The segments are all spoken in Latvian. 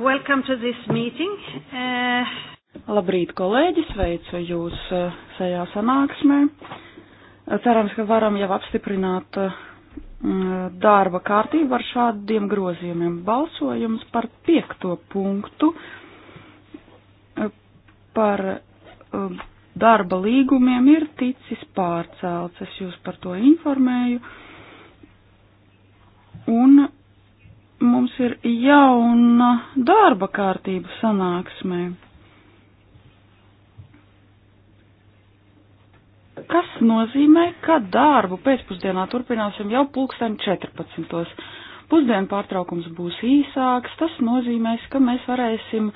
Welcome to this meeting. Uh... Labrīt, kolēģi, sveicu jūs uh, šajā sanāksmē. Uh, cerams, ka varam jau apstiprināt uh, darba kārtību ar šādiem grozījumiem. Balsojums par piekto punktu par um, darba līgumiem ir ticis pārcelts. Es jūs par to informēju. Un mums ir jauna darba kārtība sanāksmē. Kas nozīmē, ka darbu pēcpusdienā turpināsim jau pulksten 14. Pusdienu pārtraukums būs īsāks, tas nozīmēs, ka mēs varēsim eh,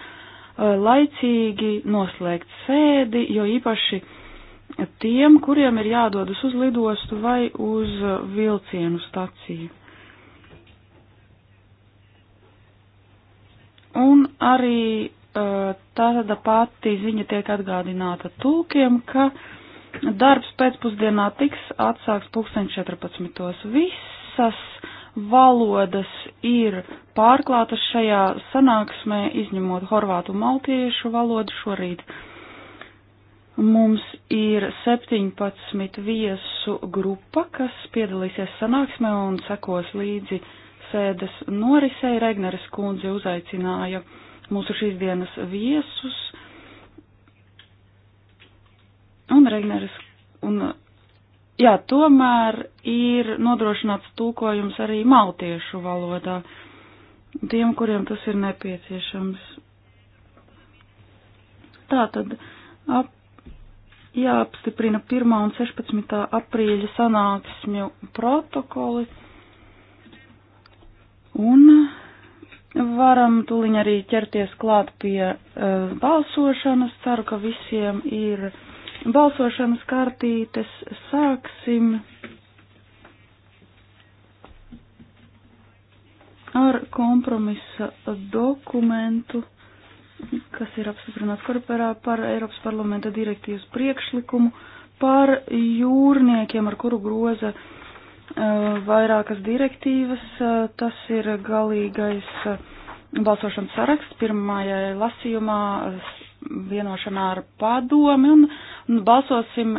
laicīgi noslēgt sēdi, jo īpaši tiem, kuriem ir jādodas uz lidostu vai uz vilcienu staciju. Un arī tāda pati ziņa tiek atgādināta tūkiem, ka darbs pēcpusdienā tiks atsāks 2014. Visas valodas ir pārklātas šajā sanāksmē, izņemot horvātu maltiešu valodu šorīt. Mums ir 17 viesu grupa, kas piedalīsies sanāksmē un sekos līdzi uh, sēdes norisei Regneres kundze uzaicināja mūsu šīs dienas viesus. Un Regneres, un, jā, tomēr ir nodrošināts tulkojums arī maltiešu valodā tiem, kuriem tas ir nepieciešams. Tātad ap, jāapstiprina 1. un 16. aprīļa sanāksmju protokoli. Un varam tuliņ arī ķerties klāt pie uh, balsošanas. Ceru, ka visiem ir balsošanas kartītes. Sāksim ar kompromisa dokumentu, kas ir apstiprināts korporā par Eiropas parlamenta direktīvas priekšlikumu par jūrniekiem, ar kuru groza uh, Eh, vairākas direktīvas. Eh, tas ir galīgais eh, balsošanas saraksts pirmajai lasījumā vienošanā ar padomi un, un balsosim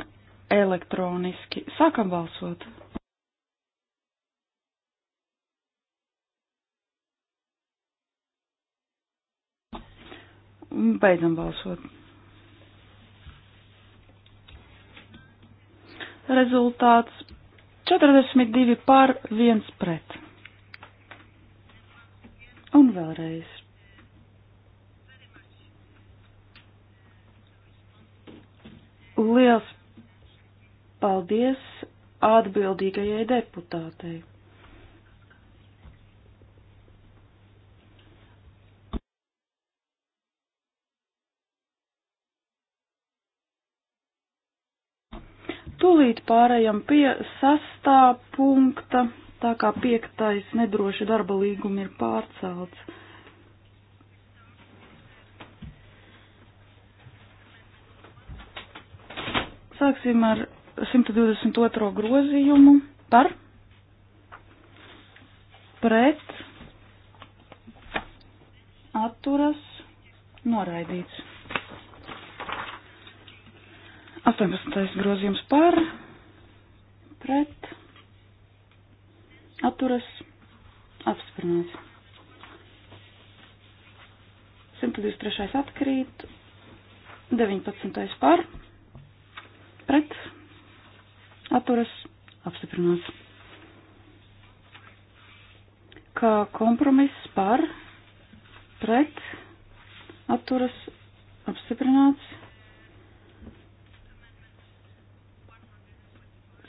elektroniski. Sākam balsot! Beidzam balsot. Rezultāts 42 pār 1 pret. Un vēlreiz. Liels paldies atbildīgajai deputātei. Tūlīt pārējām pie sastā punkta, tā kā piektais nedroši darba līguma ir pārcelts. Sāksim ar 122. grozījumu par pret atturas noraidīts. 18. grozījums par, pret, atturas, apsprināts. 123. atkrīt, 19. par, pret, atturas, apstiprināts. Kā kompromiss par, pret, atturas, apstiprināts.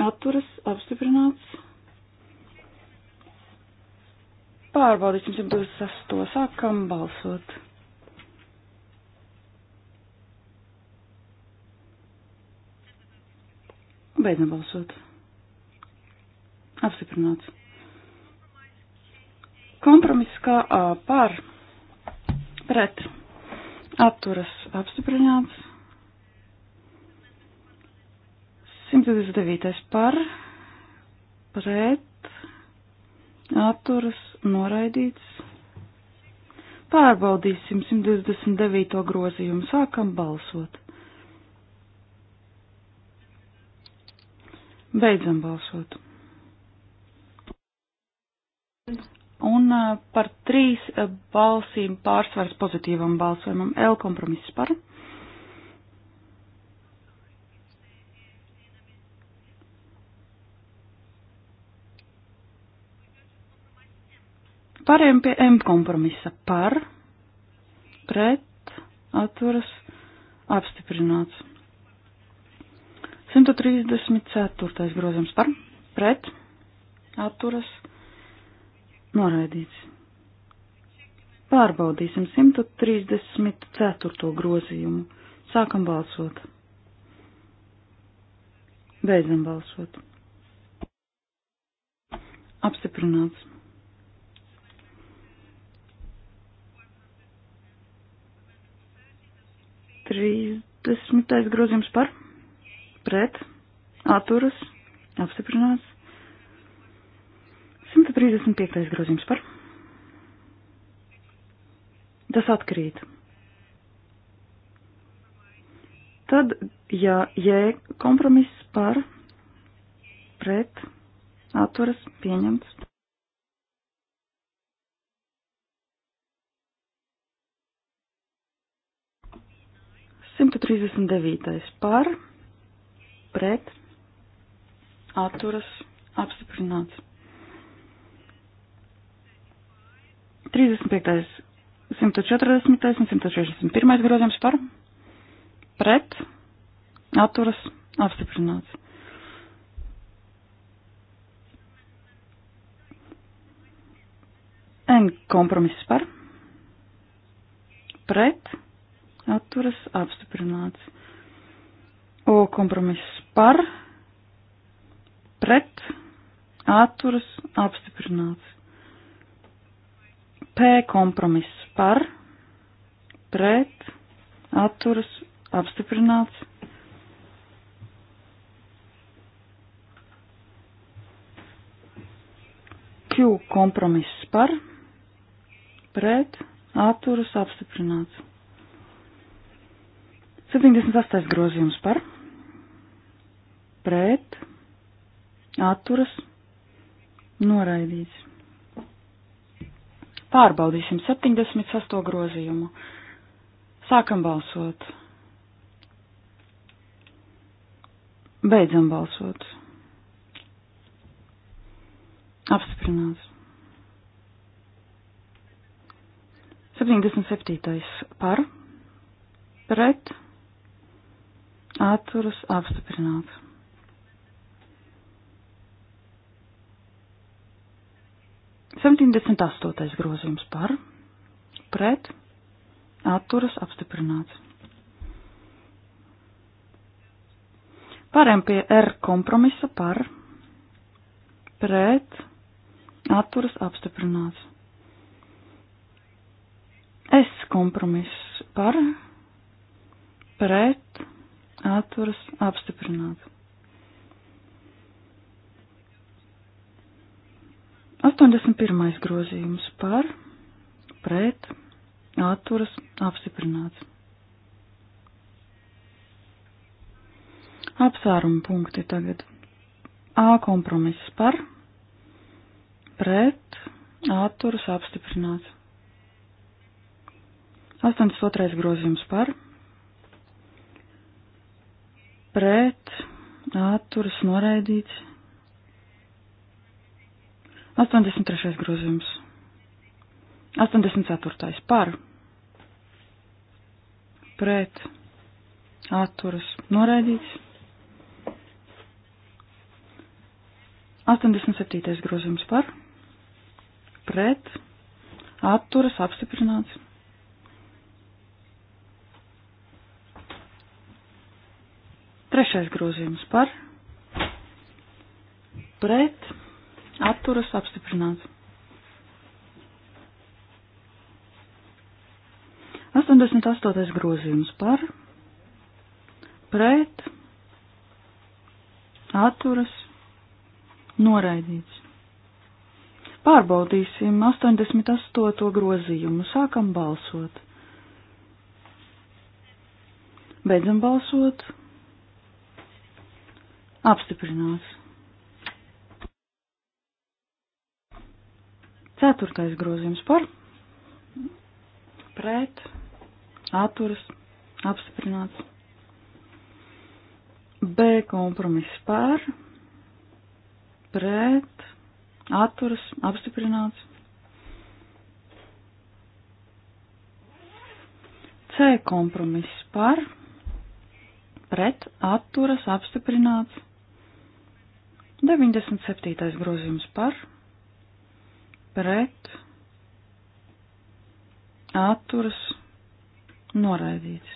atturas apstiprināts. Pārbaudīsim 126. sākam balsot. Beidzam balsot. Apstiprināts. Kompromiss kā A par pret atturas apstiprināts. 129. par, pret, atturas, noraidīts. Pārbaudīsim 129. grozījumu, sākam balsot. Beidzam balsot. Un eh, par trīs eh, balsīm pārsvars pozitīvam balsojumam L kompromiss par. Pārējiem pie M kompromisa par, pret, atturas, apstiprināts. 134. grozams par, pret, atturas, noraidīts. Pārbaudīsim 134. grozījumu. Sākam balsot. Beidzam balsot. Apstiprināts. 30. grozījums par, pret, atturas, apstiprināts. 135. grozījums par. Tas atkrīt. Tad, ja jē kompromiss par, pret, atturas, pieņemts. 139. par, pret, atturas, apstiprināts. 35. 140. un 161. grozījums par, pret, atturas, apstiprināts. N kompromiss par, pret, atturas apstiprināts. O kompromiss par, pret, atturas apstiprināts. P kompromiss par, pret, atturas apstiprināts. Q kompromiss par, pret, atturas apstiprināts. 78. grozījums par, pret, atturas, noraidīts. Pārbaudīsim 78. grozījumu. Sākam balsot. Beidzam balsot. Apstiprināts. 77. par, pret, atturas apstiprināts. Septiņdesmit astotais grozījums par, pret, atturas apstiprināts. Pārējām pie R kompromisa par, pret, atturas apstiprināts. S kompromiss par, pret, atturas apstiprināts. 81. grozījums par, pret, atturas apstiprināts. Apsvērumu punkti tagad. A kompromiss par, pret, atturas apstiprināts. 82. grozījums par, pret pret, atturas noraidīts. 83. grozījums. 84. par, pret, atturas noraidīts. 87. grozījums par, pret, atturas apstiprināts. Trešais grozījums par pret atturas apstiprināts. 88. grozījums par pret atturas noraidīts. Pārbaudīsim 88. grozījumu. Sākam balsot. Beidzam balsot. Apstiprināts. Ceturtais grozījums par pret, atturas, apstiprināts. B kompromiss par, pret, atturas, apstiprināts. C kompromiss par, pret, atturas, apstiprināts. 97. grozījums par, pret, atturas, noraidīts.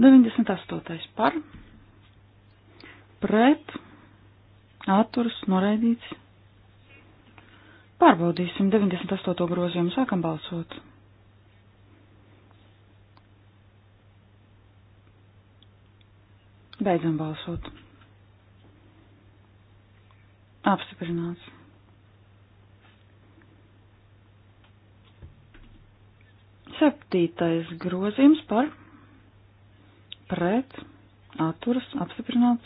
98. par, pret, atturas, noraidīts. Pārbaudīsim 98. grozījumu, sākam balsot. Beidzam balsot. Apstiprināts. Septītais grozījums par pret atturas apstiprināts.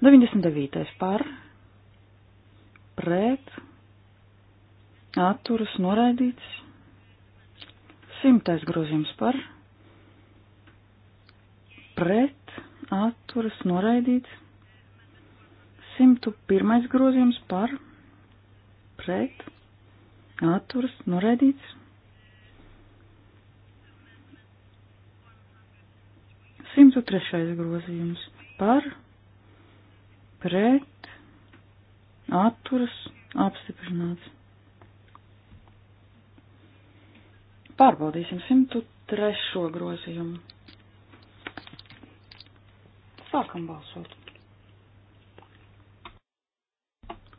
99. par pret atturas noraidīts. Simtais grozījums par pret atturas noraidīts. 101. grozījums par pret atturas noraidīts. 103. grozījums par pret atturas apstiprināts. Pārbaudīsim 103. grozījumu. Sākam balsot.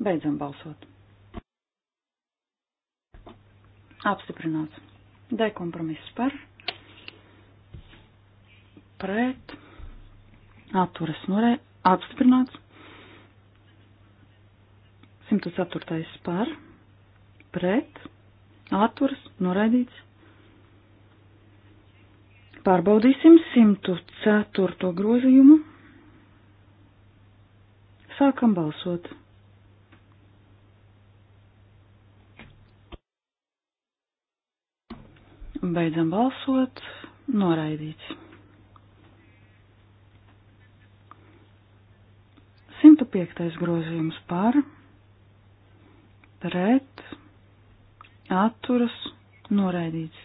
Beidzam balsot. Apstiprināts. D kompromiss par. Pret. Atturas norē. Apstiprināts. 104. par. Pret. Atturas noraidīts. Pārbaudīsim 104. grozījumu. Sākam balsot. Beidzam balsot. Noraidīts. 105. grozījums par, pret, atturas, noraidīts.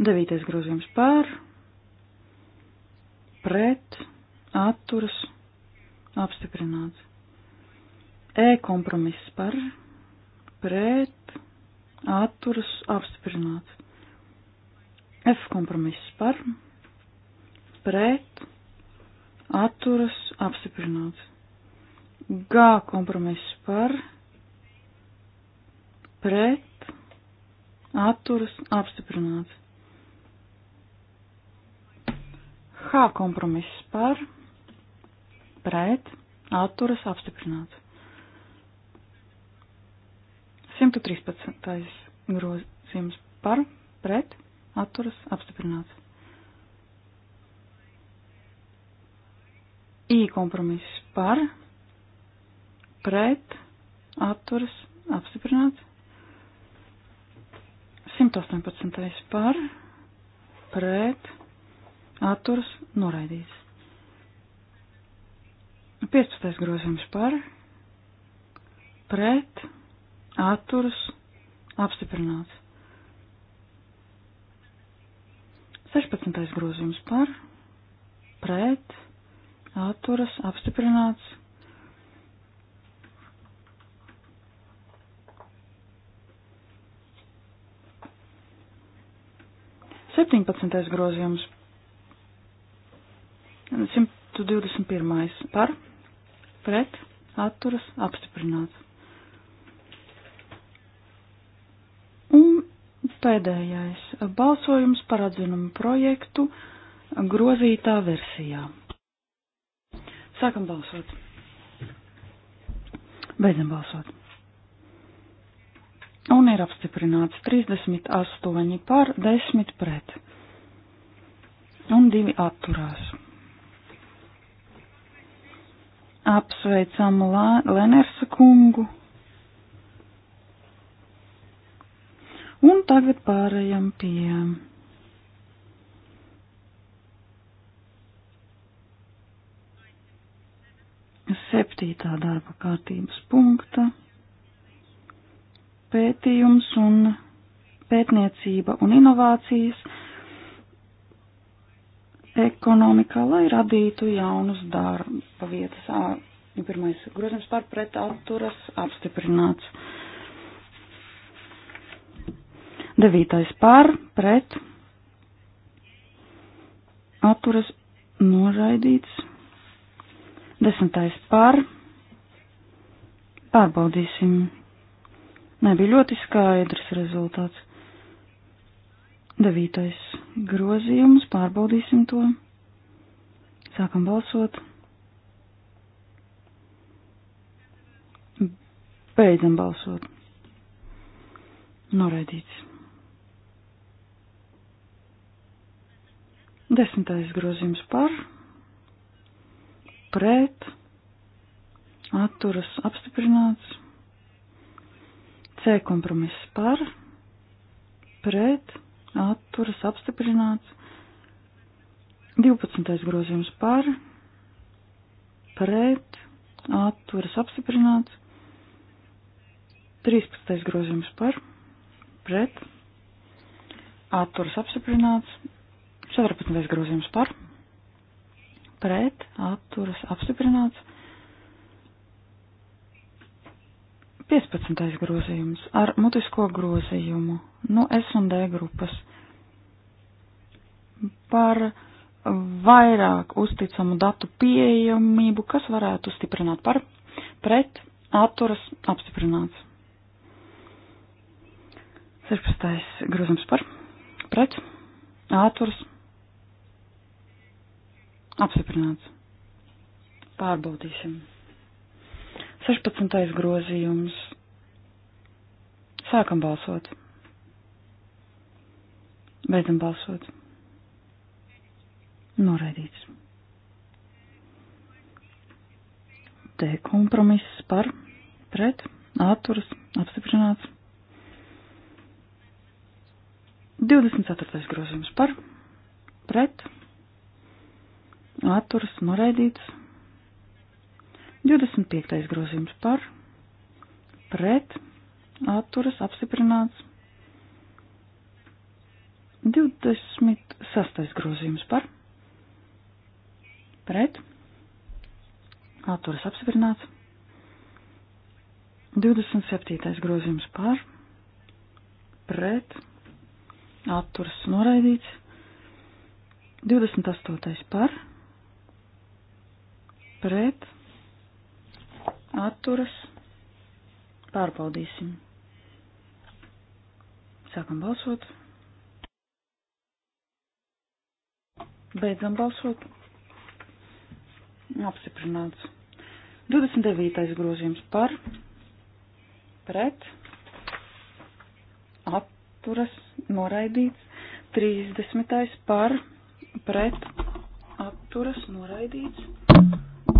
9. grozījums par, pret, atturas, apstiprināts. E kompromiss par, pret, atturas apstiprināts. F kompromiss par, pret, atturas apstiprināts. G kompromiss par, pret, atturas apstiprināts. H kompromiss par, pret, atturas apstiprināts. 113. grozījums par, pret, atturas apstiprināts. I kompromiss par, pret, atturas apstiprināts. 118. par, pret, atturas noraidīts. 15. grozījums par, pret, atturas apstiprināts. 16. grozījums par, pret, atturas apstiprināts. Septiņpadsmitais grozījums, 121. par, pret, atturas, apstiprināts. pēdējais balsojums par atzinumu projektu grozītā versijā. Sākam balsot. Beidzam balsot. Un ir apstiprināts 38 par 10 pret. Un divi atturās. Apsveicam Lenersa kungu Un tagad pārējām pie septītā darba kārtības punkta - pētījums un pētniecība un inovācijas ekonomikā, lai radītu jaunus darba vietas. Pirmais grozījums par pret atturas apstiprināts. Devītais par, pret, atturas noraidīts. Desmitais par, pārbaudīsim. Nebija ļoti skaidrs rezultāts. Devītais grozījums, pārbaudīsim to. Sākam balsot. Beidzam balsot. Noraidīts. Desmitais grozījums par, pret, atturas apstiprināts. C kompromiss par, pret, atturas apstiprināts. 12. grozījums par, pret, atturas apstiprināts. 13. grozījums par, pret, atturas apstiprināts. 14. grozījums par, pret, atturas, apstiprināts. 15. grozījums ar mutisko grozījumu no S un D grupas par vairāk uzticamu datu pieejamību, kas varētu stiprināt par pret atturas apstiprināts. 16. grozījums par pret atturas apstiprināts Apsiprināts. Pārbaudīsim. 16. grozījums. Sākam balsot. Beidzam balsot. Noraidīts. T kompromiss par, pret, atturas, apstiprināts. 24. grozījums par, pret, atturas noraidīts. 25. grozījums par, pret, atturas apstiprināts. 26. grozījums par, pret, atturas apstiprināts. 27. grozījums par, pret, atturas noraidīts. 28. par, pret pret, atturas, pārbaudīsim. Sākam balsot. Beidzam balsot. Apsiprināts. 29. grozījums par, pret, atturas, noraidīts. 30. par, pret, atturas, noraidīts.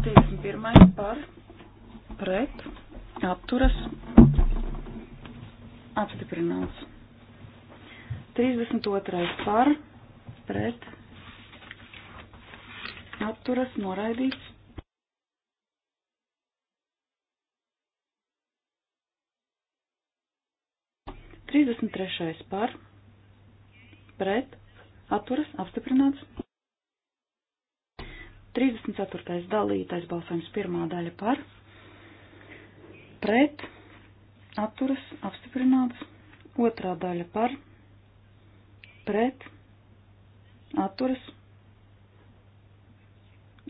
51. par pret apturas apstiprināts. 32. par pret apturas noraidīts. Trīsdesmit trešais par, pret, atturas, apstiprināts. 34. dalītais balsojums pirmā daļa par, pret, atturas, apstiprināts, otrā daļa par, pret, atturas,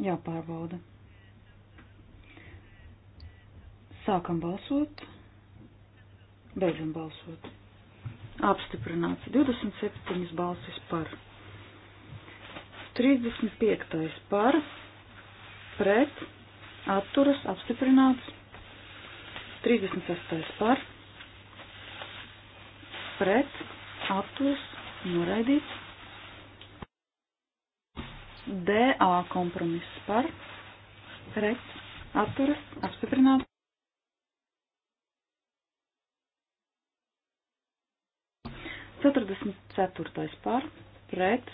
jāpārbauda. Sākam balsot, beidzam balsot. Apstiprināts 27 balsis par. 35. par pret atturas apstiprināts. 36. par pret atturas noraidīts. DA kompromiss par pret atturas apstiprināts. Ceturtdesmit ceturtais par pret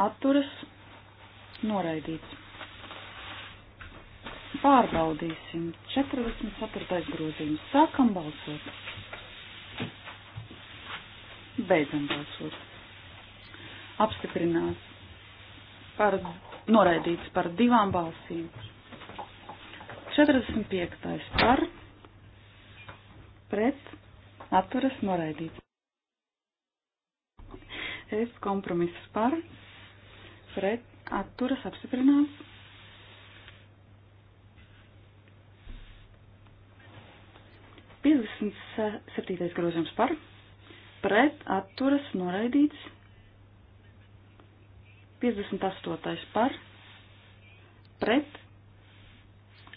atturas noraidīts. Pārbaudīsim 44. grozījums. Sākam balsot. Beidzam balsot. Apstiprinās. Par, noraidīts par divām balsīm. 45. par pret atturas noraidīts. Es kompromiss par pret atturas apstiprinās. Piecdesmit septītais grozījums par, pret atturas noraidīts. 58. par, pret,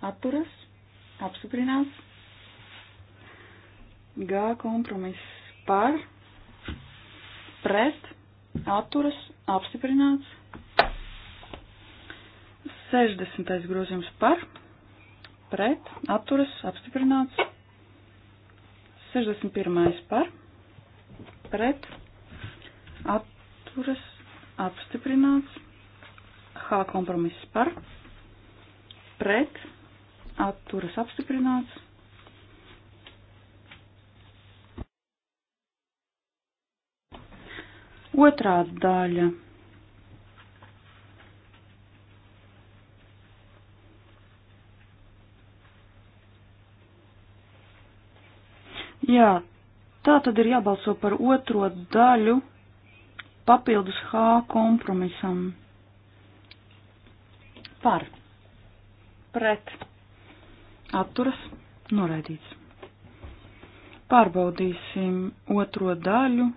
atturas, apstiprinās, G kompromiss par, pret, atturas, apstiprināts, 60. grozījums par, pret, atturas, apstiprināts. 61. par, pret, atturas, apstiprināts. H kompromiss par, pret, atturas, apstiprināts. Otrā daļa Jā, tā tad ir jābalso par otro daļu papildus H kompromisam. Par. Pret. Atturas. Noraidīts. Pārbaudīsim otro daļu.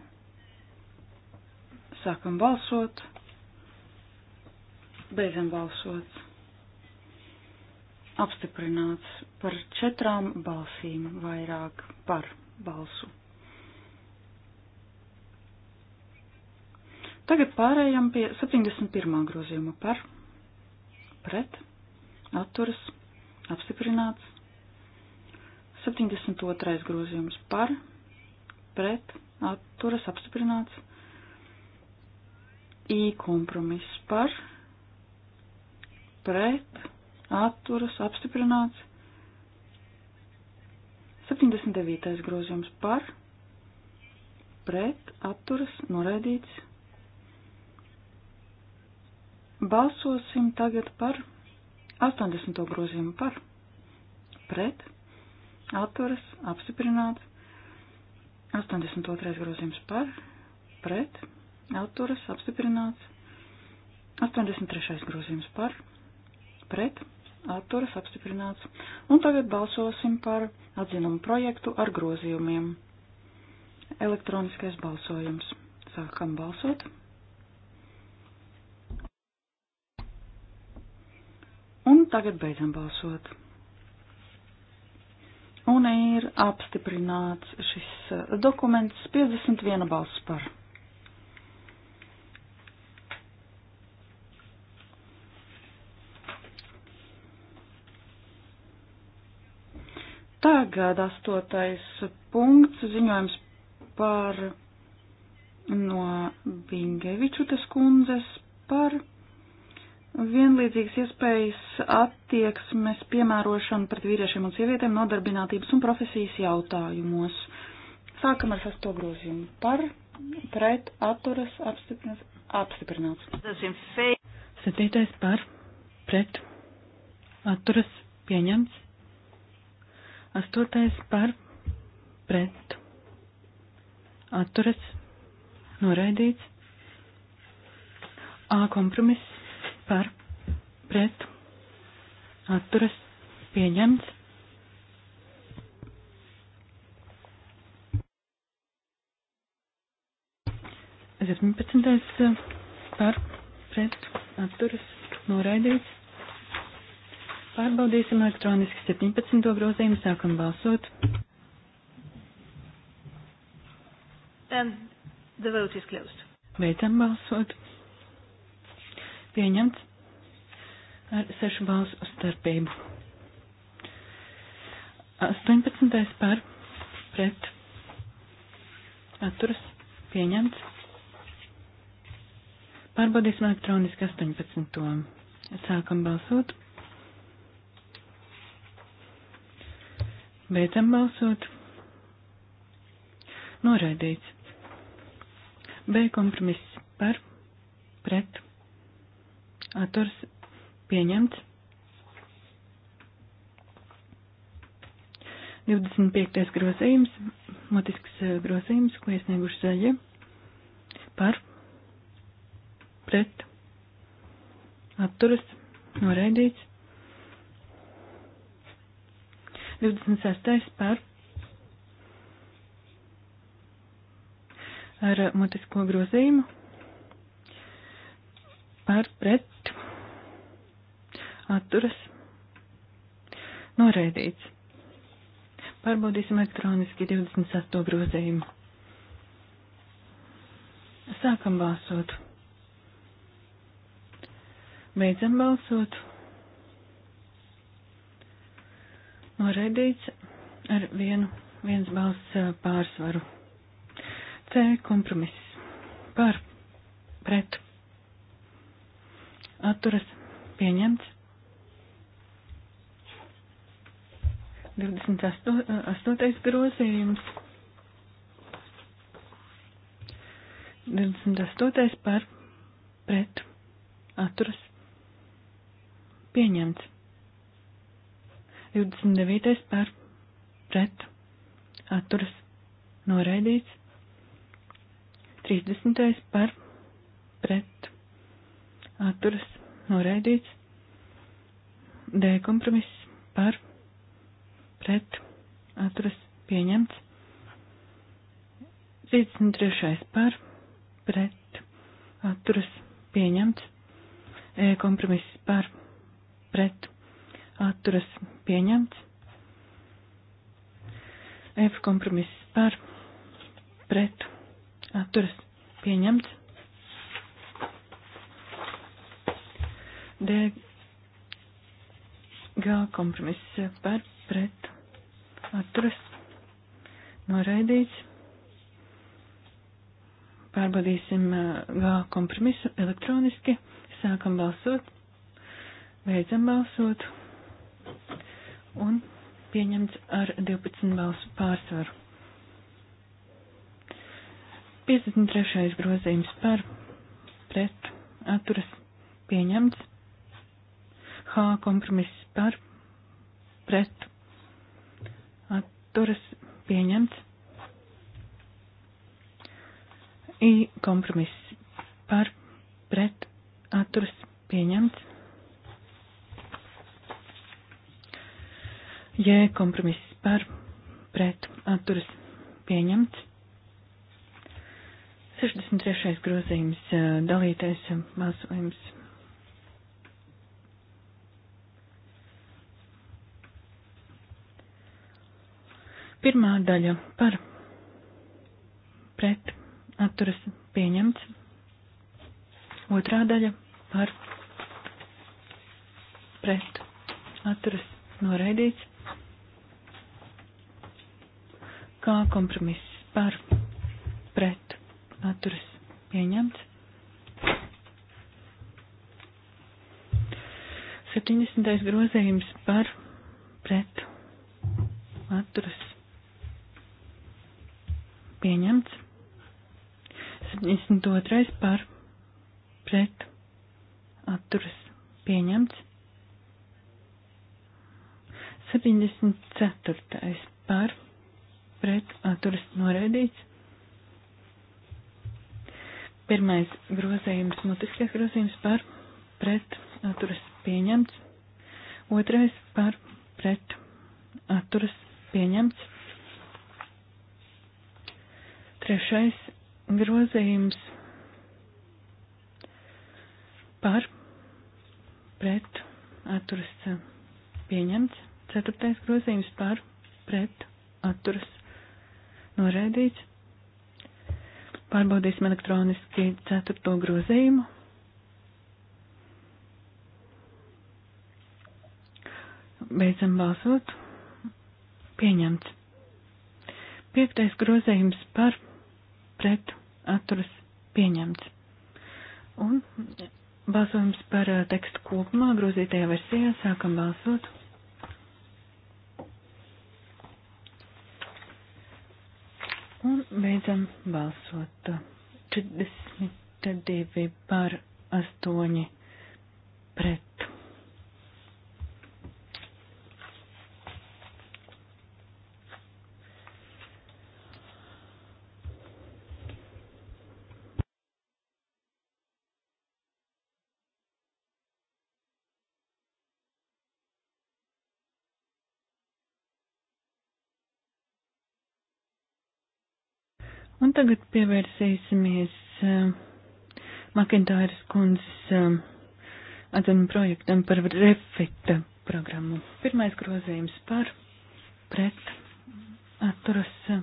Sākam balsot. Beidzam balsot. Apstiprināts par četrām balsīm vairāk par balsu. Tagad pārējām pie 71. grozījuma par, pret, atturas, apstiprināts. 72. grozījums par, pret, atturas, apstiprināts. I kompromiss par, pret, atturas, apstiprināts. 79. grozījums par, pret, atturas, noraidīts. Balsosim tagad par 80. grozījumu par, pret, atturas, apstiprināts. 82. grozījums par, pret, atturas, apstiprināts. 83. grozījums par, pret, atturas apstiprināts. Un tagad balsosim par atzinumu projektu ar grozījumiem. Elektroniskais balsojums. Sākam balsot. Un tagad beidzam balsot. Un ir apstiprināts šis eh, dokuments 51 balss par. Tagad astotais punkts ziņojums par no Bingevičutas kundzes par vienlīdzīgas iespējas attieksmes piemērošanu pret vīriešiem un sievietēm nodarbinātības un profesijas jautājumos. Sākam ar sesto grozījumu. Par, pret, atturas, apstiprināts. apstiprināts. Septītais par, pret, atturas, pieņemts. Astotais par pret atturas noraidīts. A kompromiss par pret atturas pieņemts. Zirmīpadsmitais par pret atturas noraidīts. Pārbaudīsim elektroniski 17. grozījumu, sākam balsot. Beidzam balsot. Pieņemts ar sešu balsu starpību. 18. par pret atturas pieņemts. Pārbaudīsim elektroniski 18. Sākam balsot. Beidzam balsot. Noraidīts. B kompromiss par, pret, atturs pieņemts. 25. grozījums, motisks eh, grozījums, ko iesnieguši zaļie, par, pret, atturas, noraidīts. 26. par ar mutisko grozījumu par pret atturas noraidīts. Pārbaudīsim elektroniski 28. grozījumu. Sākam balsot. Beidzam balsot. Noraidīts ar vienu, viens balss pārsvaru. C kompromiss. Par. Pret. Atturas. Pieņemts. 28. grozījums. 28. par pret atturas pieņemts. 29. par pret atturas noraidīts. 30. par pret atturas noraidīts. D kompromiss par pret atturas pieņemts. 33. par pret atturas pieņemts. E kompromiss par pret atturas pieņemts. F kompromiss par pret atturas pieņemts. D G kompromiss par pret atturas noraidīts. Pārbaudīsim uh, G kompromisu elektroniski. Sākam balsot. Beidzam balsot un pieņemts ar 12 balsu pārsvaru. 53. grozījums par pret atturas pieņemts. H kompromiss par pret atturas pieņemts. I kompromiss par pret atturas pieņemts. J kompromiss par pret atturas pieņemts. 63. grozījums dalītais balsojums. Pirmā daļa par pret atturas pieņemts. Otrā daļa par pret atturas noraidīts. kā kompromiss par pret atturas pieņemts. 70. grozējums par pret atturas pieņemts. 72. par pret atturas pieņemts. 74. par pret pret atturas noraidīts. Pirmais grozījums, mutiskais grozījums par pret atturas pieņemts. Otrais par pret atturas pieņemts. Trešais grozījums par pret atturas pieņemts. Ceturtais grozījums par pret atturas Noraidīts. Pārbaudīsim elektroniski ceturto grozījumu. Beidzam balsot. Pieņemts. Piektais grozījums par pret atturas pieņemts. Un balsojums par eh, tekstu kopumā grozītajā versijā sākam balsot. Beidzam balsot. 42 par 8 Un tagad pievērsīsimies uh, Makintāras kundzes uh, eh, atzinu projektam par refita programmu. Pirmais grozījums par pret atturas uh,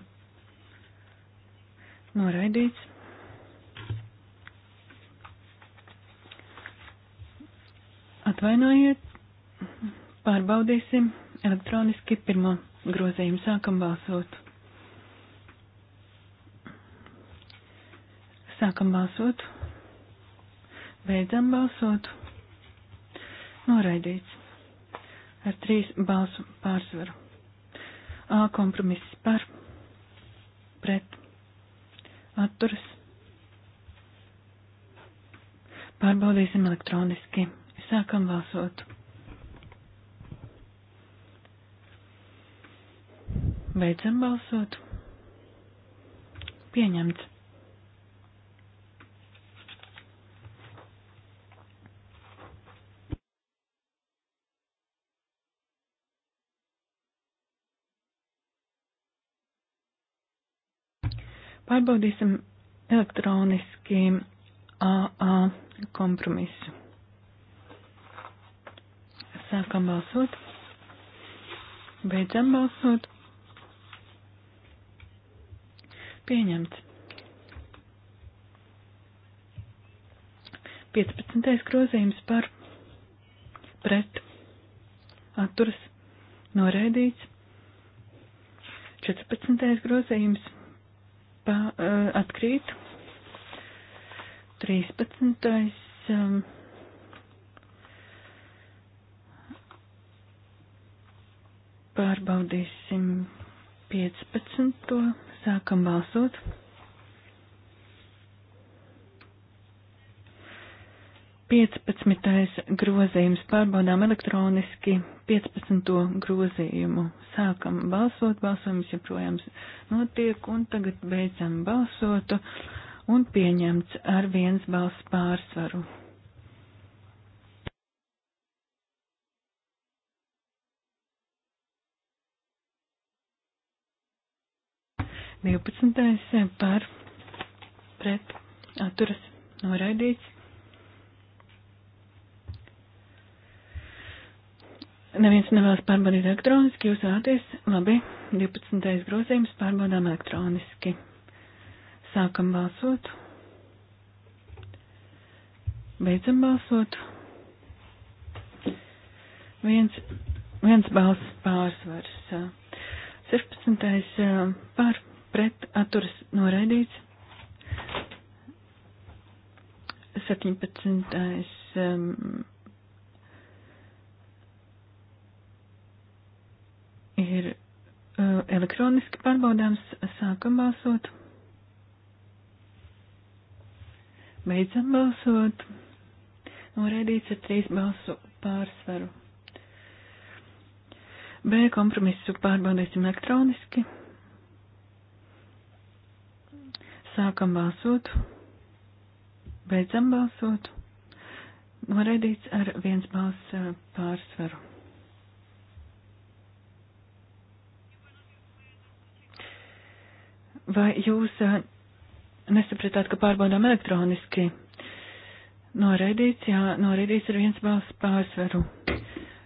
noraidīts. Atvainojiet, pārbaudīsim elektroniski pirmo grozījumu sākam balsot. Sākam balsot. Beidzam balsot. Noraidīts. Ar trīs balsu pārsvaru. A kompromiss par. Pret. Atturas. Pārbaudīsim elektroniski. Sākam balsot. Beidzam balsot. Pieņemts. Pārbaudīsim elektroniskiem AA kompromisu. Sākam balsot. Beidzam balsot. Pieņemts. 15. grozījums par pret atturas noraidīts. 14. grozījums pa, eh, atkrīt. 13. Um, pārbaudīsim 15. sākam balsot. 15. grozījums pārbaudām elektroniski 15. grozījumu. Sākam balsot, balsojums joprojām notiek un tagad beidzam balsot un pieņemts ar viens balss pārsvaru. Divpadsmitais par pret atturas noraidīts. Neviens nevēlas pārbaudīt elektroniski, jūs vēlaties? Labi, 12. grozījums pārbaudām elektroniski. Sākam balsot. Beidzam balsot. Viens, viens balss pārsvars. 16. pār pret atturas noraidīts. 17. ir uh, elektroniski pārbaudāms. Sākam balsot. Beidzam balsot. Noraidīts ar trīs balsu pārsvaru. B kompromisu pārbaudīsim elektroniski. Sākam balsot. Beidzam balsot. Noraidīts ar viens balss uh, pārsvaru. Vai jūs eh, nesapratāt, ka pārbaudām elektroniski? Noraidīts, jā, noraidīts ar viens balss pārsvaru.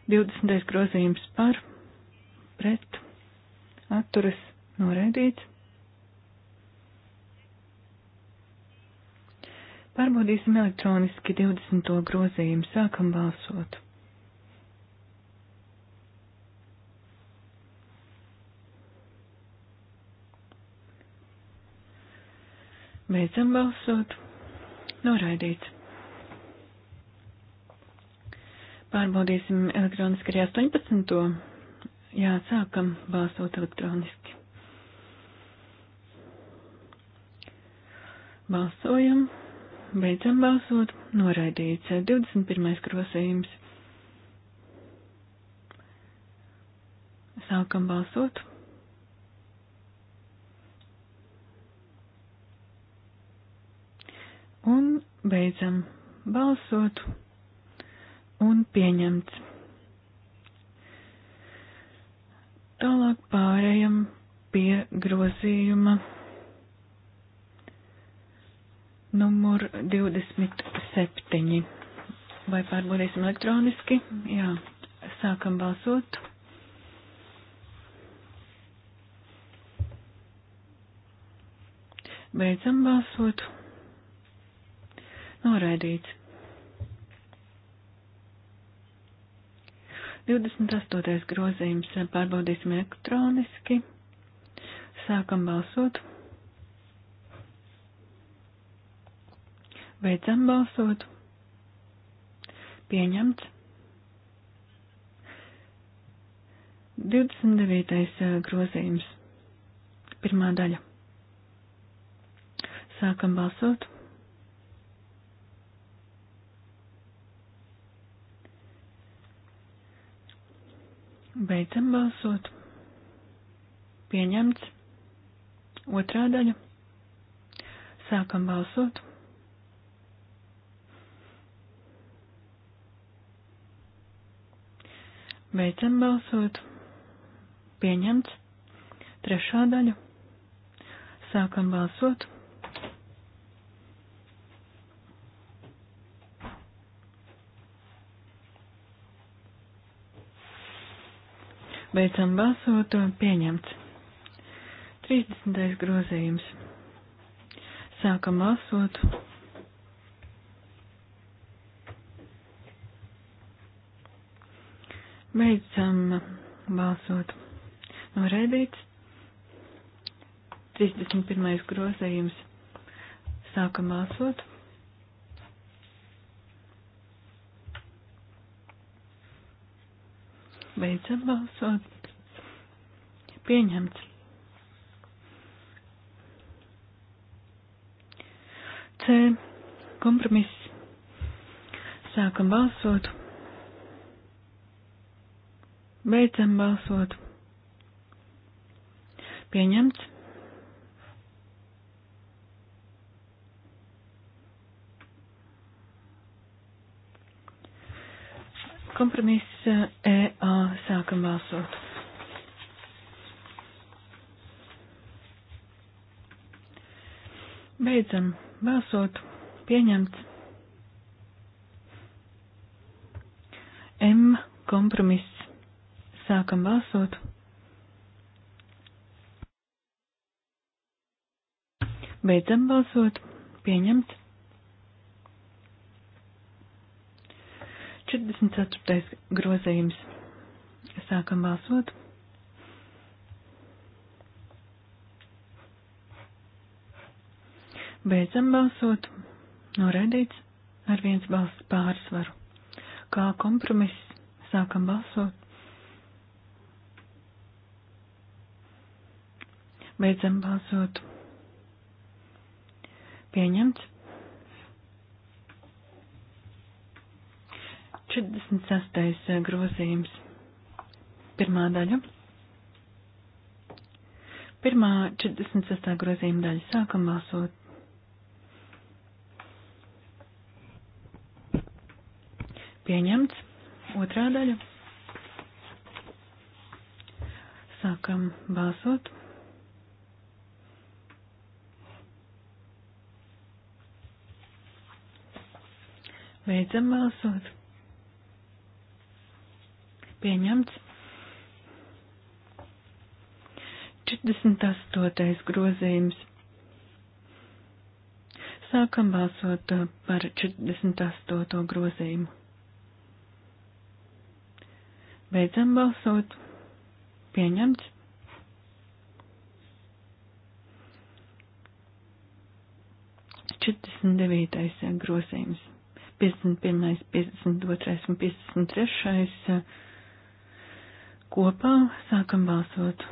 20. grozījums par, pret, atturas, noraidīts. Pārbaudīsim elektroniski 20. grozījumu, sākam balsot. Beidzam balsot. Noraidīts. Pārbaudīsim elektroniski arī 18. Jā, sākam balsot elektroniski. Balsojam, beidzam balsot, noraidīts 21. grozījums. Sākam balsot. Un beidzam balsot un pieņemts. Tālāk pārējam pie grozījuma numur 27. Vai pārbaudīsim elektroniski? Jā, sākam balsot. Beidzam balsot. Noraidīts. 28. grozījums pārbaudīsim elektroniski. Sākam balsot. Beidzam balsot. Pieņemts. 29. Eh, grozījums. Pirmā daļa. Sākam balsot. Beidzam balsot. Pieņemts. Otrā daļa. Sākam balsot. Beidzam balsot. Pieņemts. Trešā daļa. Sākam balsot. Beidzam balsot, pieņemts. 30. grozījums. Sākam balsot. Beidzam balsot. Noraidīts. 31. grozījums. Sākam balsot. Beidzam balsot. Pieņemts. C. Kompromiss. Sākam balsot. Beidzam balsot. Pieņemts. Kompromiss EA eh, e sākam balsot. Beidzam balsot. Pieņemts. M kompromiss. Sākam balsot. Beidzam balsot. Pieņemts. 44. grozījums. Sākam balsot. Beidzam balsot. Noraidīts ar viens balss pārsvaru. Kā kompromiss sākam balsot. Beidzam balsot. Pieņemts. 46. Eh, grozījums. Pirmā daļa. Pirmā 46. grozījuma daļa. Sākam balsot. Pieņemts. Otrā daļa. Sākam balsot. Beidzam balsot. Pieņemts. 48. grozījums. Sākam balsot uh, par 48. grozījumu. Beidzam balsot. Pieņemts. Četrdesmit devītais uh, grozījums, 51., 52. un 53 kopā, sākam balsot.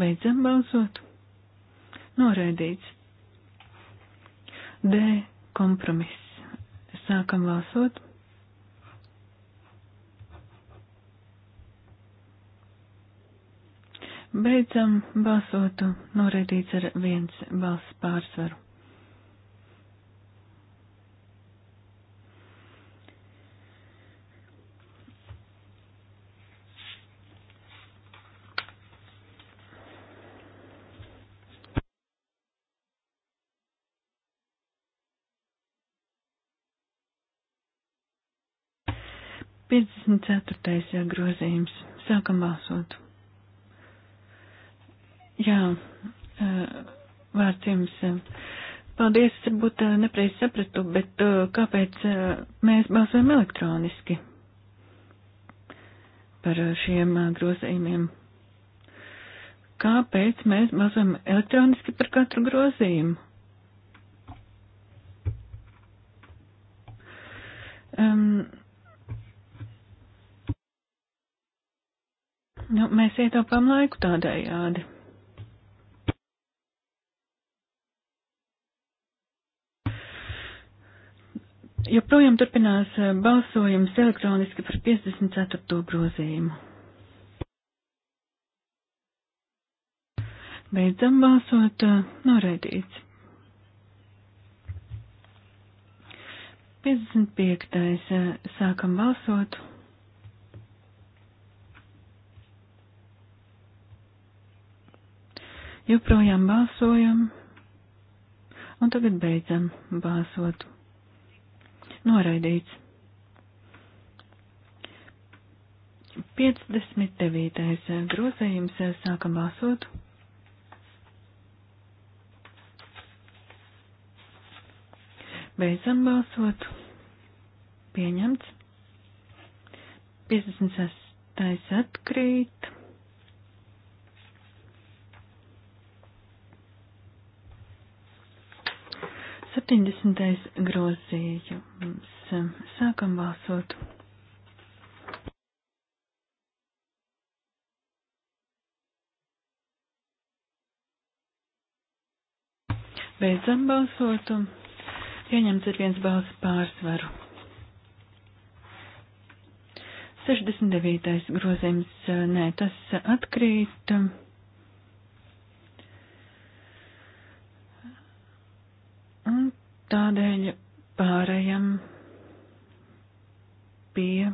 Beidzam balsot. Noraidīts. D. Kompromiss. Sākam balsot. Beidzam balsotu noraidīts ar viens balss pārsvaru. 54. grozījums. Sākam balsot. Jā, vārds jums. Paldies, varbūt nepreiz sapratu, bet kāpēc mēs balsojam elektroniski par šiem grozījumiem? Kāpēc mēs balsojam elektroniski par katru grozījumu? Um, Nu, mēs ietaupām laiku tādējādi. Joprojām turpinās eh, balsojums elektroniski par 54. grozījumu. Beidzam balsot, eh, noraidīts. 55. Eh, sākam balsot. Joprojām balsojam. Un tagad beidzam balsot. Noraidīts. 59. grozējums sākam balsot. Beidzam balsot. Pieņemts. 56. atkrīt. 70. grozījums. Sākam balsot. Beidzam balsot un pieņemts ar viens balss pārsvaru. 69. grozījums, nē, tas atkrīt. Tādēļ pārējam pie.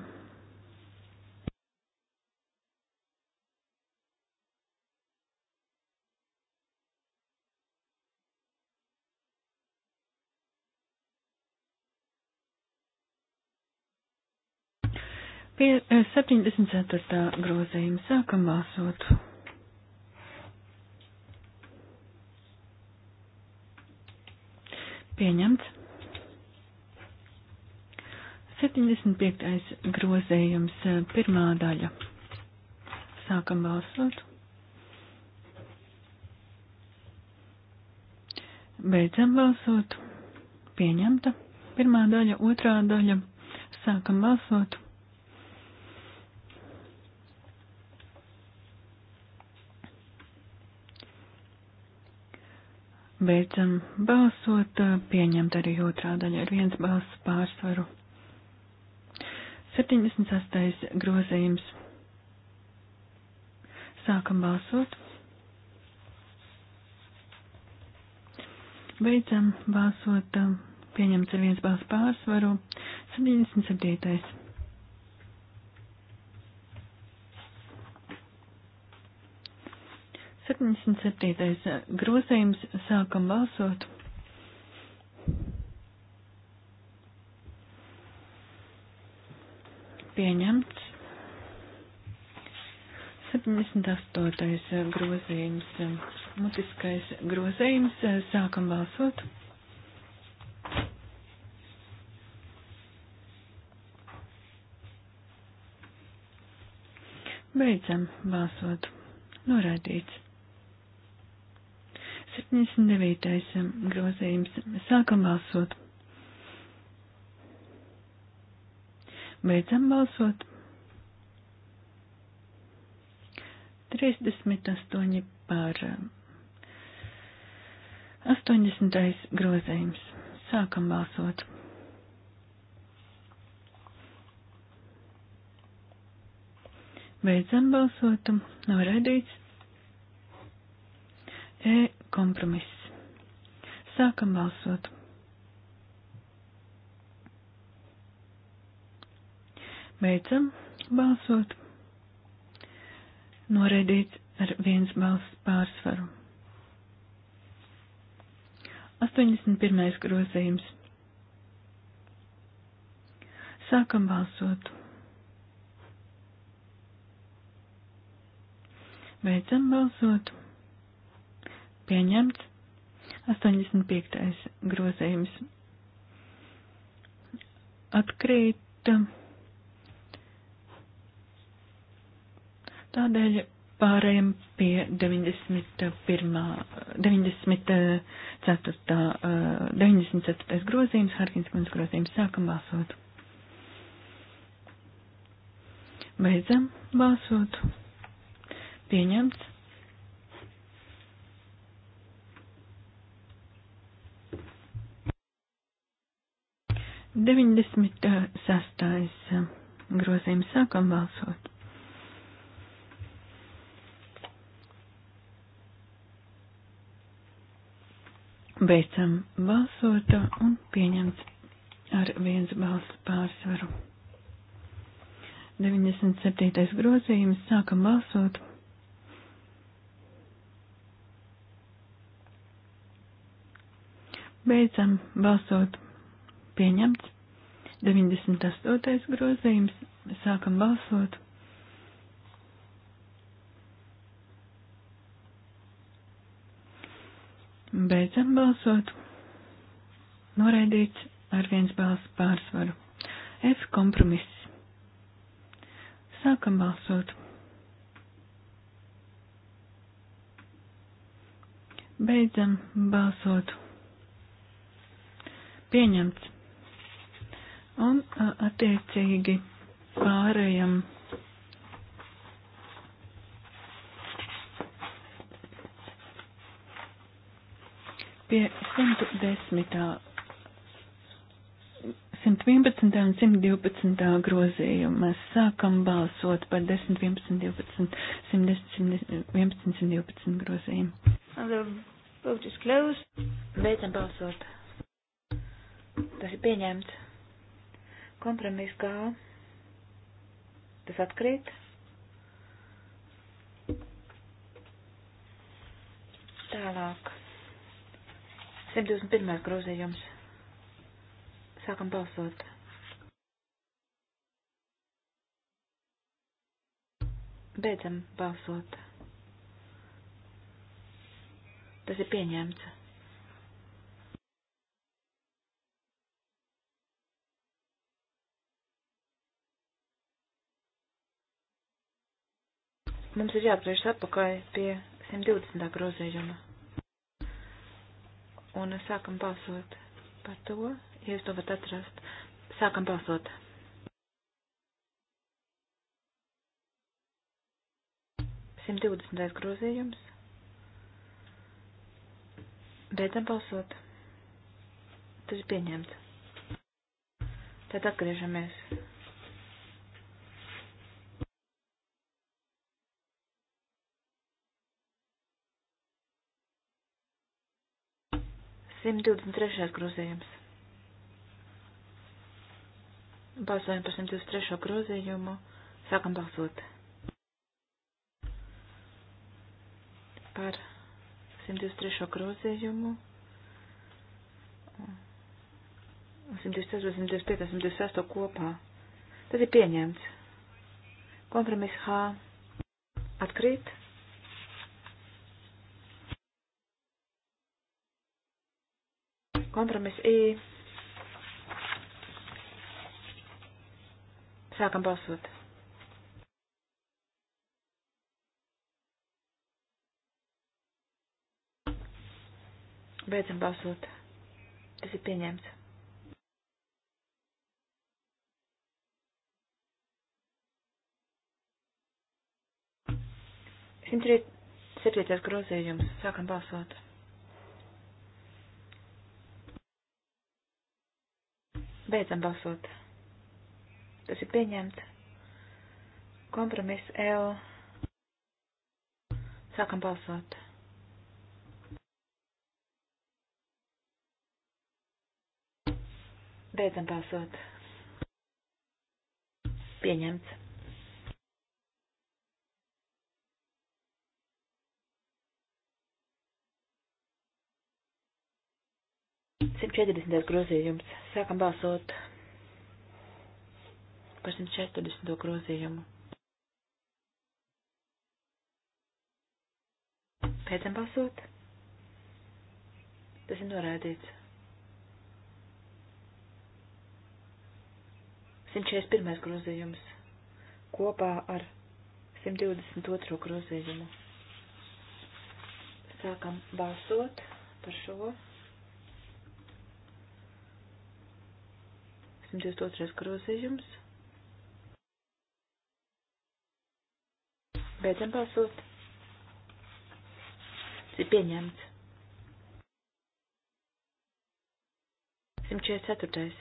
Pie eh, 74. grozījuma sākam balsot. Pieņemts. 75. grozējums, eh, pirmā daļa. Sākam balsot. Beidzam balsot. Pieņemta. Pirmā daļa, otrā daļa. Sākam balsot. Beidzam balsot, pieņemt arī otrā daļa ar viens balss pārsvaru. 78. grozījums. Sākam balsot. Beidzam balsot, pieņemts ar viens balss pārsvaru. 77. 77. grozījums sākam balsot. Pieņemts. 78. grozījums, mutiskais grozījums, sākam balsot. Beidzam balsot. Noraidīts. 79. Um, grozījums. Sākam balsot. Beidzam balsot. 38 par 80. Um, grozījums. Sākam balsot. Beidzam balsot. Noraidīts. E kompromiss. Sākam balsot. Beidzam balsot. Noraidīts ar viens balss pārsvaru. 81. grozījums. Sākam balsot. Beidzam balsot pieņemts. 85. grozījums atkrīt. Tādēļ pārējiem pie 91. 94. 94. grozījums, Harkinskundas grozījums, sākam balsot. Beidzam balsot. Pieņemts. 96. grozījums sākam balsot. Beidzam balsot un pieņemts ar viens balsu pārsvaru. 97. grozījums sākam balsot. Beidzam balsot pieņemts. 98. grozījums. Sākam balsot. Beidzam balsot. Noraidīts ar viens balss pārsvaru. F kompromiss. Sākam balsot. Beidzam balsot. Pieņemts. Un attiecīgi pārējam pie 110. 111. un 112. grozījuma mēs sākam balsot par 10, 11, 12, 110, 111, 112 grozījumu. Beidzam balsot. Tas ir pieņemts. Kompromis G. Tas atkrīt. Tālāk. 121. grozījums. Sākam balsot. Beidzam balsot. Tas ir pieņemts. Mums ir jāatgriežas atpakaļ pie 120. grozījuma. Un sākam balsot par to, ja jūs to varat atrast. Sākam balsot. Simt divdesmitais grozījums. Beidzam balsot. Tas ir pieņemts. Tad atgriežamies 123. grozījums. Balsojam par 123. grozījumu. Sākam balsot. Par 123. grozījumu. 124, 125, 126 kopā. Tas ir pieņemts. Kompromiss H atkrīt. Kompromiss I. Sākam balsot. Beidzam balsot. Tas ir pieņemts. Simt septītais grozījums. Sākam balsot. Beidzam balsot. Tas ir pieņemts. Kompromiss L. Sākam balsot. Beidzam balsot. Pieņemts. Simt četrdesmit grozījums. Sākam balsot par 140. grozījumu. Pēdējam balsot. Tas ir norādīts. 141. grozījums kopā ar 122. grozījumu. Sākam balsot par šo. 122. grozījums. Beidzam balsot. Tas ir pieņemts. 144.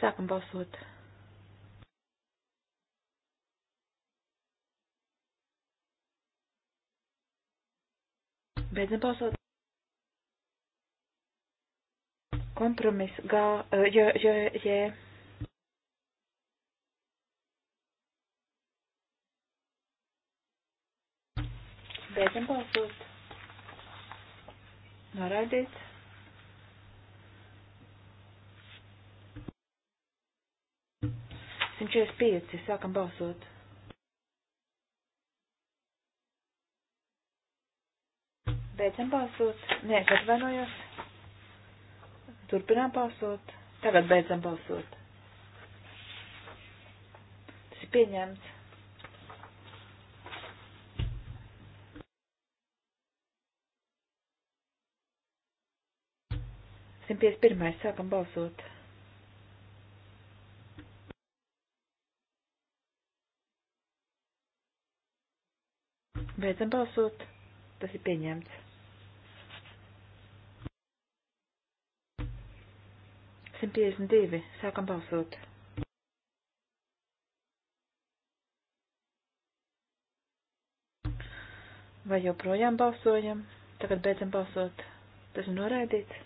Sākam balsot. Beidzam balsot. Kompromis G, eh, J, J, J. Beidzam balsot. Noraidīts. Simt četrdesmit pieci. Sākam balsot. Beidzam balsot. Nē, atvainojos. Turpinām balsot. Tagad beidzam balsot. Tas ir pieņemts. Simt piec pirmais sākam balsot. Beidzam balsot. Tas ir pieņemts. 152. Sākam balsot. Vai joprojām balsojam? Tagad beidzam balsot. Tas ir noraidīts.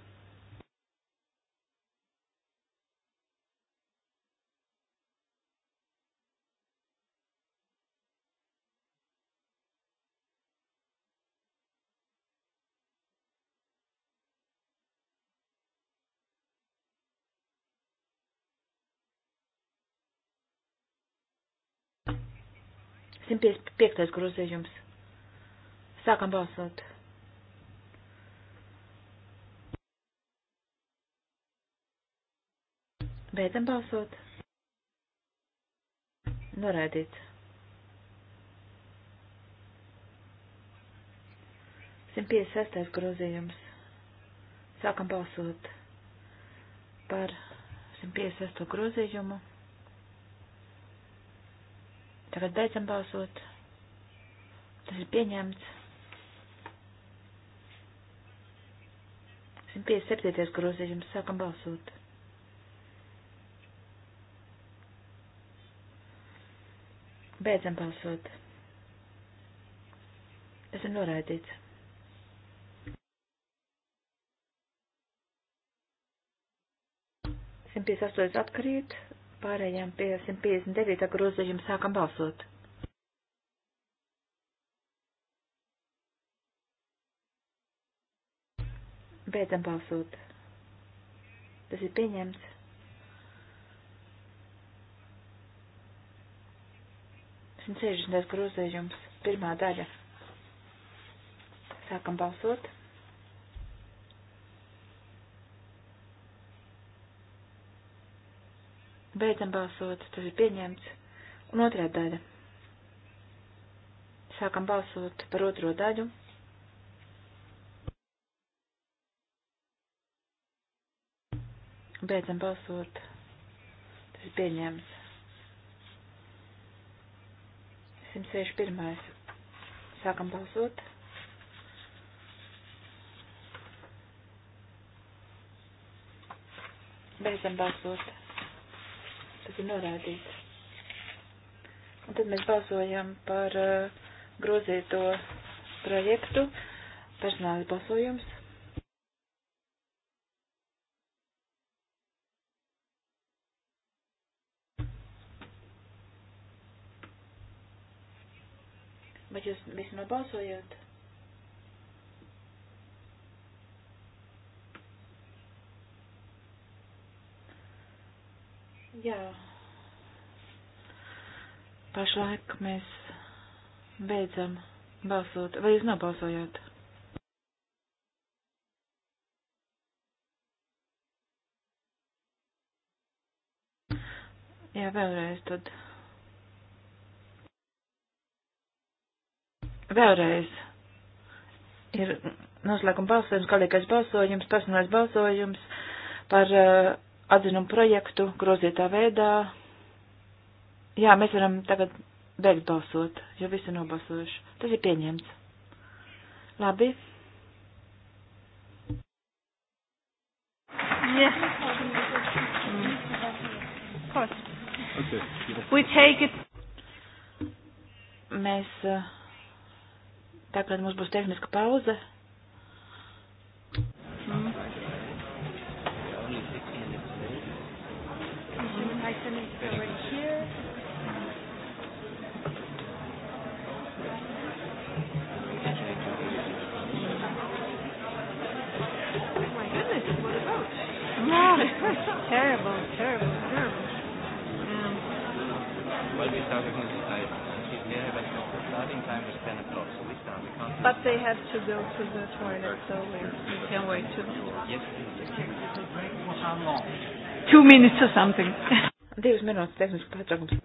155. grozījums. Sākam balsot. Beidzam balsot. Norēdīt. 156. grozījums. Sākam balsot par 156. grozījumu. Tagad beidzam balsot. Tas ir pieņemts. 157. grozījums sākam balsot. Beidzam balsot. Tas ir noraidīts. Simt piecdesmit atkarīt, Pārējām pie 159. grozījuma sākam balsot. Beidzam balsot. Tas ir pieņemts. Simt sešdesmit grozījums, pirmā daļa. Sākam balsot. Beidzam balsot, tas ir pieņemts. Un otrā daļa. Sākam balsot par otro daļu. Beidzam balsot. Tas ir pieņēmts. 161. Sākam balsot. Beidzam balsot tas ir norādīts. Un tad mēs balsojam par uh, grozīto projektu, personāla balsojums. Vai jūs visi nobalsojāt? Jā. Pašlaik mēs beidzam balsot. Vai jūs nobalsojāt? Jā, vēlreiz tad. Vēlreiz ir noslēguma balsojums, galīgais balsojums, personālais balsojums par uh, atzinumu projektu grozītā veidā. Jā, mēs varam tagad beigt balsot, jo visi ir nobalsojuši. Tas ir pieņemts. Labi. Yes. Mm. Of course. Okay. We take it. Mēs eh, tagad mums būs tehniska pauze. terrible, terrible, terrible. Um, well, we started in five. But they have to go to the toilet, so we, we can wait two minutes. Two minutes or something. Divas minūtes tehniski pārtraukums.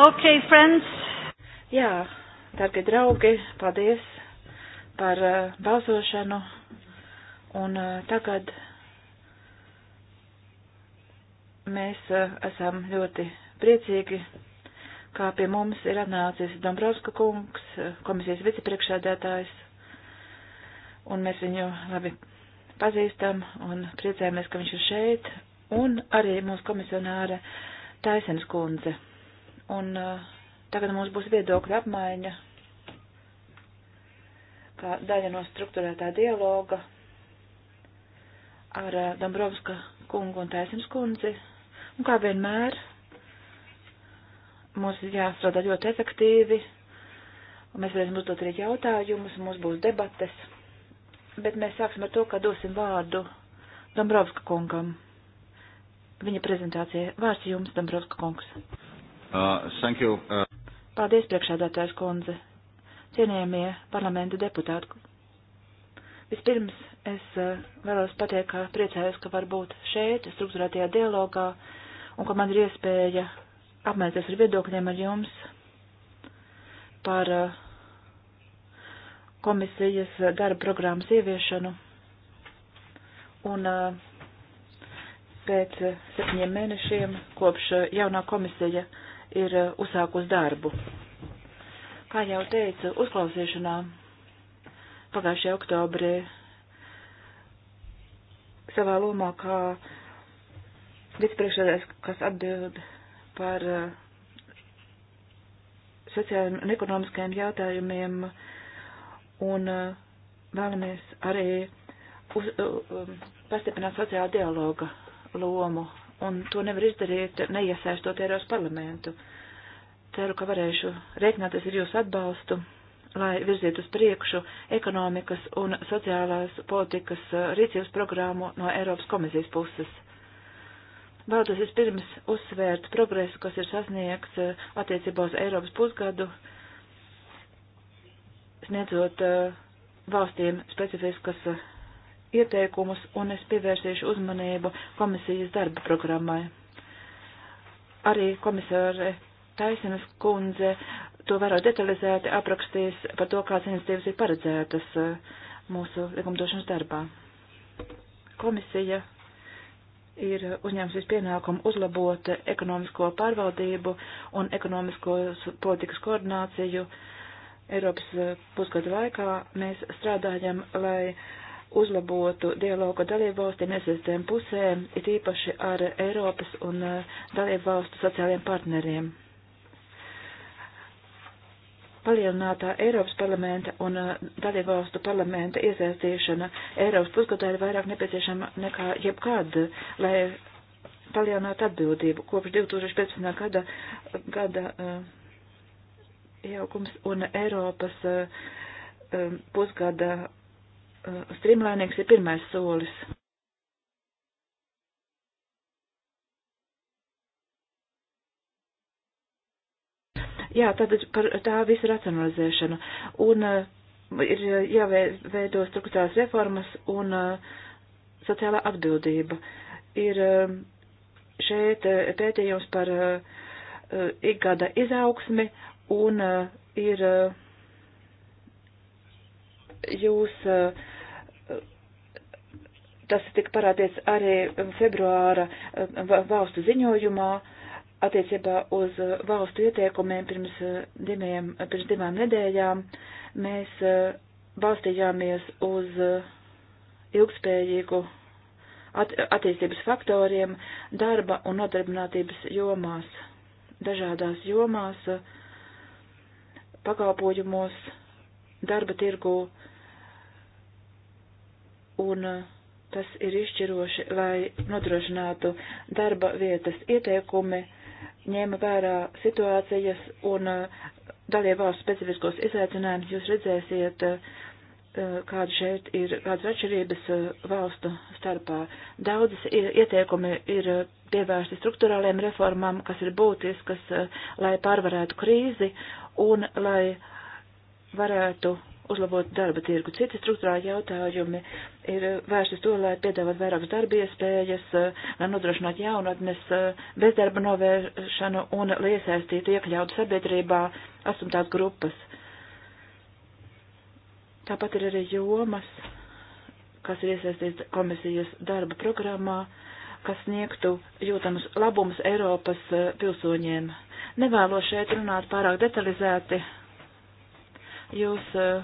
Ok, friends. Jā, darbie draugi, paldies par uh, balsošanu. Un uh, tagad mēs uh, esam ļoti priecīgi, kā pie mums ir atnācis Dombrovska kungs, uh, komisijas vicepriekšēdētājs. Un mēs viņu labi pazīstam un priecājamies, ka viņš ir šeit. Un arī mūsu komisionāra Taisens kundze Un uh, tagad mums būs viedokļa apmaiņa, kā daļa no struktūrētā dialoga ar uh, Dombrovska kungu un Taisnes kundzi. Un kā vienmēr, mums ir jāstrādā ļoti efektīvi, un mēs varēsim uzdot arī jautājumus, un mums būs debates. Bet mēs sāksim ar to, ka dosim vārdu Dombrovska kungam. Viņa prezentācija. Vārds jums, Dombrovska kungs. Uh, thank you. Uh... Paldies, priekšādātājs kundze. Cienījamie parlamenta deputāti. Vispirms es uh, vēlos pateikt, ka priecājos, ka var būt šeit, struktūrētajā dialogā, un ka man ir iespēja apmaiņas ar viedokļiem ar jums par uh, komisijas darba programmas ieviešanu. Un uh, pēc uh, septiņiem mēnešiem kopš uh, jaunā komisija uh, ir eh, uzsākus darbu. Kā jau teicu, uzklausīšanā pagājušajā oktobrī savā lomā kā vicepriekšsēdājs, kas atbild par eh, sociālajiem un ekonomiskajiem jautājumiem, un eh, vēlamies arī uz, uh, pastiprināt sociāla dialoga lomu un to nevar izdarīt, neiesaistot Eiropas parlamentu. Ceru, ka varēšu rēķināties ar jūsu atbalstu, lai virzītu uz priekšu ekonomikas un sociālās politikas uh, rīcības programmu no Eiropas komisijas puses. Vēlos vispirms uzsvērt progresu, kas ir sasniegts uh, attiecībā uz Eiropas pusgadu, sniedzot uh, valstīm specifiskas ieteikumus un es pievērsīšu uzmanību komisijas darba programmai. Arī komisāre Taisenes kundze to vairāk detalizēti aprakstīs par to, kādas iniciatīvas ir paredzētas eh, mūsu likumdošanas darbā. Komisija ir uzņēmusies pienākumu uzlabot ekonomisko pārvaldību un ekonomisko politikas koordināciju. Eiropas eh, pusgadu laikā mēs strādājam, lai uh, uzlabotu dialogu dalību valstīm iesaistēm pusēm, it īpaši ar Eiropas un eh, dalību valstu sociālajiem partneriem. Palielinātā Eiropas parlamenta un eh, dalību valstu parlamenta iesaistīšana Eiropas pusgadā ir vairāk nepieciešama nekā jebkad, lai palielinātu atbildību. Kopš 2015. gada, gada eh, iejaukums un Eiropas pusgada Uh, Streamlainīgs ir pirmais solis. Jā, tātad par tā visu racionalizēšanu. Un uh, ir jāveido struktūrās reformas un uh, sociālā atbildība. Ir uh, šeit uh, pētījums par uh, uh ikgada izaugsmi un uh, ir uh, jūs. Uh, Tas tika parādīts arī um, februāra um, valstu ziņojumā attiecībā uz uh, valstu ieteikumiem pirms, uh, diviem, uh, pirms divām nedēļām. Mēs balstījāmies uz ilgspējīgu at, attīstības faktoriem darba un nodarbinātības jomās, dažādās jomās, pakalpojumos, darba tirgu un uh, Tas ir izšķiroši, lai nodrošinātu darba vietas ieteikumi, ņēma vērā situācijas un uh, dalībvalstu specifiskos izaicinājumus. Jūs redzēsiet, uh, uh, kāda šeit ir, kādas atšķirības valstu starpā. Daudzas ieteikumi ir pievērsti struktūrāliem reformām, kas ir būtiskas, lai pārvarētu krīzi un lai varētu uzlabot darba tirgu. Citi struktūrāli jautājumi ir vērsti to, lai piedāvāt vairākas darba iespējas, lai nodrošinātu jaunatnes eh, bezdarba novēršanu un lai iesaistītu iekļautu sabiedrībā asumtās grupas. Tāpat ir arī jomas, kas ir iesaistīts komisijas darba programmā, kas sniegtu jūtamus labumus Eiropas eh, pilsoņiem. Nevēlos šeit runāt pārāk detalizēti, jūs uh,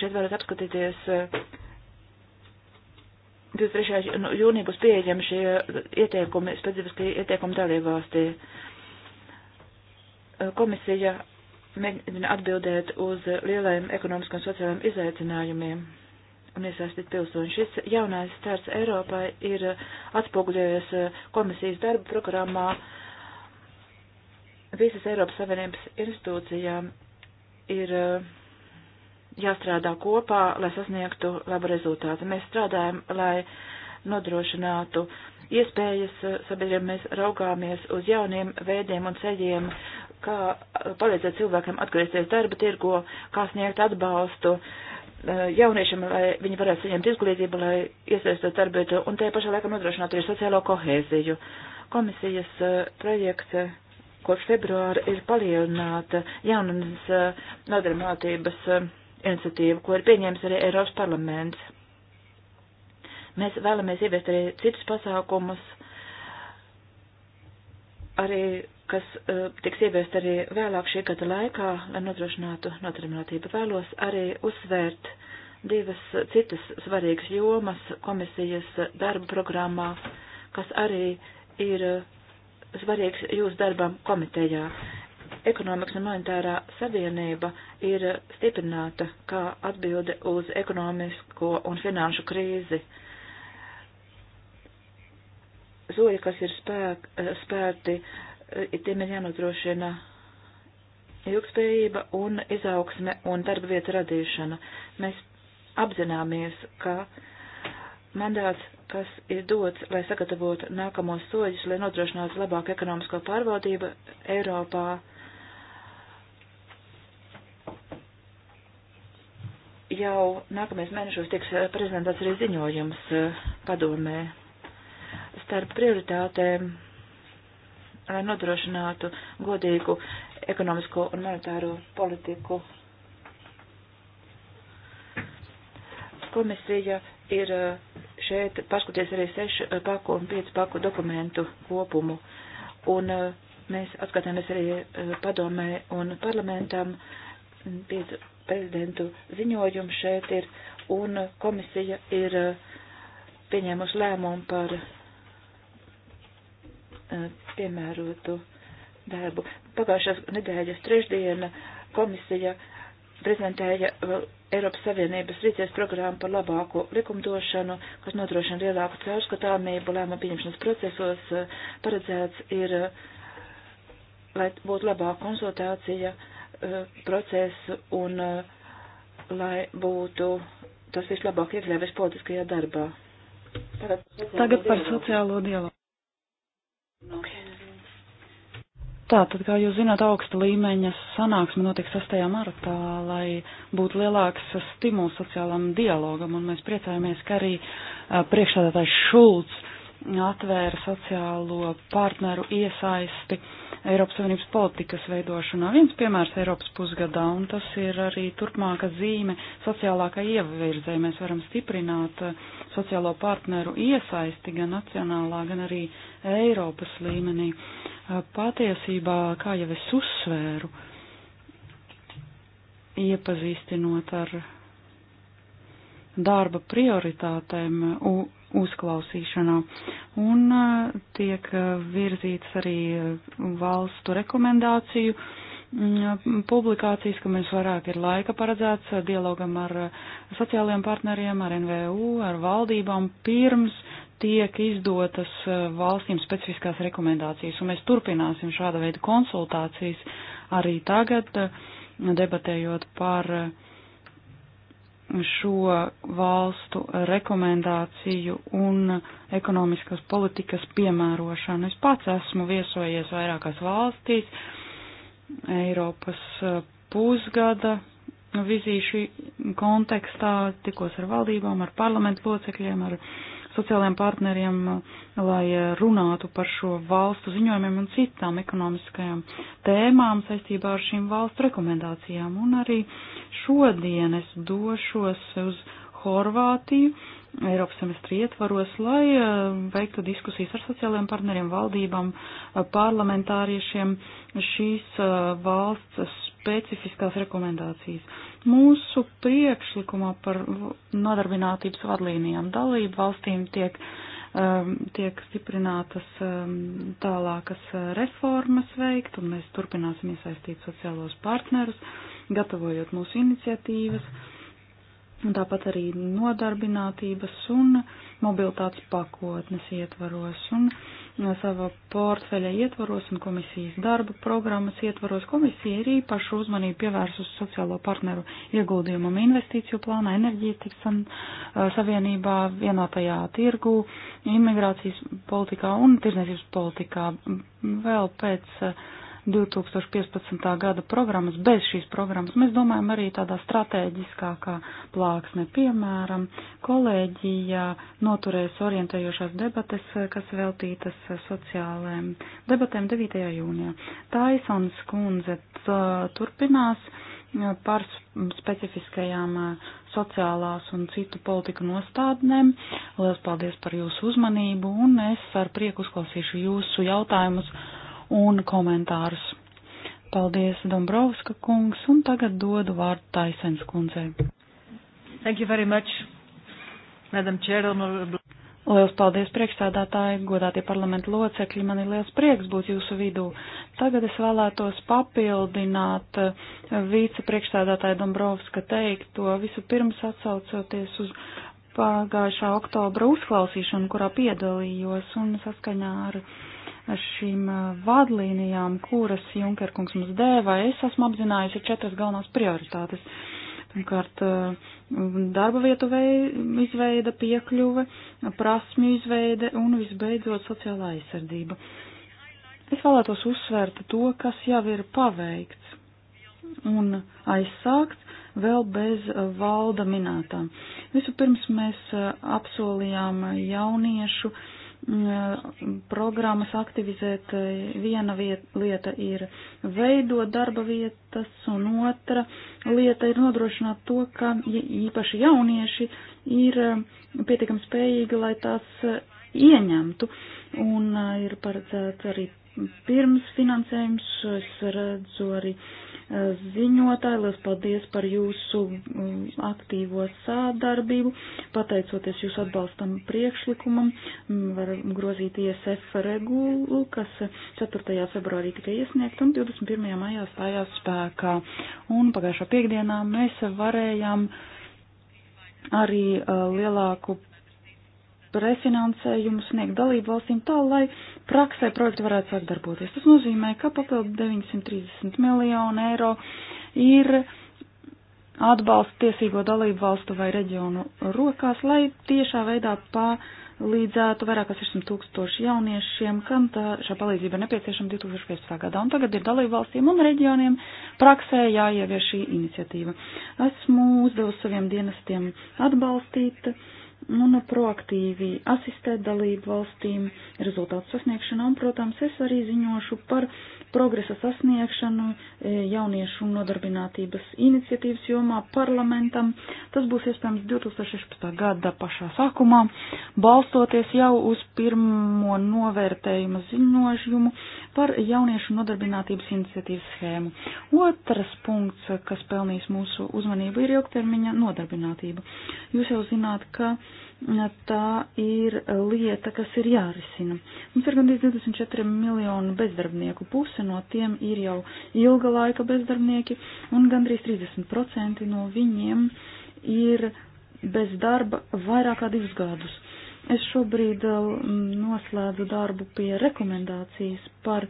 Šeit varat apskatīties. Eh, 23. Nu, jūnija būs pieejami šie ieteikumi, specifiskie ieteikumi dalībvalstī. Eh, komisija mēģina atbildēt uz lielajiem ekonomiskiem un sociālajiem izaicinājumiem un iesaistīt pilsoņu. Šis jaunais starts Eiropai ir atspoguļojies eh, komisijas darba programmā. Visas Eiropas Savienības institūcijām ir uh, jāstrādā kopā, lai sasniegtu labu rezultātu. Mēs strādājam, lai nodrošinātu iespējas eh, sabiedriem, mēs raugāmies uz jauniem veidiem un ceļiem, kā palīdzēt cilvēkiem atgriezties darba tirgo, kā sniegt atbalstu eh, jauniešiem, lai viņi varētu saņemt izglītību, lai iesaistot darbietu un tajā pašā laikā nodrošināt arī sociālo kohēziju. Komisijas eh, projekts kopš februāra ir palielināta jaunas nodarbinātības uh, iniciatīvu, ko ir pieņēmis arī Eiropas parlaments. Mēs vēlamies ieviest arī citus pasākumus, arī, kas uh, tiks ieviest arī vēlāk šī gada laikā, lai nodrošinātu notarbinātību. Vēlos arī uzsvērt divas citas svarīgas jomas komisijas darba programmā, kas arī ir svarīgs jūsu darbam komitejā. Uh, ekonomikas un monetārā savienība ir stiprināta kā atbilde uz ekonomisko un finanšu krīzi. Soļi, kas ir spēk, eh, spērti, eh, tiem ir jānodrošina ilgspējība un izaugsme un darba vietas radīšana. Mēs apzināmies, ka mandāts, kas ir dots, lai sagatavotu nākamos soļus, lai nodrošinātu labāku ekonomisko pārvaldību Eiropā, uh, jau nākamais mēnešos tiks eh, prezentēts arī ziņojums eh, padomē starp prioritātēm, lai nodrošinātu godīgu ekonomisko un monetāro politiku. Komisija ir eh, šeit paskaties arī sešu paku un piecu paku dokumentu kopumu. Un mēs atskatāmies arī padomē un parlamentam piecu prezidentu ziņojumu šeit ir, un komisija ir eh, pieņēmuši lēmumu par eh, piemērotu darbu. Pagājušās nedēļas trešdiena komisija prezentēja eh, Eiropas Savienības rīcības programmu par labāku likumdošanu, kas nodrošina lielāku caurskatāmību lēmumu pieņemšanas procesos. Paredzēts ir, lai būtu labāka konsultācija uh, Eh, procesu un eh, lai būtu tas vislabāk iekļāvies politiskajā darbā. Tagad, Tagad par dialogu. sociālo dialogu. Okay. Tā, tad, kā jūs zināt, augsta līmeņa sanāksme notiks 6. martā, lai būtu lielāks stimuls sociālam dialogam, un mēs priecājamies, ka arī eh, priekšstādātājs Šulcs atvēra sociālo partneru iesaisti Eiropas Savienības politikas veidošanā. Viens piemērs Eiropas pusgadā, un tas ir arī turpmāka zīme sociālākai ievirzē. Mēs varam stiprināt eh, sociālo partneru iesaisti gan nacionālā, gan arī Eiropas līmenī. Eh, patiesībā, kā jau es uzsvēru, iepazīstinot ar darba prioritātēm uzklausīšanā. Un e, tiek e, virzīts arī e, valstu rekomendāciju publikācijas, ka mums vairāk ir laika paredzēts dialogam ar sociālajiem partneriem, ar NVU, ar valdībām pirms tiek izdotas valstīm specifiskās rekomendācijas. Un mēs turpināsim šāda veida konsultācijas arī tagad, debatējot par uh, šo valstu rekomendāciju un ekonomiskās politikas piemērošanu. Es pats esmu viesojies vairākās valstīs, Eiropas eh, pusgada vizīšu kontekstā, tikos ar valdībām, ar parlamentu locekļiem, ar sociālajiem partneriem, lai eh, runātu par šo valstu ziņojumiem un citām ekonomiskajām tēmām saistībā ar šīm valstu rekomendācijām. Un arī šodien es došos uz Horvātiju Eiropas semestri ietvaros, lai eh, veiktu diskusijas ar sociālajiem partneriem, valdībām, eh, parlamentāriešiem šīs valsts specifiskās rekomendācijas. Mūsu priekšlikumā par nodarbinātības vadlīnijām dalību valstīm tiek, um, tiek stiprinātas um, tālākas uh, reformas veikt, un mēs turpināsim iesaistīt sociālos partnerus, gatavojot mūsu iniciatīvas. Mm un tāpat arī nodarbinātības un mobilitātes pakotnes ietvaros un e, savā portfeļa ietvaros un komisijas darba programmas ietvaros. Komisija ir īpašu uzmanību pievērsusi sociālo partneru ieguldījumam investīciju plānā, enerģētikas un e, savienībā, vienotajā tirgu, imigrācijas politikā un tirzniecības politikā. Vēl pēc uh, 2015. gada programmas. Bez šīs programmas mēs domājam arī tādā strateģiskākā plāksne. Piemēram, kolēģija noturēs orientējošās debates, kas veltītas sociālēm debatēm 9. jūnijā. Taisons kundze turpinās par specifiskajām eh, sociālās un citu politiku nostādnēm. Lielas paldies par jūsu uzmanību un es ar prieku uzklausīšu jūsu jautājumus un komentārus. Paldies, Dombrovska kungs, un tagad dodu vārdu Taisens kundzei. Thank you very much, Madam Chair. Liels paldies, priekšstādātāji, godātie parlamenta locekļi, man ir liels prieks būt jūsu vidū. Tagad es vēlētos papildināt eh, vicepriekšstādātāju Dombrovska teikto, vispirms atsaucoties uz pagājušā oktobra uzklausīšanu, kurā piedalījos un saskaņā ar. Uh, šīm vadlīnijām, kuras Junkerkungs mums dēvā, es esmu apzinājusi četras galvenās prioritātes. Pirmkārt, darba vietu izveida, piekļuve, prasmju izveide un visbeidzot sociālā aizsardzība. Es vēlētos uzsvērt to, kas jau ir paveikts un aizsākts vēl bez valda minētām. Vispirms mēs apsolījām jauniešu uh, Mm, eh, programmas aktivizēt, eh, viena viet, lieta ir veidot darba vietas, un otra lieta ir nodrošināt to, ka īpaši jaunieši ir eh, pietiekami spējīgi, lai tās ieņemtu, un ir paredzēts arī pirms finansējums, es redzu arī uh, ziņotāji, liels paldies par jūsu um, aktīvo sādarbību. Pateicoties jūsu atbalstam priekšlikumam, var grozīt ISF regulu, kas 4. februārī tika iesniegt un 21. maijā stājās spēkā. Un pagājušā piekdienā mēs varējām arī uh, lielāku refinansējumu sniegt dalību valstīm tā, lai praksē projekti varētu sākt darboties. Tas nozīmē, ka papildu 930 miljonu eiro ir atbalsta tiesīgo dalību valstu vai reģionu rokās, lai tiešā veidā palīdzētu vairāk kā 600 tūkstoši jauniešiem, kam tā šā palīdzība ir nepieciešama 2015. gadā. Un tagad ir dalību valstīm un reģioniem praksē jāievieš šī iniciatīva. Esmu uzdevusi saviem dienestiem atbalstīt uh, un proaktīvi asistēt dalību valstīm rezultātu sasniegšanā, un, protams, es arī ziņošu par progresa sasniegšanu e, jauniešu nodarbinātības iniciatīvas jomā parlamentam. Tas būs iespējams 2016. gada pašā sākumā, balstoties jau uz pirmo novērtējuma ziņojumu par jauniešu nodarbinātības iniciatīvas schēmu. Otrs punkts, kas pelnīs mūsu uzmanību, ir ilgtermiņa nodarbinātība. Jūs jau zināt, ka tā ir lieta, kas ir jārisina. Mums ir gandrīz 24 miljonu bezdarbnieku, puse no tiem ir jau ilga laika bezdarbnieki, un gandrīz 30% no viņiem ir bez darba vairāk kā divus gadus. Es šobrīd eh, noslēdzu darbu pie rekomendācijas par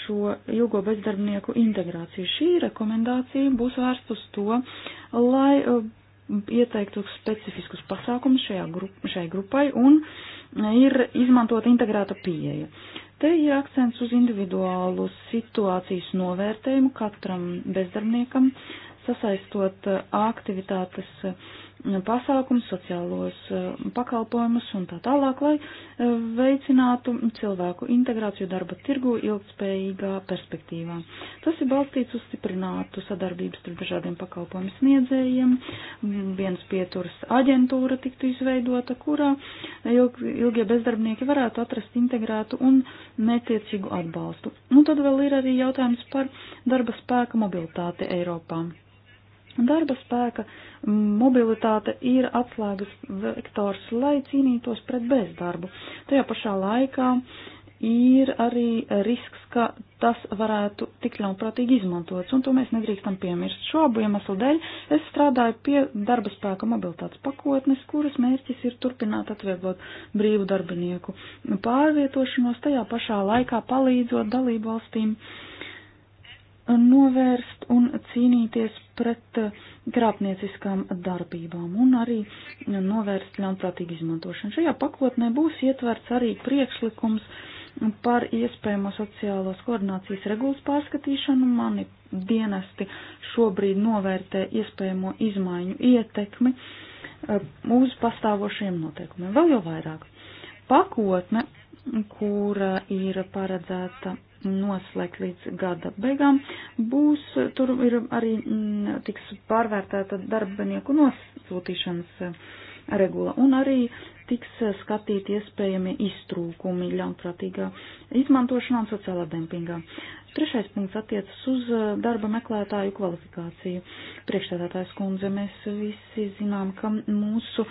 šo ilgo bezdarbnieku integrāciju. Šī rekomendācija būs vērsta uz to, lai eh, ieteiktu specifiskus pasākumus grup, šai grupai un ir izmantot integrēta pieeja. Te ir akcents uz individuālu situācijas novērtējumu katram bezdarbniekam, sasaistot eh, aktivitātes uh, pasākums, sociālos eh, pakalpojumus un tā tālāk, lai eh, veicinātu cilvēku integrāciju darba tirgu ilgspējīgā perspektīvā. Tas ir balstīts uz stiprinātu sadarbības starp dažādiem pakalpojumu sniedzējiem. Viens pieturs aģentūra tiktu izveidota, kurā ilg, ilgie bezdarbnieki varētu atrast integrētu un mētiecīgu atbalstu. Un nu, tad vēl ir arī jautājums par darba spēka mobilitāti Eiropā. Darba spēka mobilitāte ir atslēgas vektors, lai cīnītos pret bezdarbu. Tajā pašā laikā ir arī risks, ka tas varētu tik ļaunprātīgi izmantots, un to mēs nedrīkstam piemirst. Šo abu iemeslu dēļ es strādāju pie darba spēka mobilitātes pakotnes, kuras mērķis ir turpināt atvieglot brīvu darbinieku pārvietošanos, tajā pašā laikā palīdzot dalību valstīm uh, novērst un cīnīties pret krāpnieciskām eh, darbībām un arī novērst ļaunprātīgu izmantošanu. Šajā pakotnē būs ietverts arī priekšlikums par iespējamo sociālās koordinācijas regulas pārskatīšanu. Mani dienesti šobrīd novērtē iespējamo izmaiņu ietekmi eh, uz pastāvošiem noteikumiem. Vēl jau vairāk. Pakotne, kura ir paredzēta noslēgt līdz gada beigām. Būs, tur ir arī mm, tiks pārvērtēta darbinieku nosūtīšanas eh, regula un arī tiks eh, skatīti iespējami iztrūkumi ļaunprātīgā izmantošanā un sociālā dempingā. Trešais punkts attiecas uz uh, darba meklētāju kvalifikāciju. Priekšstādātājs kundze, mēs visi zinām, ka mūsu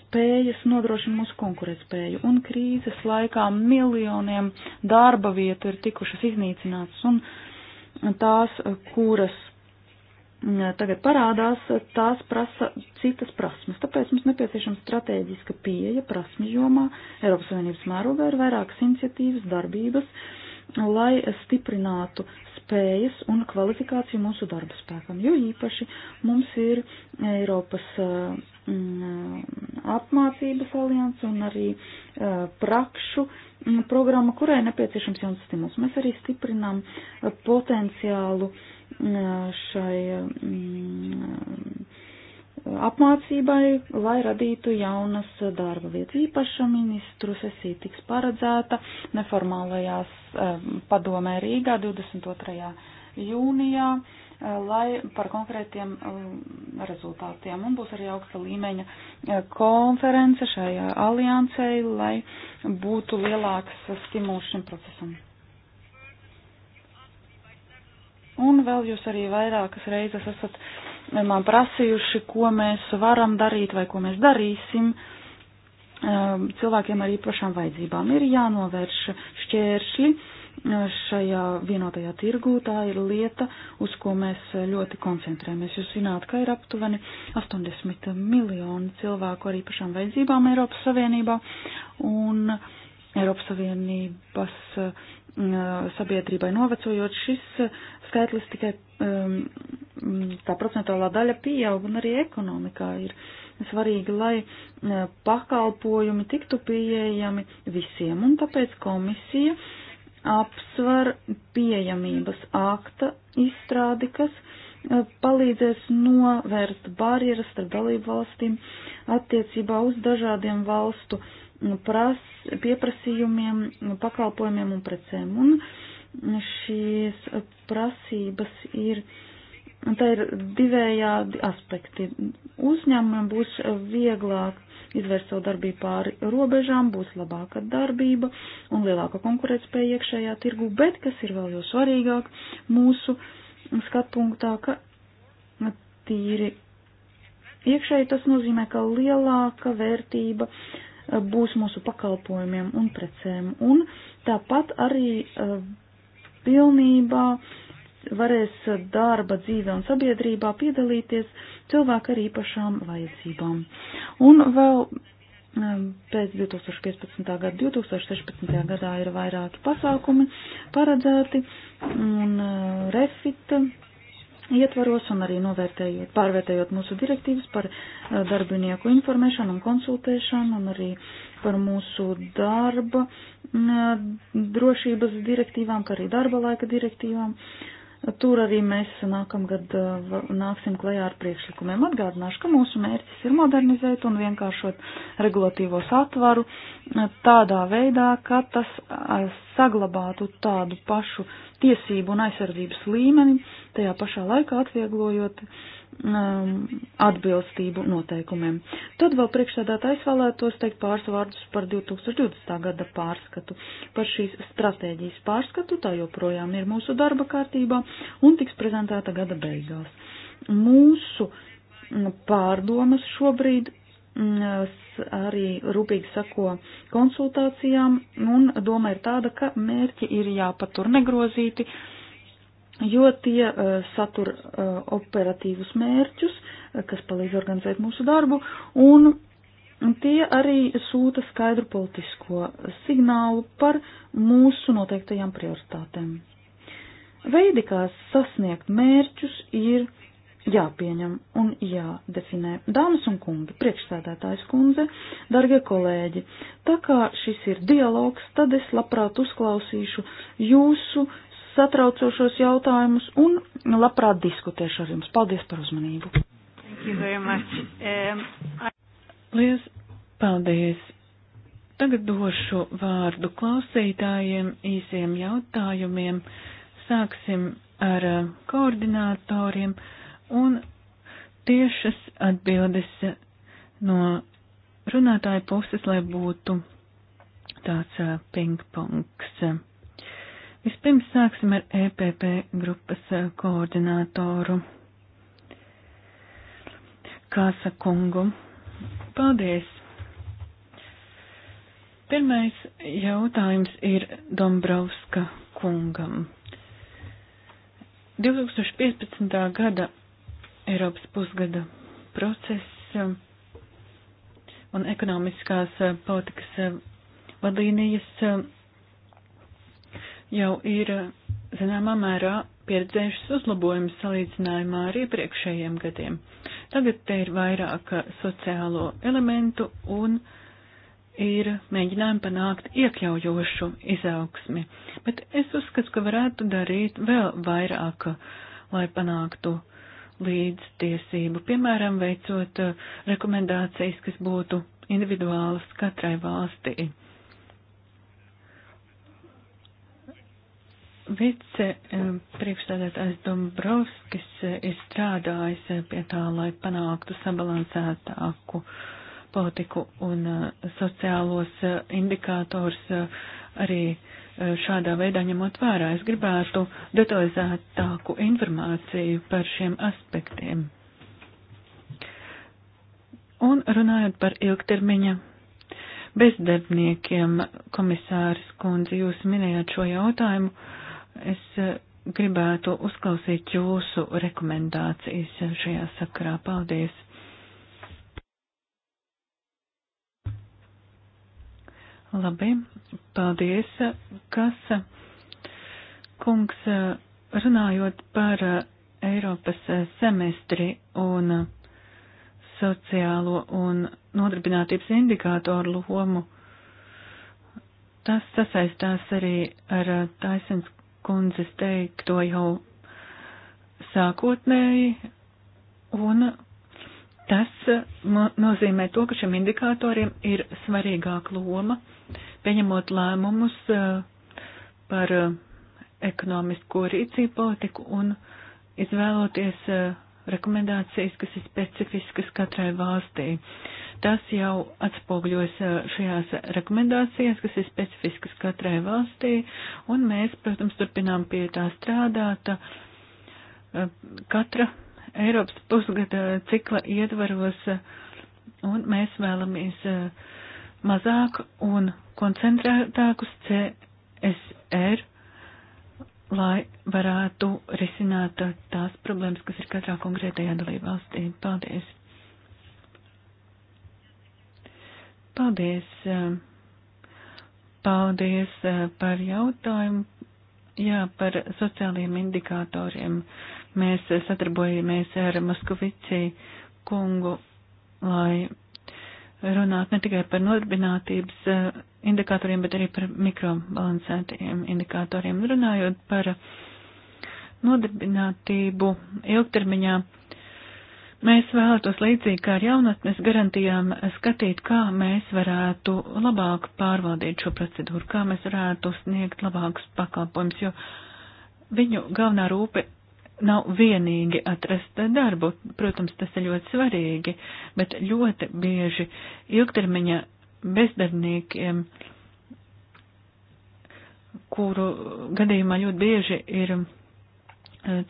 spējas nodrošina mūsu konkurētspēju, un krīzes laikā miljoniem darba vietu ir tikušas iznīcinātas, un tās, kuras mm, tagad parādās, tās prasa citas prasmes. Tāpēc mums nepieciešama strateģiska pieeja prasmju jomā. Eiropas Savienības mērogā ir vairākas iniciatīvas, darbības lai stiprinātu spējas un kvalifikāciju mūsu darba spēkam, jo īpaši mums ir Eiropas eh, mm, apmācības alianses un arī eh, prakšu mm, programma, kurai nepieciešams jauns stimuls. Mēs arī stiprinām eh, potenciālu mm, šai apmācībai, lai radītu jaunas darba vietas. Īpaša ministru sesija tiks paredzēta neformālajās eh, padomē Rīgā 22. jūnijā, eh, lai par konkrētiem mm, rezultātiem. Un būs arī augsta līmeņa eh, konference šajā aliansei, lai būtu lielāks stimuls šim procesam. Un vēl jūs arī vairākas reizes esat uh, man prasījuši, ko mēs varam darīt vai ko mēs darīsim um, cilvēkiem ar īpašām vajadzībām. Ir jānovērš šķēršļi uh, šajā vienotajā tirgū. Tā ir lieta, uz ko mēs ļoti koncentrējamies. Jūs zināt, ka ir aptuveni 80 miljoni cilvēku ar īpašām vajadzībām Eiropas Savienībā. Un Eiropas Savienības uh, Mm, sabiedrībai novecojot, šis skaitlis tikai mm, tā procentuālā daļa pieaug un arī ekonomikā ir svarīgi, lai mm, pakalpojumi tiktu pieejami visiem, un tāpēc komisija apsver pieejamības akta izstrādi, kas palīdzēs novērst barjeras starp dalību valstīm attiecībā uz dažādiem valstu pras, pieprasījumiem, pakalpojumiem un precēm. Un šīs prasības ir, tā ir divējādi aspekti. Uzņēmumiem būs vieglāk izvērst savu darbību pāri robežām, būs labāka darbība un lielāka konkurētspēja iekšējā tirgu, bet, kas ir vēl jau svarīgāk, mūsu skatpunktā, ka tīri iekšēji tas nozīmē, ka lielāka vērtība uh, Eh, būs mūsu pakalpojumiem un precēm. Un tāpat arī eh, pilnībā varēs darba dzīve un sabiedrībā piedalīties cilvēki ar īpašām vajadzībām. Un vēl eh, pēc 2015. gada, 2016. gadā ir vairāki pasākumi paredzēti un refita ietvaros un arī novērtējot, pārvērtējot mūsu direktīvas par eh, darbinieku informēšanu un konsultēšanu un arī par mūsu darba mm, eh, drošības direktīvām, kā arī darba laika direktīvām. Tur arī mēs nākamgad eh, nāksim klajā ar priekšlikumiem. Atgādināšu, ka mūsu mērķis ir modernizēt un vienkāršot regulatīvo satvaru tādā veidā, ka tas saglabātu tādu pašu tiesību un aizsardzības līmeni, tajā pašā laikā atvieglojot um, atbilstību noteikumiem. Tad vēl priekšsēdētājs vēlētos teikt pāris vārdus par 2020. gada pārskatu. Par šīs stratēģijas pārskatu tā joprojām ir mūsu darba kārtībā un tiks prezentēta gada beigās. Mūsu mm, pārdomas šobrīd arī rūpīgi sako konsultācijām, un doma ir tāda, ka mērķi ir jāpatur negrozīti, jo tie e, satur e, operatīvus mērķus, e, kas palīdz organizēt mūsu darbu, un tie arī sūta skaidru politisko signālu par mūsu noteiktajām prioritātēm. Veidi, kā sasniegt mērķus, ir jāpieņem un jādefinē. Dāmas un kungi, priekšsēdētājs kundze, dargie kolēģi, tā kā šis ir dialogs, tad es labprāt uzklausīšu jūsu satraucošos jautājumus un labprāt diskutēšu ar jums. Paldies par uzmanību. Um, I... Lies, paldies. Tagad došu vārdu klausītājiem īsiem jautājumiem. Sāksim ar koordinātoriem. Uh, un tiešas atbildes no runātāja puses, lai būtu tāds pingpongs. Vispirms sāksim ar EPP grupas koordinātoru Kāsa kungu. Paldies! Pirmais jautājums ir Dombrovska kungam. 2015. gada Eiropas pusgada process um, un ekonomiskās uh, politikas uh, vadlīnijas um, jau ir uh, zināmā mērā pieredzējušas uzlabojumus salīdzinājumā ar iepriekšējiem gadiem. Tagad te ir vairāk sociālo elementu un ir mēģinājumi panākt iekļaujošu izaugsmi, bet es uzskatu, ka varētu darīt vēl vairāk, lai panāktu līdztiesību, piemēram, veicot uh, rekomendācijas, kas būtu individuālas katrai valstī. Vice uh, priekšstādātājs Dombrovskis uh, ir strādājis pie tā, lai panāktu sabalansētāku politiku un sociālos indikātors arī uh, Eh, šādā veidā ņemot vērā. Es gribētu detalizētāku informāciju par šiem aspektiem. Un runājot par ilgtermiņa bezdarbniekiem, komisāris kundze, jūs minējāt šo jautājumu. Es eh, gribētu uzklausīt jūsu rekomendācijas šajā sakarā. Paldies! Labi, paldies, kas kungs runājot par Eiropas semestri un sociālo un nodarbinātības indikātoru lomu. Tas sasaistās arī ar Taisens kundzes teikto jau sākotnēji, un Tas eh, nozīmē to, ka šiem indikatoriem ir svarīgāka loma, pieņemot lēmumus eh, par eh, ekonomisko rīcību politiku un izvēloties rekomendācijas, kas ir specifiskas katrai valstī. Tas jau atspogļos šajās rekomendācijās, kas ir specifiskas katrai valstī, un mēs, protams, turpinām pie tā strādāt. Katra Eiropas pusgada eh, cikla ietvaros, eh, un mēs vēlamies eh, mazāk un koncentrētākus CSR, lai varētu risināt tās problēmas, kas ir katrā konkrētajā dalībvalstī. Paldies! Paldies! Paldies par jautājumu, jā, par sociālajiem indikatoriem. Uh, Mēs sadarbojamies ar Moskovici kungu, lai runātu ne tikai par nodarbinātības eh, indikatoriem, bet arī par mikrobalansētajiem indikatoriem. Runājot par nodarbinātību ilgtermiņā, Mēs vēlētos līdzīgi kā ar jaunatnes garantijām skatīt, kā mēs varētu labāk pārvaldīt šo procedūru, kā mēs varētu sniegt labākus pakalpojumus, jo viņu galvenā rūpe nav vienīgi atrast darbu. Protams, tas ir ļoti svarīgi, bet ļoti bieži ilgtermiņa bezdarbniekiem, kuru gadījumā ļoti bieži ir uh,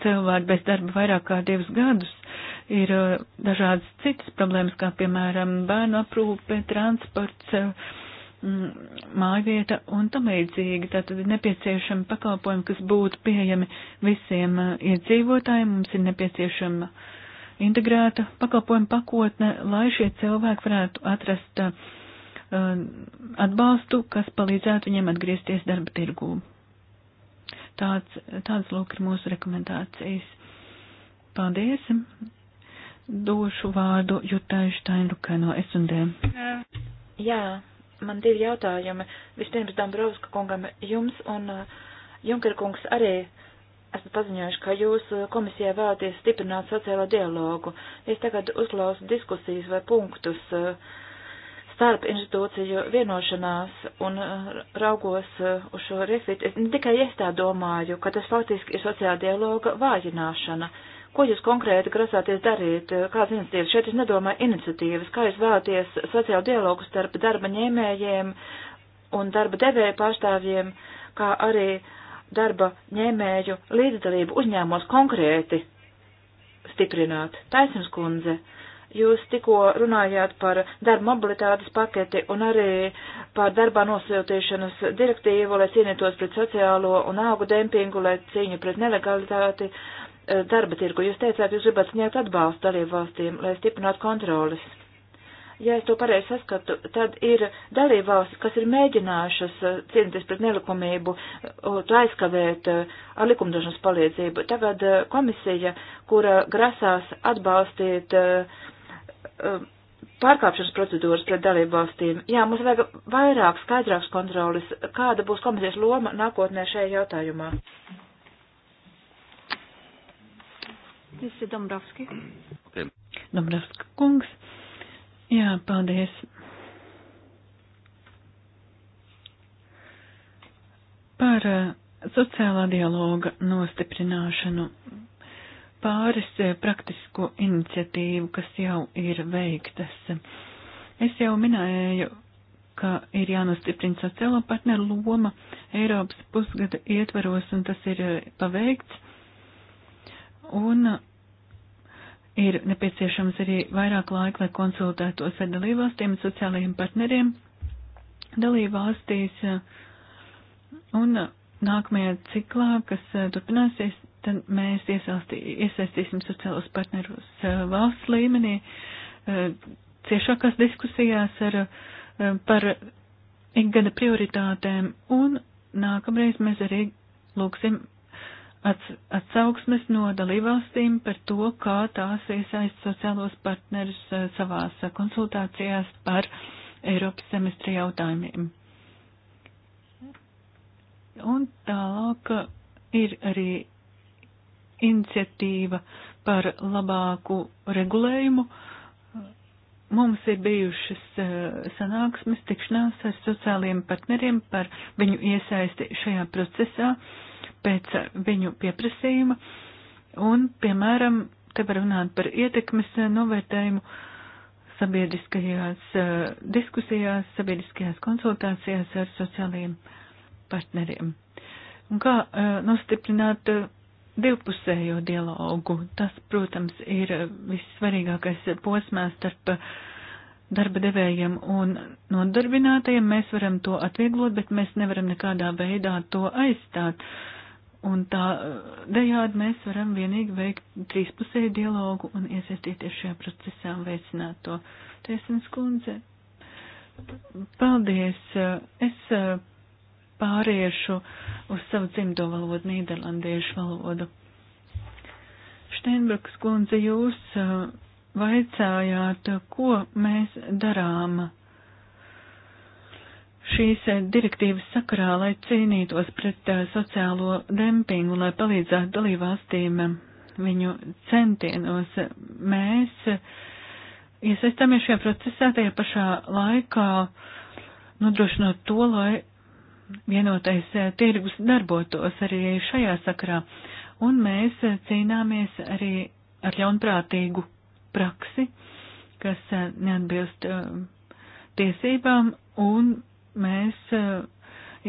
cilvēki bez darba vairāk kā divus gadus, ir uh, dažādas citas problēmas, kā piemēram bērnu aprūpe, transports, uh, Mm, mājvieta un tam līdzīgi. Tātad ir nepieciešami pakalpojumi, kas būtu pieejami visiem eh, iedzīvotājiem. Mums ir nepieciešama integrēta pakalpojuma pakotne, lai šie cilvēki varētu atrast uh, atbalstu, kas palīdzētu viņiem atgriezties darba tirgū. Tāds, tāds lūk ir mūsu rekomendācijas. Paldies! Došu vārdu Jutai Štainrukai no S&D. Jā. Man divi jautājumi. Vispirms Dombrovska kungam jums un uh, Junker kungs arī esmu paziņojuši, ka jūs uh, komisijā vēlaties stiprināt sociālo dialogu. Es tagad uzklausu diskusijas vai punktus uh, starp institūciju vienošanās un raugos uz šo refitu. Es ne tikai es tā domāju, ka tas faktiski ir sociāla dialoga vājināšana. Uh, Ko jūs konkrēti grasāties darīt? Kādas iniciatīvas? Šeit es nedomāju iniciatīvas. Kā jūs vēlaties sociālu dialogu starp darba ņēmējiem un darba devēja pārstāvjiem, kā arī darba ņēmēju līdzdalību uzņēmos konkrēti stiprināt? Taisnums kundze, jūs tikko runājāt par darba mobilitātes paketi un arī par darbā nosūtīšanas direktīvu, lai cīnītos pret sociālo un augu dempingu, lai cīņu pret nelegalitāti. Uh, Eh, darba tirgu. Jūs teicāt, jūs gribat sniegt atbalstu dalību valstīm, lai stiprinātu kontrolas. Ja es to pareizi saskatu, tad ir dalību valstis, kas ir mēģinājušas eh, cīnīties pret nelikumību, eh, to aizkavēt ar likumdošanas palīdzību. Tagad komisija, kura grasās atbalstīt pārkāpšanas procedūras pret dalību valstīm, jā, mums vajag vairāk skaidrāks kontrolis, kāda būs komisijas loma nākotnē šajā jautājumā. Tas ir Dombrovski. Okay. Dombrovska kungs. Jā, paldies. Par eh, sociālā dialoga nostiprināšanu pāris eh, praktisko iniciatīvu, kas jau ir veiktas. Es jau minēju, ka ir jānostiprina sociālo partneru loma Eiropas pusgada ietvaros, un tas ir eh, paveikts un ir nepieciešams arī vairāk laika, lai konsultētos ar dalībvalstīm, sociālajiem partneriem dalībvalstīs. Un nākamajā ciklā, kas turpināsies, tad mēs iesaistīsim sociālos partnerus valsts līmenī ciešākās diskusijās ar, par ikgada prioritātēm. Un nākamreiz mēs arī lūksim atsauksmes no dalībvalstīm par to, kā tās iesaist sociālos partnerus e, savās e, konsultācijās par Eiropas semestri jautājumiem. Un tālāk ir arī iniciatīva par labāku regulējumu. Mums ir bijušas e, sanāksmes, tikšanās ar sociāliem partneriem par viņu iesaisti šajā procesā. Uh, pēc viņu pieprasījuma, un, piemēram, te var runāt par ietekmes novērtējumu sabiedriskajās eh, diskusijās, sabiedriskajās konsultācijās ar sociālajiem partneriem. Un kā eh, nostiprināt eh, divpusējo dialogu? Tas, protams, ir vissvarīgākais posmēs starp darba devējiem un nodarbinātajiem. Mēs varam to atvieglot, bet mēs nevaram nekādā veidā to aizstāt. Uh, Un tā dējādi mēs varam vienīgi veikt trīspusēju dialogu un iesaistīties šajā procesā un veicināt to. Tiesnes kundze, paldies. Es eh, pāriešu uz savu dzimto valodu, nīderlandiešu valodu. Šteinbruks kundze, jūs eh, vaicājāt, ko mēs darām šīs eh, direktīvas sakarā, lai cīnītos pret eh, sociālo dempingu, lai palīdzētu dalībvalstīm eh, viņu centienos. Mēs iesaistāmies šajā procesā tajā pašā laikā, nodrošinot to, lai vienotais tirgus darbotos arī šajā sakarā. Un mēs cīnāmies arī ar ļaunprātīgu praksi, kas neatbilst tiesībām un mēs eh,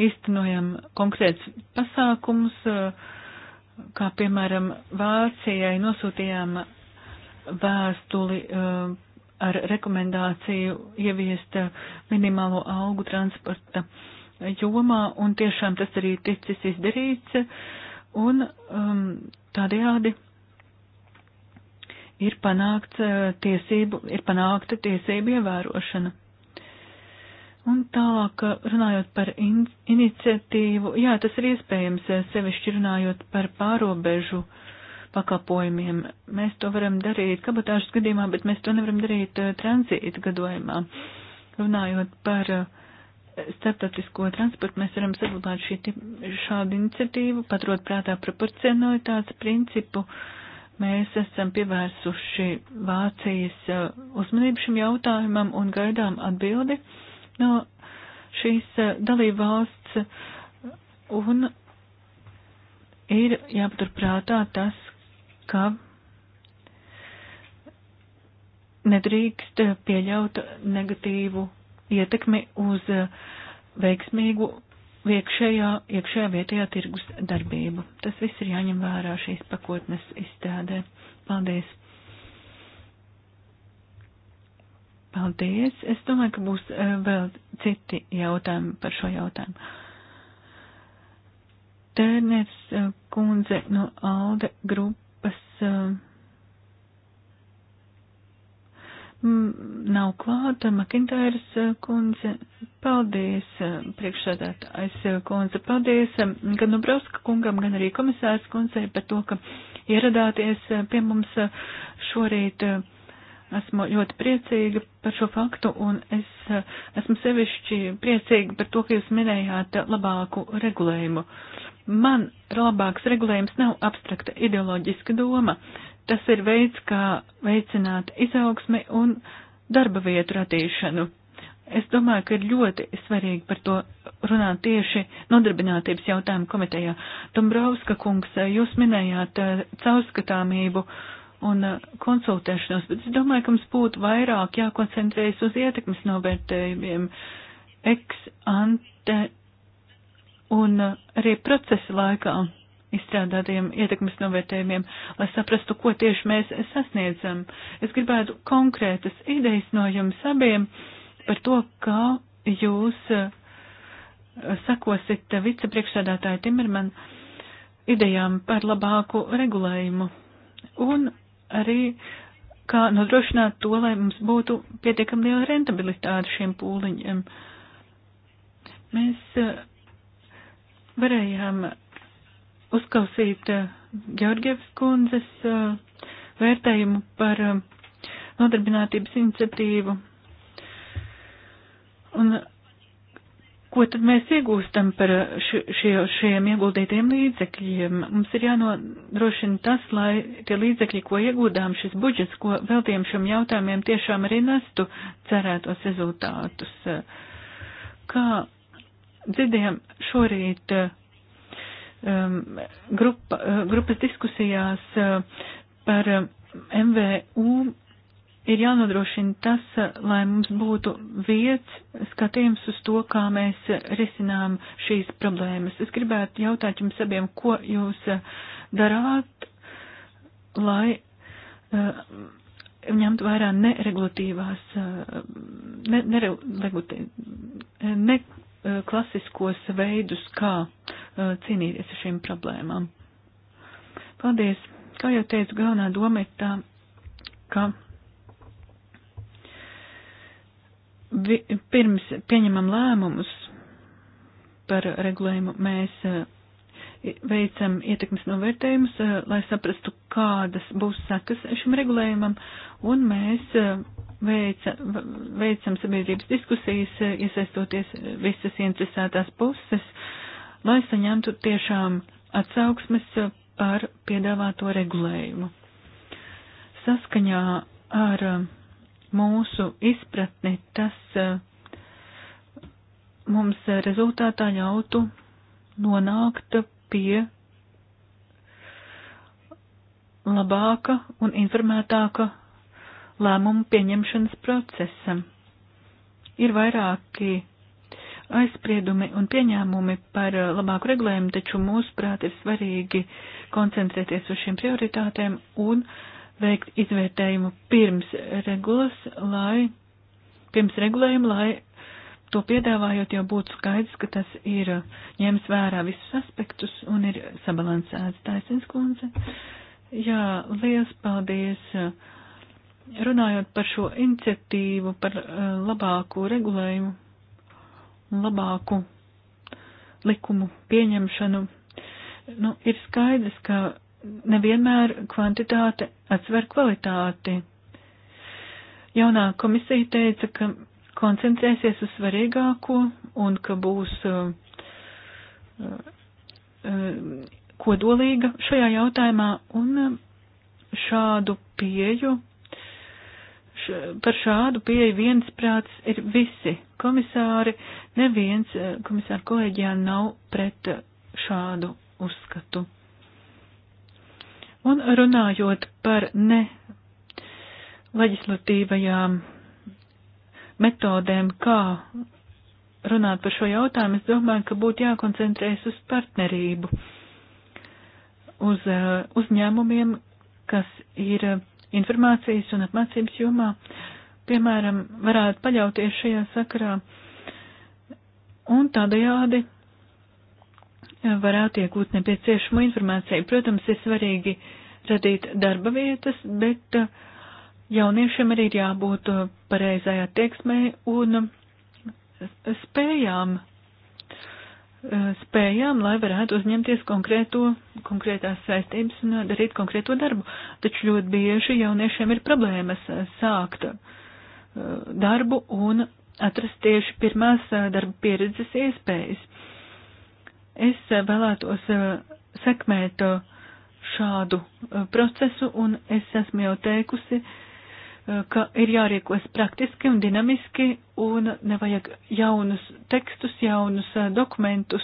īstenojam konkrēts pasākums, eh, kā piemēram Vācijai nosūtījām vēstuli eh, ar rekomendāciju ieviest minimālo algu transporta jomā, un tiešām tas arī ticis izdarīts, un um, tādējādi ir panākts tiesību, ir panākta tiesību ievērošana. Un tālāk, eh, runājot par in iniciatīvu, jā, tas ir iespējams, eh, sevišķi runājot par pārobežu pakalpojumiem. Mēs to varam darīt kabatāžas gadījumā, bet mēs to nevaram darīt uh, tranzīta gadījumā. Runājot par uh, starptautisko transportu, mēs varam saglabāt šī, šādu iniciatīvu, paturot prātā proporcionalitātes principu. Mēs esam pievērsuši Vācijas uh, uzmanību šim jautājumam un gaidām atbildi. Uh, no šīs eh, dalība valsts eh, un ir jāpaturprātā tas, ka nedrīkst eh, pieļaut negatīvu ietekmi uz veiksmīgu iekšējā, iekšējā vietējā tirgus darbību. Tas viss ir jāņem vērā šīs pakotnes izstādē. Paldies! Paldies. Es domāju, ka būs eh, vēl citi jautājumi par šo jautājumu. Tērners eh, kundze no Alde grupas eh, nav klāta. Makintāras kundze, paldies, priekšsādātājs kundze, paldies gan Nubrovska kungam, gan arī komisārs kundzei par to, ka ieradāties pie mums šorīt. Uh, Esmu ļoti priecīga par šo faktu un es eh, esmu sevišķi priecīga par to, ka jūs minējāt eh, labāku regulējumu. Man labāks regulējums nav abstrakta ideoloģiska doma. Tas ir veids, kā veicināt izaugsmi un darba vietu radīšanu. Es domāju, ka ir ļoti svarīgi par to runāt tieši nodarbinātības jautājumu komitejā. Dombrovska kungs, eh, jūs minējāt caurskatāmību. Uh, un uh, konsultēšanos, bet es domāju, ka mums būtu vairāk jākoncentrējas uz ietekmes novērtējumiem ex ante un uh, arī procesa laikā izstrādātiem ietekmes novērtējumiem, lai saprastu, ko tieši mēs sasniedzam. Es gribētu konkrētas idejas no jums abiem par to, kā jūs uh, sakosit vicepriekšsādātāju Timerman idejām par labāku regulējumu. Un arī kā nodrošināt to, lai mums būtu pietiekami liela rentabilitāte šiem pūliņiem. Mēs eh, varējām uzklausīt eh, Georgievas kundzes eh, vērtējumu par nodarbinātības iniciatīvu. Un Ko tad mēs iegūstam par šie, šiem ieguldītiem līdzekļiem? Mums ir jānodrošina tas, lai tie līdzekļi, ko iegūdām, šis budžets, ko veltījām šiem jautājumiem, tiešām arī nestu cerētos rezultātus. Kā dzirdējām šorīt um, grupa, uh, grupas diskusijās uh, par MVU um, ir jānodrošina tas, lai mums būtu vietas skatījums uz to, kā mēs risinām šīs problēmas. Es gribētu jautāt jums abiem, ko jūs darāt, lai uh, ņemt vērā neregulatīvās, uh, ne, neregulatīvās, neklasiskos eh, uh, veidus, kā uh, cīnīties ar šīm problēmām. Paldies! Kā jau teicu, galvenā doma ir tā, ka vi, pirms pieņemam lēmumus par regulējumu, mēs e, veicam ietekmes novērtējumus, e, lai saprastu, kādas būs sekas šim regulējumam, un mēs e, veica, veicam sabiedrības diskusijas, iesaistoties visas interesētās puses, lai saņemtu tiešām atsauksmes par piedāvāto regulējumu. Saskaņā ar mūsu izpratni, tas eh, mums rezultātā ļautu nonākt pie labāka un informētāka lēmumu pieņemšanas procesa. Ir vairāki aizspriedumi un pieņēmumi par eh, labāku regulējumu, taču mūsuprāt ir svarīgi koncentrēties uz šiem prioritātēm un uh, veikt izvērtējumu pirms regulas, lai, pirms regulējuma, lai to piedāvājot jau būtu skaidrs, ka tas ir ņems vērā visus aspektus un ir sabalansēts taisnīgs kundze. Jā, liels paldies. Runājot par šo iniciatīvu, par eh, labāku regulējumu un labāku likumu pieņemšanu, nu, ir skaidrs, ka nevienmēr kvantitāte atsver kvalitāti. Jaunā komisija teica, ka koncentrēsies uz svarīgāko un ka būs uh, uh, uh kodolīga šajā jautājumā un uh, šādu pieju, š, par šādu pieju viensprāts ir visi komisāri, neviens uh, komisāru kolēģijā nav pret šādu uzskatu. Un runājot par ne leģislatīvajām metodēm, kā runāt par šo jautājumu, es domāju, ka būtu jākoncentrējas uz partnerību, uz uh, uzņēmumiem, kas ir uh, informācijas un apmācības jomā, piemēram, varētu paļauties šajā sakarā un tādējādi varētu iegūt nepieciešamo informāciju. Protams, ir svarīgi radīt darba vietas, bet uh, jauniešiem arī ir jābūt uh, pareizai attieksmē un uh, spējām, spējām, lai varētu uzņemties konkrēto, konkrētās saistības un darīt konkrēto darbu. Taču ļoti bieži jauniešiem ir problēmas sākt darbu un atrast tieši pirmās darba pieredzes iespējas. Es vēlētos eh, sekmēt eh, šādu eh, procesu, un es esmu jau teikusi, ka ir jārīkos praktiski un dinamiski, un nevajag jaunus tekstus, jaunus dokumentus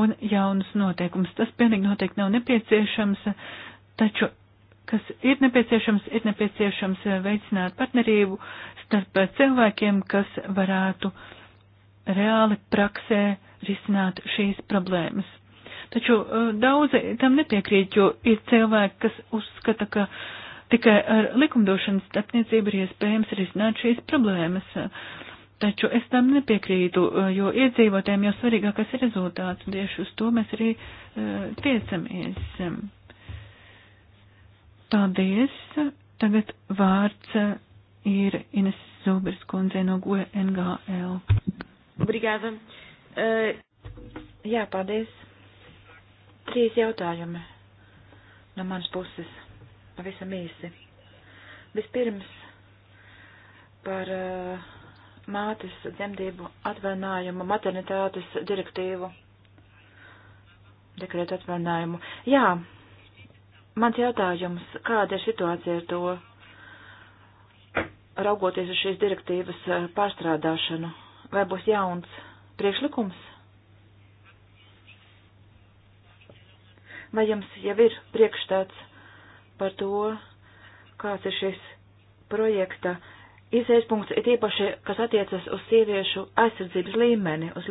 un jaunus noteikumus. Tas pilnīgi noteikti nav nepieciešams, taču kas ir nepieciešams, ir nepieciešams veicināt partnerību starp cilvēkiem, kas varētu uh, reāli praksē risināt šīs problēmas. Taču e, daudzi tam nepiekrīt, jo ir cilvēki, kas uzskata, ka tikai ar likumdošanas starpniecību ir iespējams risināt šīs problēmas. Taču es tam nepiekrītu, e, jo iedzīvotēm jau svarīgākais ir rezultāts, un tieši uz to mēs arī e, tiecamies. Paldies! Tagad vārds ir Ines Zubers kundze no GNGL. Obrigada. Uh, jā, paldies. Trīs jautājumi no manas puses. Pavisam īsi. Vispirms par uh, mātes dzemdību atvainājumu maternitātes direktīvu. Dekrētu atvainājumu. Jā, mans jautājums, kāda ir situācija ar to, raugoties uz šīs direktīvas uh, pārstrādāšanu? vai būs jauns priekšlikums? Vai jums jau ir priekšstats par to, kāds ir šis projekta izējas punkts, ir īpaši, kas attiecas uz sieviešu aizsardzības līmeni, uz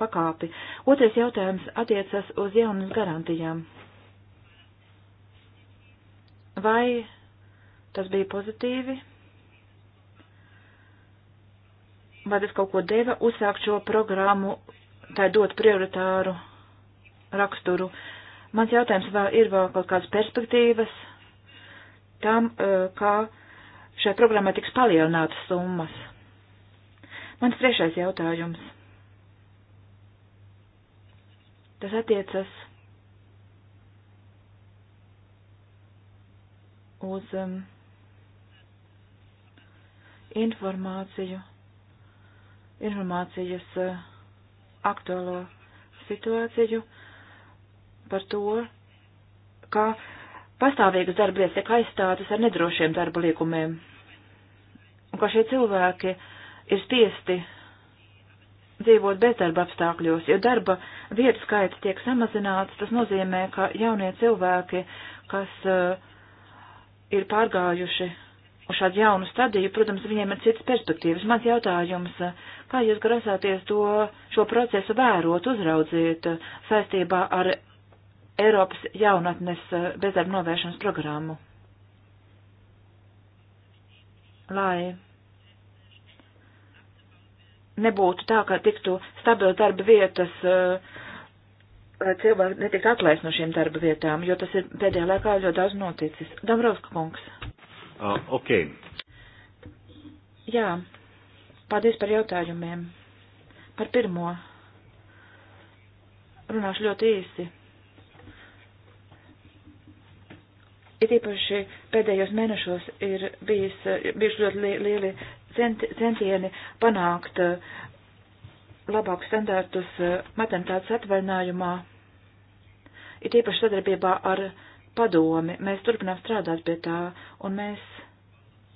pakāpi? Otrais jautājums attiecas uz jaunas garantijām. Vai tas bija pozitīvi? vai tas kaut ko deva uzsākt šo programmu, tai dot prioritāru raksturu. Mans jautājums, vai ir vēl kaut kādas perspektīvas tam, eh, kā šai programmai tiks palielinātas summas? Mans trešais jautājums. Tas attiecas uz um, informāciju informācijas eh, aktuālo situāciju par to, ka pastāvīgas darba vietas tiek aizstātas ar nedrošiem darba līkumiem, un ka šie cilvēki ir spiesti dzīvot bezdarba apstākļos, jo darba vietu skaits tiek samazināts, tas nozīmē, ka jaunie cilvēki, kas uh, ir pārgājuši uz šādu jaunu stadiju, protams, viņiem ir citas perspektīvas. Mans jautājums, kā jūs grasāties to, šo procesu vērot, uzraudzīt saistībā ar Eiropas jaunatnes bezdarba novēršanas programmu? Lai nebūtu tā, ka tiktu stabili darba vietas, lai cilvēki netiktu atlaist no šiem darba vietām, jo tas ir pēdējā laikā ļoti daudz noticis. Damrovska kungs. Uh, ok. Jā, paldies par jautājumiem. Par pirmo. Runāšu ļoti īsi. It īpaši pēdējos mēnešos ir bijis, bijuši ļoti li lieli centi centieni panākt uh, labākus standārtus uh, maternitātes atvaļinājumā. It īpaši sadarbībā ar uh, padomi. Mēs turpinām strādāt pie tā, un mēs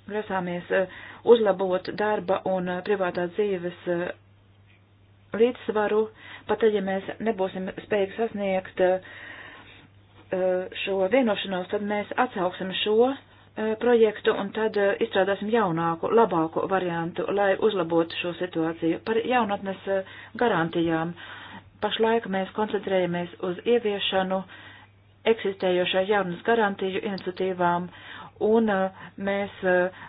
grasāmies eh, uzlabot darba un eh, privātā dzīves eh, līdzsvaru, pat tad, ja mēs nebūsim spējīgi sasniegt šo vienošanos, tad mēs atsauksim šo projektu un tad izstrādāsim jaunāku, labāku variantu, lai uzlabotu šo situāciju par jaunatnes garantijām. Pašlaik mēs koncentrējamies uz ieviešanu, uh, eksistējošai jaunas garantiju iniciatīvām, un uh, mēs uh,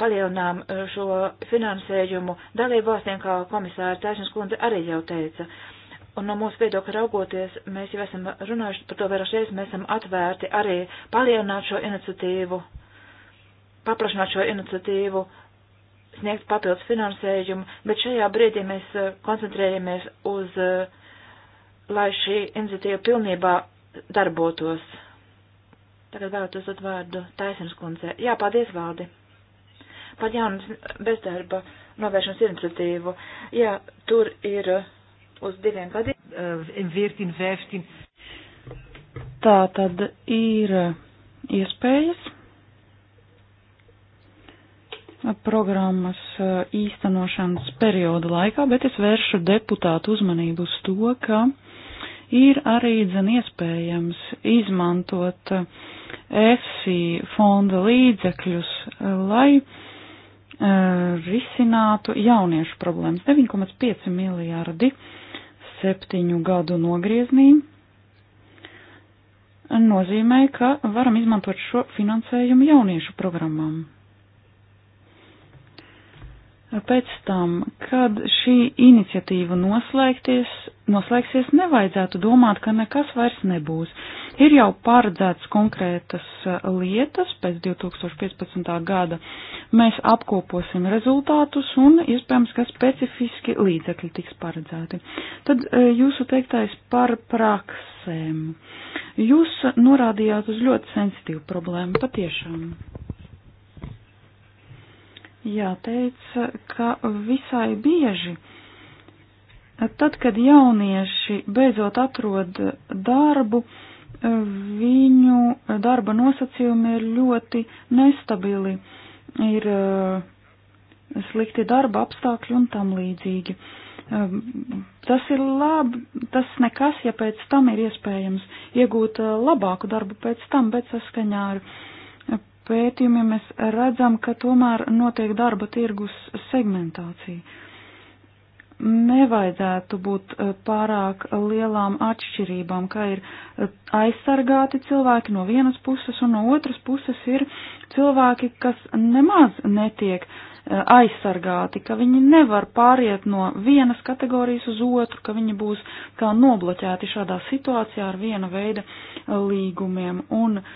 palielinām uh, šo finansējumu dalību valstīm, kā komisāra Taišanas kundze arī jau teica. Un no mūsu viedokļa raugoties, mēs jau esam runājuši par to vairāk reizes, mēs esam atvērti arī palielināt šo iniciatīvu, paplašināt šo iniciatīvu, sniegt papildus finansējumu, bet šajā brīdī mēs koncentrējamies uz, lai šī iniciatīva pilnībā darbotos. Tagad vēlētos dot vārdu Taisnes kundze. Jā, paldies, Valdi! Par jaunas bezdarba novēršanas iniciatīvu. Jā, tur ir uz diviem gadiem. Virtin, vērtin. Tā tad ir iespējas programmas īstenošanas perioda laikā, bet es vēršu deputātu uzmanību uz to, ka ir arī dzen iespējams izmantot EFSI uh, fonda līdzekļus, uh, lai uh, risinātu jauniešu problēmas. 9,5 miljārdi septiņu gadu nogrieznī nozīmē, ka varam izmantot šo finansējumu jauniešu programmām. Pēc tam, kad šī iniciatīva noslēgsies, nevajadzētu domāt, ka nekas vairs nebūs. Ir jau paredzēts konkrētas eh, lietas pēc 2015. gada. Mēs apkoposim rezultātus un iespējams, ka specifiski līdzekļi tiks paredzēti. Tad eh, jūsu teiktais par praksēm. Jūs norādījāt uz ļoti sensitīvu problēmu patiešām jāteic, ka visai bieži, tad, kad jaunieši beidzot atrod darbu, viņu darba nosacījumi ir ļoti nestabili, ir eh, slikti darba apstākļi un tam līdzīgi. Eh, tas ir labi, tas nekas, ja pēc tam ir iespējams iegūt eh, labāku darbu pēc tam, bet saskaņā ar pētījumiem mēs redzam, ka tomēr notiek darba tirgus segmentācija. Nevajadzētu būt eh, pārāk lielām atšķirībām, ka ir eh, aizsargāti cilvēki no vienas puses un no otras puses ir cilvēki, kas nemaz netiek eh, aizsargāti, ka viņi nevar pāriet no vienas kategorijas uz otru, ka viņi būs kā nobloķēti šādā situācijā ar viena veida eh, līgumiem. Un eh,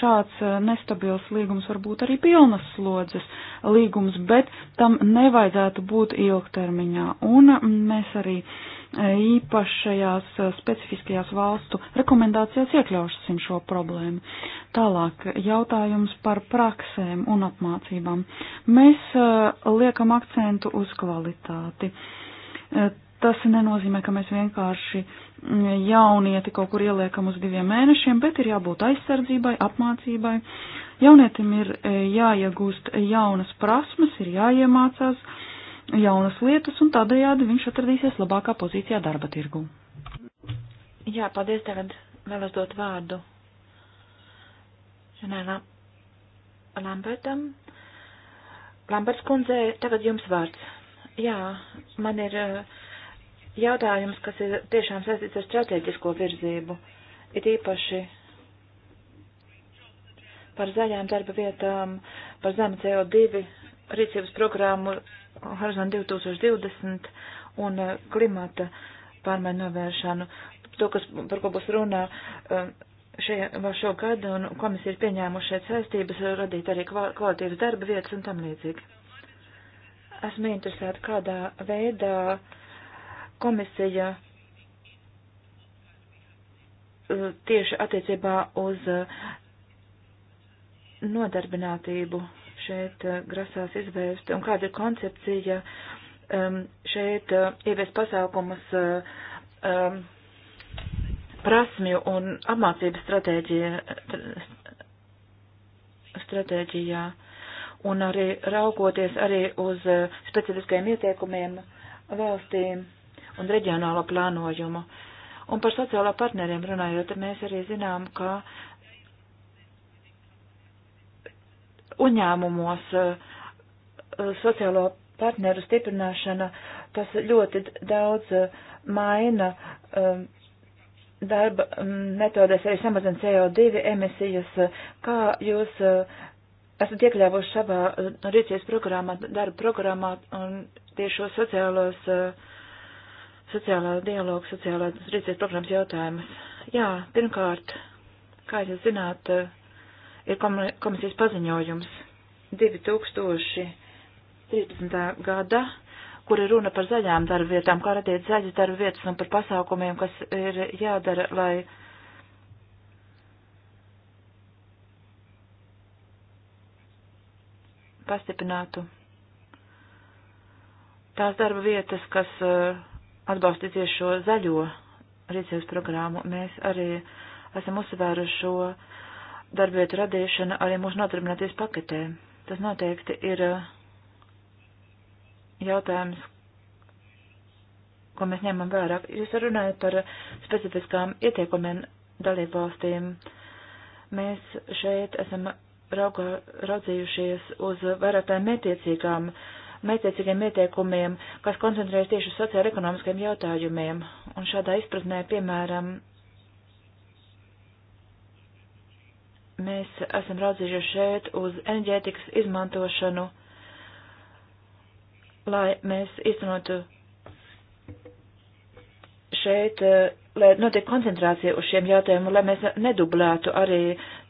šāds nestabils līgums var būt arī pilnas slodzes līgums, bet tam nevajadzētu būt ilgtermiņā. Un mm, mēs arī uh, īpašajās eh, specifiskajās valstu rekomendācijās iekļausim šo problēmu. Tālāk jautājums par praksēm un apmācībām. Mēs eh, liekam akcentu uz kvalitāti. Eh, tas nenozīmē, ka mēs vienkārši mm, jaunieti kaut kur ieliekam uz diviem mēnešiem, bet ir jābūt aizsardzībai, apmācībai. Jaunietim ir jāiegūst jaunas prasmes, ir jāiemācās jaunas lietas, un tādējādi viņš atradīsies labākā pozīcijā darba tirgu. Jā, paldies, tagad vēlos dot vārdu Žanēlā Lambertam. Lamberts kundze, tagad jums vārds. Jā, man ir eh, jautājums, kas ir tiešām saistīts ar strateģisko virzību. Ir īpaši par zaļām darba vietām, par zemu CO2 rīcības programmu Horizon 2020 un eh, klimata pārmaiņu novēršanu. To, kas, par ko būs runā eh, šajā, šo gadu, un komisija ir pieņēmuši šeit saistības, radīt arī kvalitīvas darba vietas un tam līdzīgi. Esmu interesēta, kādā veidā komisija eh, tieši attiecībā uz nodarbinātību šeit eh, grasās izvērst un kāda ir koncepcija um, šeit eh, ievies pasākumus eh, um, prasmju un apmācības stratēģija, stratēģijā un arī raugoties arī uz specifiskajiem ieteikumiem valstīm un reģionālo plānojumu. Un par sociālo partneriem runājot, mēs arī zinām, ka Uņēmumos e, e, sociālo partneru stiprināšana, tas ļoti daudz e, maina darba metodēs, arī samazina CO2 emisijas. Kā jūs esat iekļāvuši savā rīcības programmā, darba programmā un tieši šo sociālos, sociālā dialogu, sociālās rīcības programmas jautājumus? Jā, pirmkārt, kā jūs zināt, ir komisijas paziņojums 2013. gada, kur ir runa par zaļām darba vietām, kā radīt zaļas darba vietas un par pasākumiem, kas ir jādara, lai. pastiprinātu tās darba vietas, kas eh, atbalsta tieši šo zaļo rīcības programmu. Mēs arī esam uzsvēruši šo uh, darbvietu radīšana arī mūsu nodarbināties paketē. Tas noteikti ir eh, jautājums, ko mēs ņemam vērā. Jūs runājat par specifiskām ieteikumiem dalībvalstīm. Mēs šeit esam raugā, raudzījušies uz vairāk tādiem mētiecīgām, mētiecīgiem ieteikumiem, kas koncentrējas tieši uz sociāla ekonomiskiem jautājumiem. Un šādā izpratnē, piemēram, Mēs esam raudzījušies šeit uz enerģētikas izmantošanu, lai mēs īstenotu šeit, eh, lai notiek koncentrācija uz šiem jautājumiem, lai mēs nedublētu arī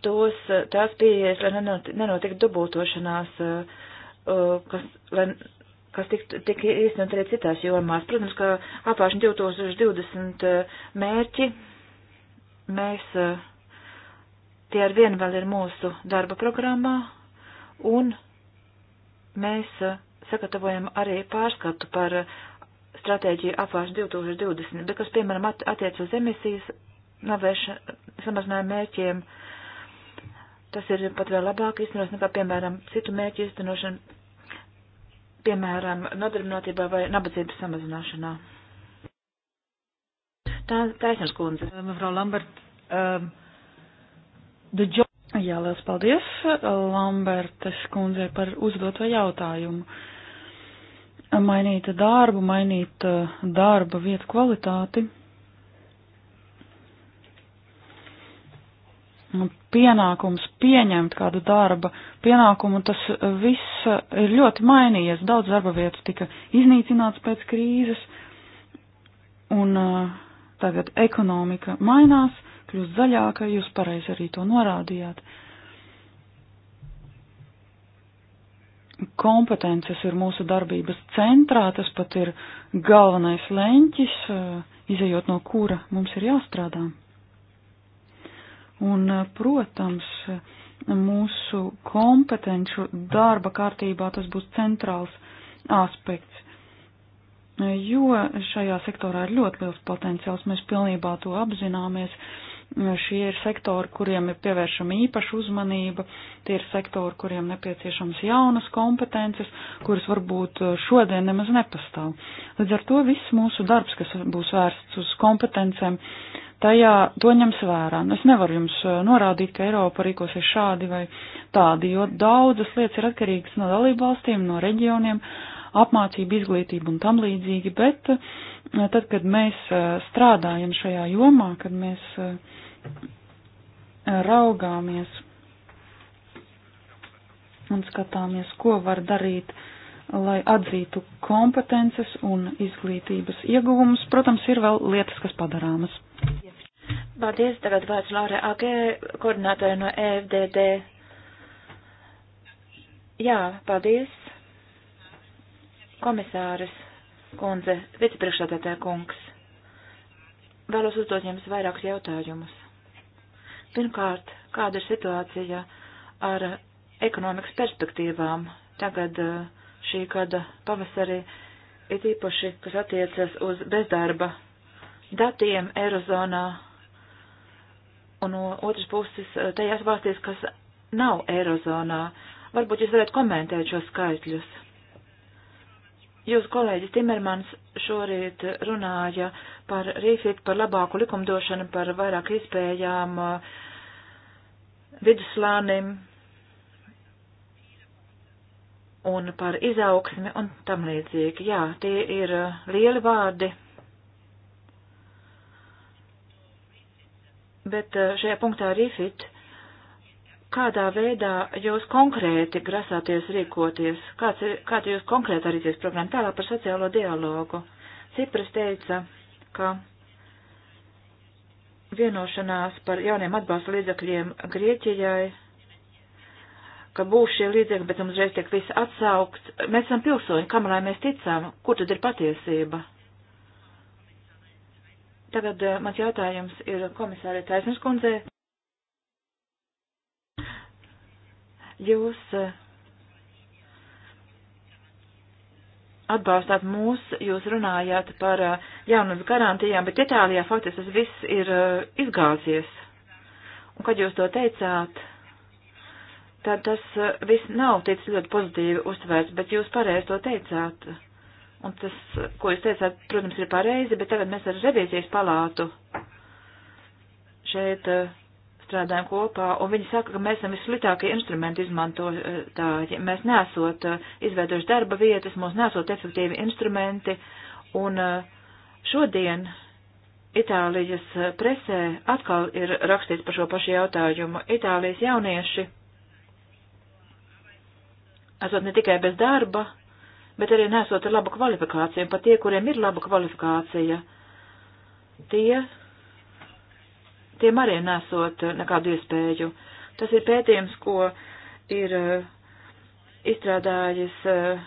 tos, eh, tās pieejas, lai nenotiktu dubultošanās, eh, kas, lai, kas tik, tik īstenot arī citās jomās. Protams, ka apāršņi 2020 mērķi mēs. Uh, Tie ar vienu vēl ir mūsu darba programmā, un mēs eh, sagatavojam arī pārskatu par eh, stratēģiju apvārš 2020, bet kas, piemēram, attiec uz emisijas novērš samazinājumu mērķiem, tas ir pat vēl labāk iztenos nekā, piemēram, citu mērķu iztenošana, piemēram, nodarbinātībā vai nabadzības samazināšanā. Tā ir taisnības kundze. Mevrouw Lambert, um, uh... Jā, liels paldies Lambertes kundzei par uzdoto jautājumu. Mainīt darbu, mainīt uh, darba vietu kvalitāti. pienākums pieņemt kādu darba pienākumu, tas viss ir ļoti mainījies. Daudz darba vietas tika iznīcināts pēc krīzes, un uh, tagad ekonomika mainās, kļūst zaļāka, jūs pareizi arī to norādījāt. Kompetences ir mūsu darbības centrā, tas pat ir galvenais leņķis, eh, izējot no kura mums ir jāstrādā. Un, eh, protams, mūsu kompetenču darba kārtībā tas būs centrāls aspekts jo šajā sektorā ir ļoti liels potenciāls. Mēs pilnībā to apzināmies. Šie ir sektori, kuriem ir pievēršama īpaša uzmanība, tie ir sektori, kuriem nepieciešams jaunas kompetences, kuras varbūt eh, šodien nemaz nepastāv. Līdz ar to viss mūsu darbs, kas būs vērsts uz kompetencēm, tajā to ņems vērā. Nu, es nevaru jums eh, norādīt, ka Eiropa rīkosies šādi vai tādi, jo daudzas lietas ir atkarīgas no dalību valstīm, no reģioniem, apmācība, izglītība un tam līdzīgi, bet eh, tad, kad mēs strādājam šajā jomā, kad mēs raugāmies un skatāmies, ko var darīt, lai atzītu kompetences un izglītības ieguvumus, protams, ir vēl lietas, kas padarāmas. Paldies, tagad vārds Laura Agē, koordinātāja no EFDD. Jā, paldies. Komisāris Kundze, vicepriekšsēdētāja kungs, vēlos uzdot jums vairākus jautājumus. Pirmkārt, kāda ir situācija ar ekonomikas perspektīvām tagad eh, šī gada pavasarī, ir īpaši, kas attiecas uz bezdarba datiem Eirozonā un no otras puses eh, tajās valstīs, kas nav Eirozonā. Varbūt jūs varētu komentēt šos skaitļus. Jūsu kolēģis Timermans šorīt runāja par rīfīt, par labāku likumdošanu, par vairāk iespējām uh, viduslānim un par izaugsmi un tam līdzīgi. Jā, tie ir uh, lieli vārdi. Bet uh, šajā punktā rīfīt kādā veidā jūs konkrēti grasāties rīkoties, kāds ir, kāda jūs konkrēta arīties programma tālāk par sociālo dialogu. Cipras teica, ka vienošanās par jauniem atbalsta līdzakļiem Grieķijai, ka būs šie līdzekļi, bet mums reiz tiek viss atsaukt. Mēs esam pilsoņi, kam lai mēs ticām, kur tad ir patiesība? Tagad eh, mans jautājums ir komisārai Taisnes kundzei. Jūs eh, atbalstāt mūs, jūs runājāt par eh, jaunas garantijām, bet Itālijā faktiski tas viss ir eh, izgāzies. Un kad jūs to teicāt, tad tas viss nav ticis ļoti pozitīvi uztvērts, bet jūs pareizi to teicāt. Un tas, ko jūs teicāt, protams, ir pareizi, bet tagad mēs ar revīzijas palātu šeit uh, strādājam kopā, un viņi saka, ka mēs esam vissliktākie instrumenti izmantotāji. Mēs nesot eh, izveidojuši darba vietas, mums nesot efektīvi instrumenti, un eh, šodien Itālijas eh, presē atkal ir rakstīts par šo pašu jautājumu. Itālijas jaunieši, esot ne tikai bez darba, bet arī nesot ar labu kvalifikāciju, pat tie, kuriem ir laba kvalifikācija, tie tiem arī nesot nekādu iespēju. Tas ir pētījums, ko ir eh, izstrādājis eh,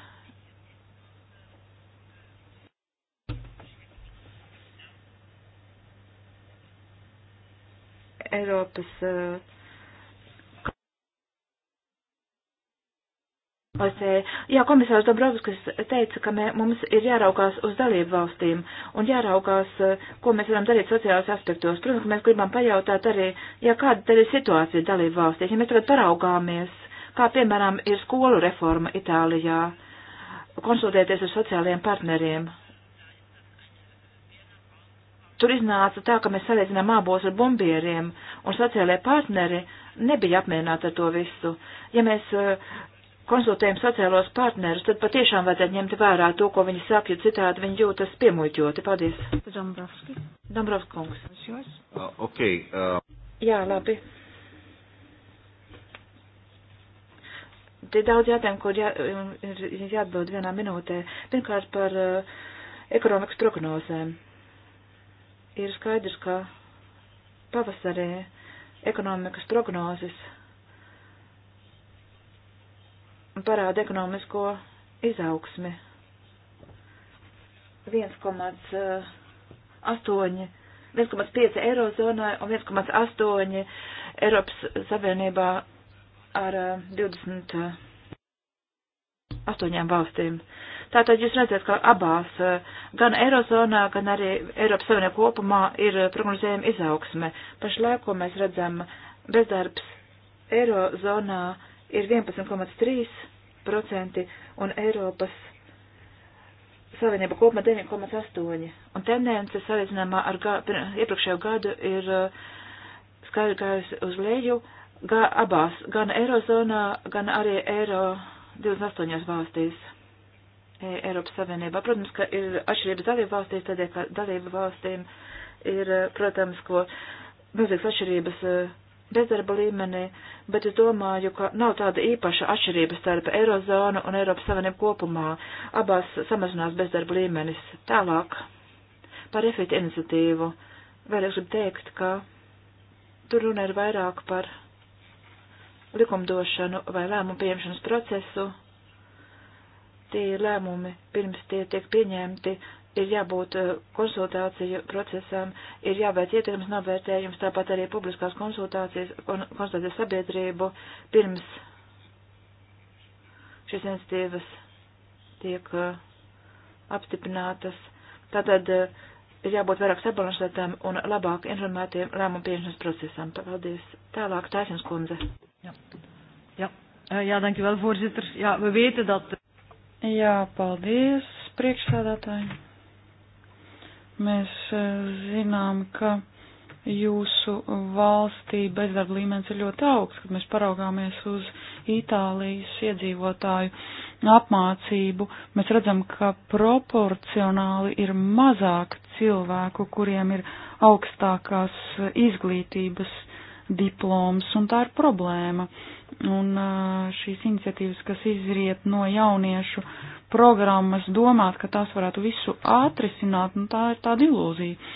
Eiropas eh, OSCE. Jā, komisārs Dombrovskis teica, ka mē, mums ir jāraukās uz dalību valstīm un jāraukās, eh, ko mēs varam darīt sociālajos aspektos. Protams, mēs gribam pajautāt arī, ja kāda tad ir situācija dalību valstīs. Ja mēs tagad paraugāmies, kā piemēram ir skolu reforma Itālijā, konsultēties ar sociālajiem partneriem. Tur iznāca tā, ka mēs salīdzinām abos ar bombieriem, un sociālajie partneri nebija apmierināti ar to visu. Ja mēs uh, konsultējam sociālos partnerus, tad patiešām vajadzētu ņemt vērā to, ko viņi saka, jo citādi viņi jūtas piemuļķoti. Paldies. Dombrovski. Dombrovski kungs. Uh, ok. Uh... Jā, labi. Te daudz jautājumu, kur jā, um, ir jāatbild vienā minūtē. Pirmkārt par uh, ekonomikas prognozēm. Ir skaidrs, ka pavasarī ekonomikas prognozes parāda ekonomisko izaugsmi. 1,8 1,5 eh, eirozonai un 1,8 Eiropas Savienībā ar 28 eh, valstīm. Tātad jūs redzat, ka abās, eh, gan Eirozonā, gan arī Eiropas Savienībā kopumā ir prognozējama izaugsme. Pašlaik, ko mēs redzam, bezdarbs Eirozonā ir 11,3 9% un Eiropas Savienība kopumā 9,8%. Un tendence salīdzinājumā ar gā, iepriekšējo gadu ir uh, skaidri gājusi uz leju gā, abās, gan Eirozonā, gan arī Eiro 28 valstīs. E, Eiropas Savienībā. Protams, ka ir atšķirības dalību valstīs, tādēļ, ka dalību valstīm ir, uh, protams, ko milzīgas atšķirības uh, bezdarba līmenī, bet es domāju, ka nav tāda īpaša atšķirība starp Eirozonu un Eiropas Savienību kopumā. Abās samazinās bezdarba līmenis. Tālāk par efektu iniciatīvu. Vēl es gribu teikt, ka tur runa ir vairāk par likumdošanu vai lēmumu pieņemšanas procesu. Tie ir lēmumi, pirms tie tiek pieņemti, ir jābūt eh, konsultāciju procesam, ir jāveic ietekmes novērtējums, tāpat arī publiskās konsultācijas, konsultācijas sabiedrību pirms šīs iniciatīvas tiek eh, apstiprinātas. Tātad eh, ir jābūt vairāk sabalansētām un labāk informētiem lēmumu pieņemšanas procesam. Paldies. Tālāk, Tēsins kundze. Jā, jā. jā dankjewel, voorzitter. Jā, we weten dat. Jā, paldies, priekšsādātāji. Mēs eh, zinām, ka jūsu valstī bezdarba līmenis ir ļoti augsts, kad mēs paraugāmies uz Itālijas iedzīvotāju apmācību, mēs redzam, ka proporcionāli ir mazāk cilvēku, kuriem ir augstākās izglītības diploms, un tā ir problēma. Un eh, šīs iniciatīvas, kas izriet no jauniešu programmas domāt, ka tās varētu visu atrisināt, nu tā ir tāda ilūzija.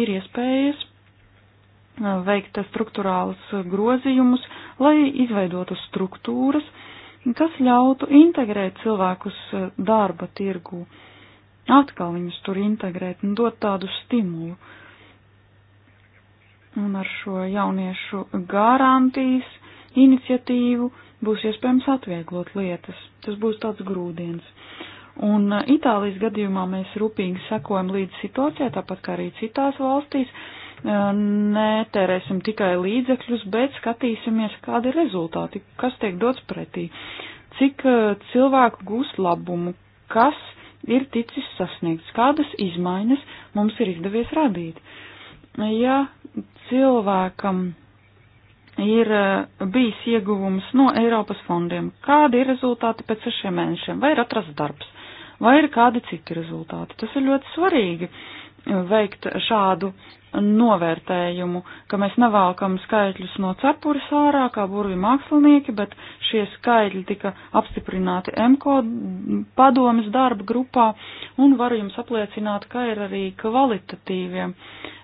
Ir iespējas veikt struktūrālus grozījumus, lai izveidotu struktūras, kas ļautu integrēt cilvēkus darba tirgu, atkal viņus tur integrēt un dot tādu stimulu. Un ar šo jauniešu garantijas iniciatīvu uh, būs iespējams atvieglot lietas. Tas būs tāds grūdienis. Un uh, Itālijas gadījumā mēs rūpīgi sekojam līdz situācijai, tāpat kā arī citās valstīs. Uh, netērēsim tikai līdzekļus, bet skatīsimies, kādi ir rezultāti, kas tiek dots pretī, cik uh, cilvēku gūst labumu, kas ir ticis sasniegts, kādas izmaiņas mums ir izdevies radīt. Ja cilvēkam ir eh, bijis ieguvums no Eiropas fondiem? Kādi ir rezultāti pēc sešiem mēnešiem? Vai ir atrasts darbs? Vai ir kādi citi rezultāti? Tas ir ļoti svarīgi, veikt šādu novērtējumu, ka mēs nevalkam skaitļus no cepures ārā, kā burvi mākslinieki, bet šie skaitļi tika apstiprināti MKO padomas darba grupā, un varu jums apliecināt, ka ir arī kvalitatīvie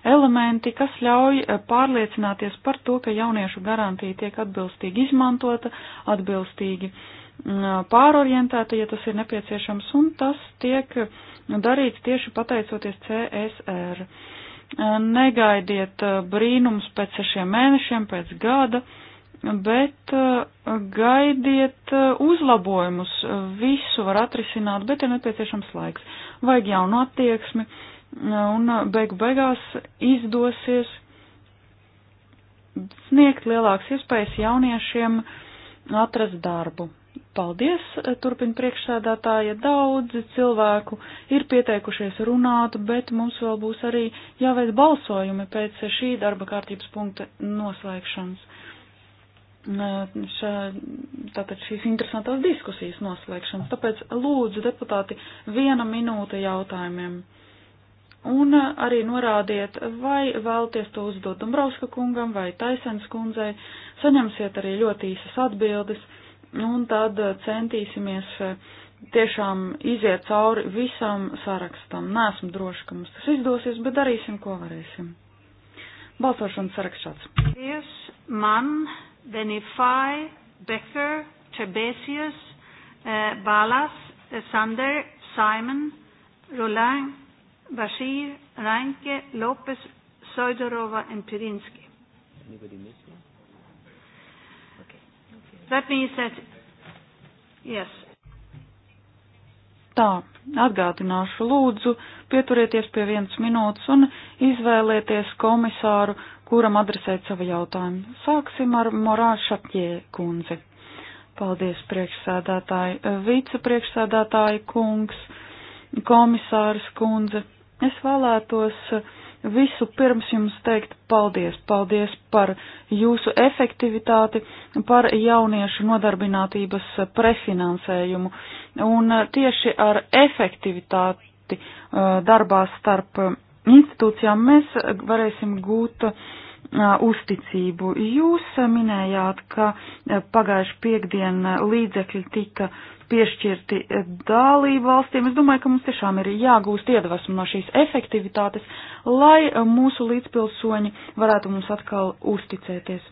elementi, kas ļauj eh, pārliecināties par to, ka jauniešu garantija tiek atbilstīgi izmantota, atbilstīgi mm, pārorientēta, ja tas ir nepieciešams, un tas tiek uh, darīts tieši pateicoties CSR. Negaidiet eh, brīnums pēc sešiem mēnešiem, pēc gada, bet eh, gaidiet eh, uzlabojumus. Visu var atrisināt, bet ir nepieciešams laiks. Vajag jaunu attieksmi un beigu beigās izdosies sniegt lielākas iespējas jauniešiem atrast darbu. Paldies, eh, turpina priekšsādātāja. Daudzi cilvēku ir pieteikušies runāt, bet mums vēl būs arī jāveic balsojumi pēc šī darba kārtības punkta noslēgšanas. Eh, šā, tātad šīs interesantās diskusijas noslēgšanas. Tāpēc lūdzu deputāti viena minūte jautājumiem. Un eh, arī norādiet, vai vēlties to uzdot Dombrovska kungam vai Taisens kundzei. Saņemsiet arī ļoti īsas atbildes Nu, un tad eh, centīsimies eh, tiešām iziet cauri visam sarakstam. Nesmu droši, ka mums tas izdosies, bet darīsim, ko varēsim. Balsošanas saraksts šāds. Yes, man, Benifai, Becker, Trebesius, eh, Balas, eh, Sander, Simon, Roland, Bashir, Reinke, Lopez, Sojdorova and Pirinsky. Anybody miss? That means that, yes. Tā, atgādināšu lūdzu, pieturieties pie vienas minūtes un izvēlieties komisāru, kuram adresēt savu jautājumu. Sāksim ar Morā Šapjē kundzi. Paldies, priekšsēdētāji, vicepriekšsēdētāji kungs, komisārs kundze. Es vēlētos uh, visu pirms jums teikt paldies, paldies par jūsu efektivitāti, par jauniešu nodarbinātības prefinansējumu. Un eh, tieši ar efektivitāti eh, darbā starp eh, institūcijām mēs varēsim gūt uzticību. Jūs minējāt, ka pagājuši piekdien līdzekļi tika piešķirti eh, dalību valstīm. Es domāju, ka mums tiešām ir jāgūst iedvesmu no šīs efektivitātes, lai eh, mūsu līdzpilsoņi varētu mums atkal uzticēties.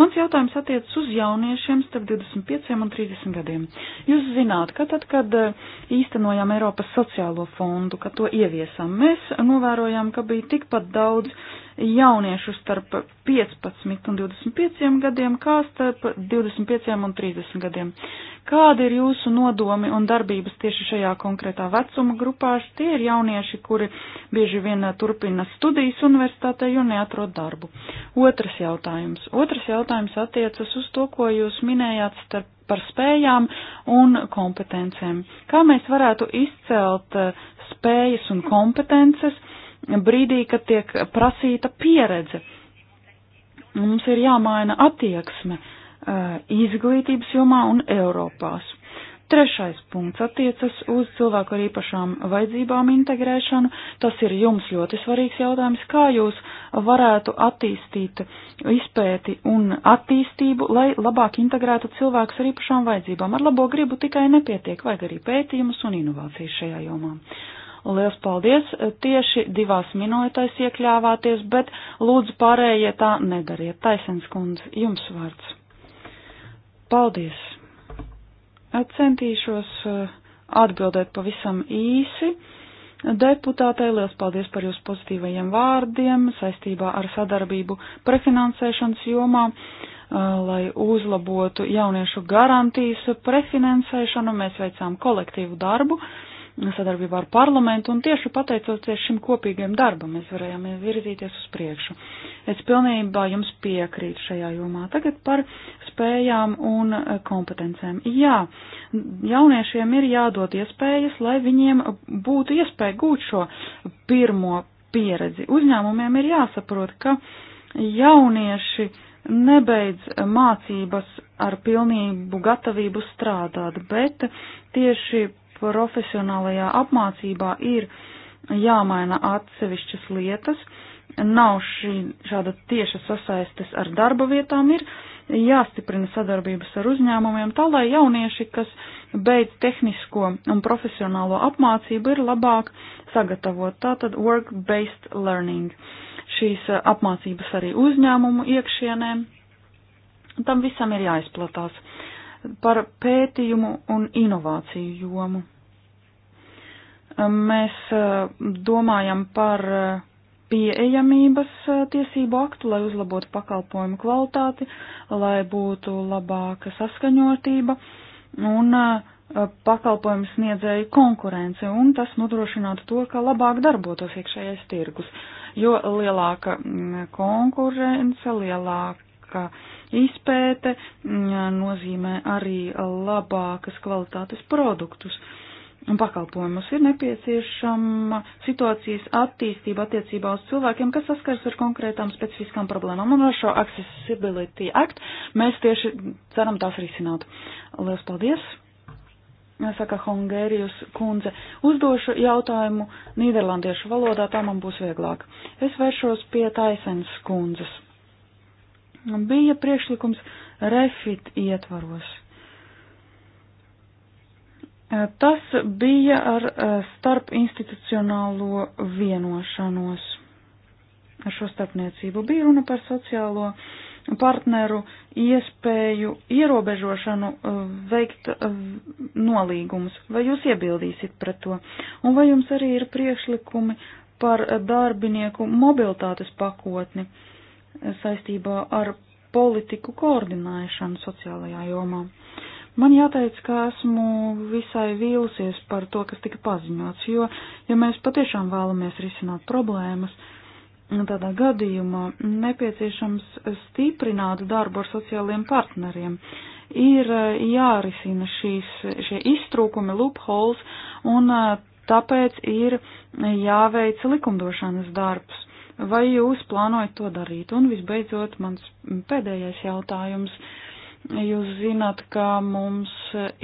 Mans jautājums attiecas uz jauniešiem starp 25 un 30 gadiem. Jūs zināt, ka tad, kad eh, īstenojām Eiropas sociālo fondu, kad to ieviesam, mēs novērojām, ka bija tikpat daudz jauniešu starp 15 un 25 gadiem, kā starp 25 un 30 gadiem. Kādi ir jūsu nodomi un darbības tieši šajā konkrētā vecuma grupā? Tie ir jaunieši, kuri bieži vien turpina studijas universitātē, jo neatrod darbu. Otrs jautājums. Otrs jautājums attiecas uz to, ko jūs minējāt starp par spējām un kompetencēm. Kā mēs varētu izcelt eh, spējas un kompetences, uh, brīdī, kad tiek prasīta pieredze. Mums ir jāmaina attieksme eh, izglītības jomā un Eiropās. Trešais punkts attiecas uz cilvēku ar īpašām vajadzībām integrēšanu. Tas ir jums ļoti svarīgs jautājums, kā jūs varētu attīstīt izpēti un attīstību, lai labāk integrētu cilvēkus ar īpašām vajadzībām. Ar labo gribu tikai nepietiek, vajag arī pētījumus un inovācijas šajā jomā. Uh, Lielas paldies! Tieši divās minūtēs iekļāvāties, bet lūdzu pārējie tā nedariet. Taisens kundze, jums vārds. Paldies! Centīšos eh, atbildēt pavisam īsi. Deputātei liels paldies par jūsu pozitīvajiem vārdiem saistībā ar sadarbību prefinansēšanas jomā eh, lai uzlabotu jauniešu garantijas prefinansēšanu, mēs veicām kolektīvu darbu, uh, sadarbībā ar parlamentu, un tieši pateicoties šim kopīgiem darbam mēs varējām virzīties uz priekšu. Es pilnībā jums piekrītu šajā jomā. Tagad par spējām un eh, kompetencēm. Jā, jauniešiem ir jādod iespējas, lai viņiem būtu iespēja gūt šo pirmo pieredzi. Uzņēmumiem ir jāsaprot, ka jaunieši nebeidz mācības ar pilnību gatavību strādāt, bet tieši profesionālajā apmācībā ir jāmaina atsevišķas lietas, nav šī šāda tieša sasaistes ar darba vietām, ir jāstiprina sadarbības ar uzņēmumiem, tā lai jaunieši, kas beidz tehnisko un profesionālo apmācību, ir labāk sagatavot. Tātad work-based learning. Šīs eh, apmācības arī uzņēmumu iekšienē. Tam visam ir jāizplatās par pētījumu un inovāciju jomu. Mēs eh, domājam par eh, pieejamības eh, tiesību aktu, lai uzlabotu pakalpojumu kvalitāti, lai būtu labāka saskaņotība un pakalpojumu sniedzēju konkurence, un tas nodrošinātu to, ka labāk darbotos iekšējais tirgus, jo lielāka mm, konkurence, lielāka izpēte mm, nozīmē arī labākas kvalitātes produktus un pakalpojumus. Ir nepieciešama situācijas attīstība attiecībā uz cilvēkiem, kas saskars ar konkrētām specifiskām problēmām. Un ar šo Accessibility Act mēs tieši ceram tās risināt. Lielas paldies! Saka Hongērijus kundze, uzdošu jautājumu nīderlandiešu valodā, tā man būs vieglāk. Es vēršos pie Taisens kundzes bija priekšlikums refit ietvaros. E, tas bija ar e, starp institucionālo vienošanos. Ar šo starpniecību bija runa par sociālo partneru iespēju ierobežošanu e, veikt nolīgumus. Vai jūs iebildīsiet pret to? Un vai jums arī ir priekšlikumi par darbinieku mobilitātes pakotni? Uh, saistībā ar politiku koordinēšanu sociālajā jomā. Man jāteic, ka esmu visai vīlusies par to, kas tika paziņots, jo, ja mēs patiešām vēlamies risināt problēmas, tādā gadījumā nepieciešams stiprināt darbu ar sociālajiem partneriem. Ir eh, jārisina šīs, šie iztrūkumi, loopholes, un eh, tāpēc ir eh, jāveic likumdošanas darbs. Vai jūs plānojat to darīt? Un visbeidzot, mans pēdējais jautājums. Jūs zināt, ka mums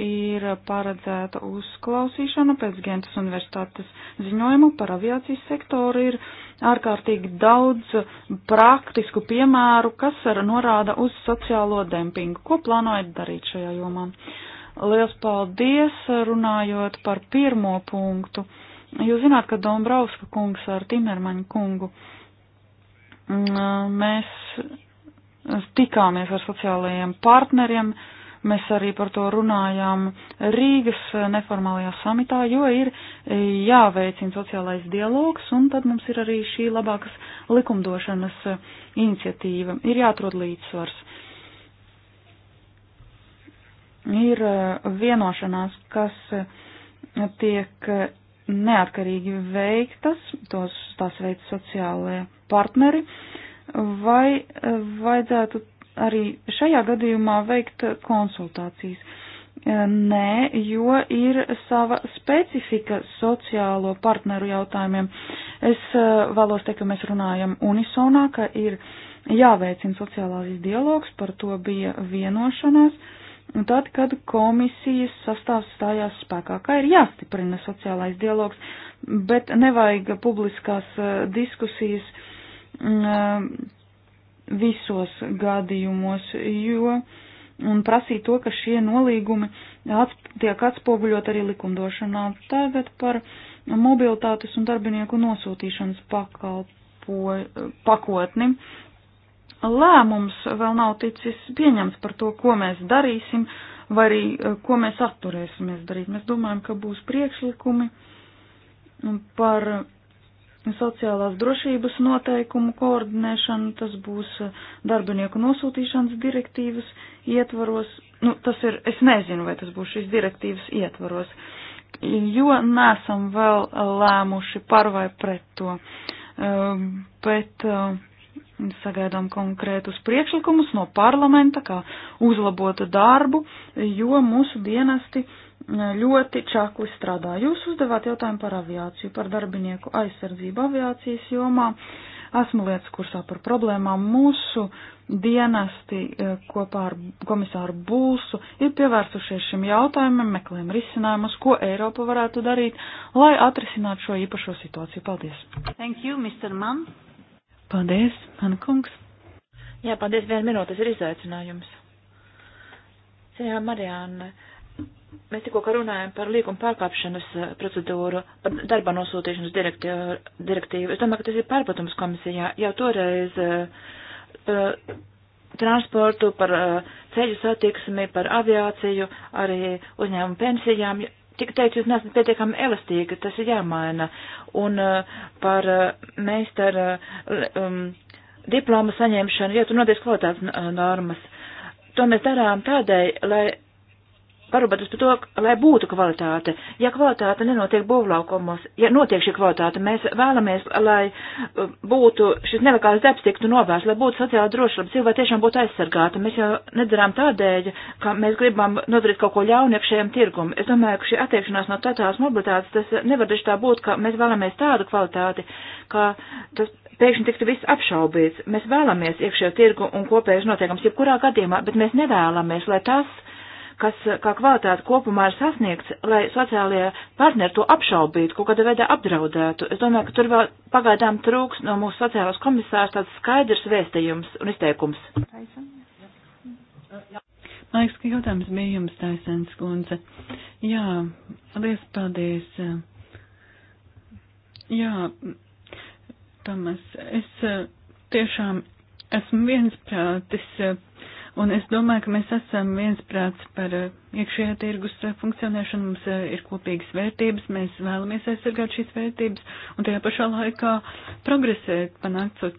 ir paredzēta uzklausīšana pēc Gentas universitātes ziņojuma par aviācijas sektoru. Ir ārkārtīgi daudz praktisku piemēru, kas norāda uz sociālo dempingu. Ko plānojat darīt šajā jomā? Liels paldies, runājot par pirmo punktu. Jūs zināt, ka Dombrovska kungs ar Timermaņu kungu uh, Mm, mēs tikāmies ar sociālajiem partneriem, mēs arī par to runājām Rīgas neformālajā samitā, jo ir jāveicina sociālais dialogs, un tad mums ir arī šī labākas likumdošanas iniciatīva. Ir jāatrod līdzsvars. Ir e, vienošanās, kas tiek neatkarīgi veiktas, tos tās veids sociālajie partneri, vai eh, vajadzētu arī šajā gadījumā veikt konsultācijas? Eh, nē, jo ir sava specifika sociālo partneru jautājumiem. Es eh, vēlos teikt, ka mēs runājam unisonā, ka ir jāveicina sociālās dialogs, par to bija vienošanās. Un tad, kad komisijas sastāvs stājās spēkā, kā ir jāstiprina sociālais dialogs, bet nevajag publiskās diskusijas uh, Mm, eh, visos gadījumos, jo un prasīt to, ka šie nolīgumi atsp tiek atspoguļot arī likumdošanā. Tagad par mobilitātes un darbinieku nosūtīšanas pakalpo, pakotni. Lēmums vēl nav ticis pieņemts par to, ko mēs darīsim, vai arī eh, ko mēs atturēsimies darīt. Mēs domājam, ka būs priekšlikumi par sociālās drošības noteikumu koordinēšanu, tas būs eh, darbinieku nosūtīšanas direktīvas ietvaros. Nu, tas ir, es nezinu, vai tas būs šīs direktīvas ietvaros, jo nesam vēl eh, lēmuši par vai pret to. Ehm, bet eh, sagaidām konkrētus priekšlikumus no parlamenta, kā uzlabota darbu, jo mūsu dienesti uh, ļoti čakli strādā. Jūs uzdevāt jautājumu par aviāciju, par darbinieku aizsardzību aviācijas jomā. Esmu lietas kursā par problēmām. Mūsu dienesti e, kopā ar komisāru Būsu ir pievērsušies šim jautājumam, meklējam risinājumus, ko Eiropa varētu darīt, lai atrisinātu šo īpašo situāciju. Paldies! Thank you, Mr. Mann! Paldies, man kungs! Jā, paldies, vienu minūti, tas ir izaicinājums. Ceļā Marijāna. Uh, Mēs tikko runājam par līguma pārkāpšanas eh, procedūru, par darba nosūtīšanas direktīvu. Es domāju, ka tas ir pārpratums komisijā. Jau toreiz eh, par transportu, par eh, ceļu satiksmi, par aviāciju, arī uzņēmumu pensijām. Tik teikt, jūs neesat pietiekami elastīgi, tas ir jāmaina. Un par meistara um, diplomu saņemšanu, ja tur notiek kvalitātes normas. To mēs darām tādēļ, lai parūpēties par to, lai būtu kvalitāte. Ja kvalitāte nenotiek būvlaukumos, ja notiek šī kvalitāte, mēs vēlamies, lai uh, būtu šis nelegāls darbs tiktu novērsts, lai būtu sociāla drošība, cilvēki tiešām būtu aizsargāti. Mēs jau nedarām tādēļ, ka mēs gribam nodarīt kaut ko ļaunu iekšējiem tirgumam. Es domāju, ka šī attiekšanās no tātās mobilitātes, tas nevar taču tā būt, ka mēs vēlamies tādu kvalitāti, ka tas pēkšņi tiktu viss apšaubīts. Mēs vēlamies iekšējo tirgu un kopējus noteikums jebkurā gadījumā, bet mēs nevēlamies, lai tas, kas kā kvalitāte kopumā ir sasniegts, lai sociālajie partneri to apšaubītu, kaut kādā veidā apdraudētu. Es domāju, ka tur vēl pagaidām trūks no mūsu sociālās komisārs tāds skaidrs vēstījums un izteikums. Man liekas, ka jautājums bija jums, Taisens Kunze. Jā, liels paldies. Jā, Tomas, es eh, tiešām esmu viensprātis eh, Un es domāju, ka mēs esam viensprāts par eh, iekšējā tirgus eh, funkcionēšanu, mums eh, ir kopīgas vērtības, mēs vēlamies aizsargāt šīs vērtības un tajā pašā laikā progresēt, panākt so,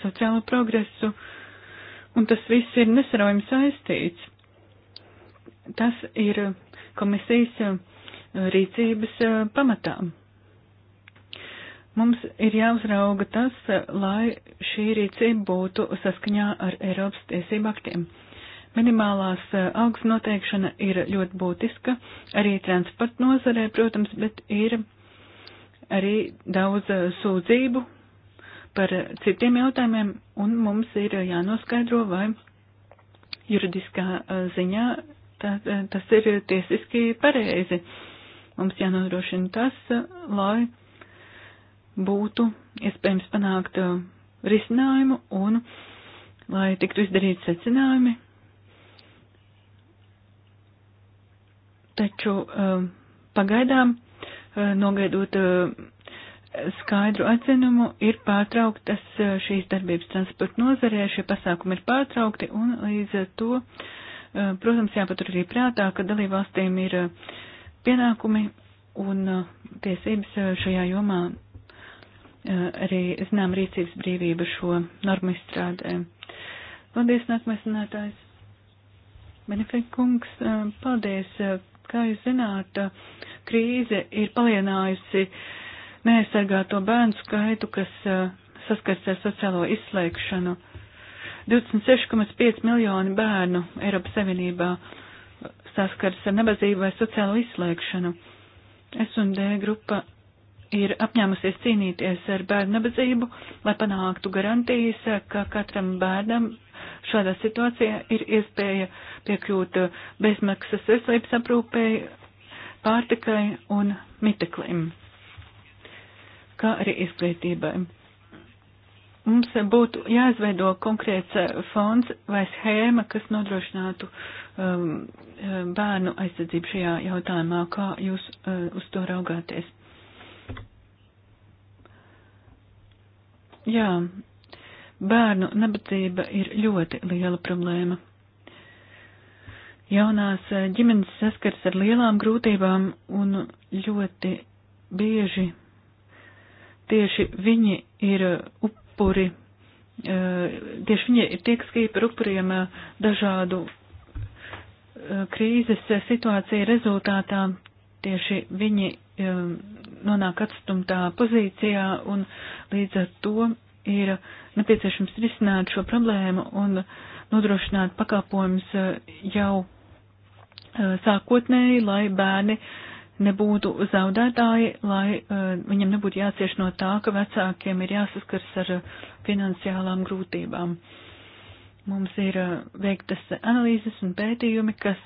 sociālo progresu. Un tas viss ir nesaraujami saistīts. Tas ir komisijas rīcības pamatā. Mums ir jāuzrauga tas, lai šī rīcība būtu saskaņā ar Eiropas tiesību aktiem. Minimālās eh, algas noteikšana ir ļoti būtiska, arī transporta nozarē, protams, bet ir arī daudz eh, sūdzību par eh, citiem jautājumiem, un mums ir jānoskaidro, vai juridiskā ziņā tā, tas ir tiesiski pareizi. Mums jānodrošina tas, lai būtu iespējams panākt risinājumu un lai tiktu izdarīti secinājumi Taču eh, pagaidām, eh, nogaidot eh, skaidru atzinumu, ir pārtrauktas šīs darbības transporta nozarē, šie pasākumi ir pārtraukti un līdz to, protams, jāpatur arī prātā, ka dalībvalstīm ir pienākumi un tiesības šajā jomā arī, zinām, rīcības brīvība šo normu izstrādē. Paldies, nākamais runātājs. Benefekungs, paldies Kā jūs zināt, krīze ir palienājusi neaizsargāto bērnu skaitu, kas saskars ar sociālo izslēgšanu. 26,5 miljoni bērnu Eiropas Savienībā saskars ar nabadzību vai sociālo izslēgšanu. S&D grupa ir apņēmusies cīnīties ar bērnu nabadzību, lai panāktu garantijas, ka katram bērnam Šādā situācijā ir iespēja piekļūt uh, bezmaksas veselības aprūpēji, pārtikai un miteklim, kā arī izglītībai. Mums būtu jāizveido konkrēts uh, fonds vai schēma, kas nodrošinātu um, uh, bērnu aizsardzību šajā jautājumā, kā jūs uh, uz to raugāties. Jā, Bērnu nabadzība ir ļoti liela problēma. Jaunās eh, ģimenes saskars ar lielām grūtībām un ļoti bieži tieši viņi ir eh, upuri, eh, tieši viņi ir tie, kas kīpa ar upuriem dažādu krīzes situāciju rezultātā, tieši viņi nonāk atstumtā pozīcijā un līdz ar to ir nepieciešams risināt šo problēmu un nodrošināt pakāpojumus eh, jau eh, sākotnēji, lai bērni nebūtu zaudētāji, lai eh, viņam nebūtu jācieš no tā, ka vecākiem ir jāsaskars ar finansiālām grūtībām. Mums ir veiktas analīzes un pētījumi, kas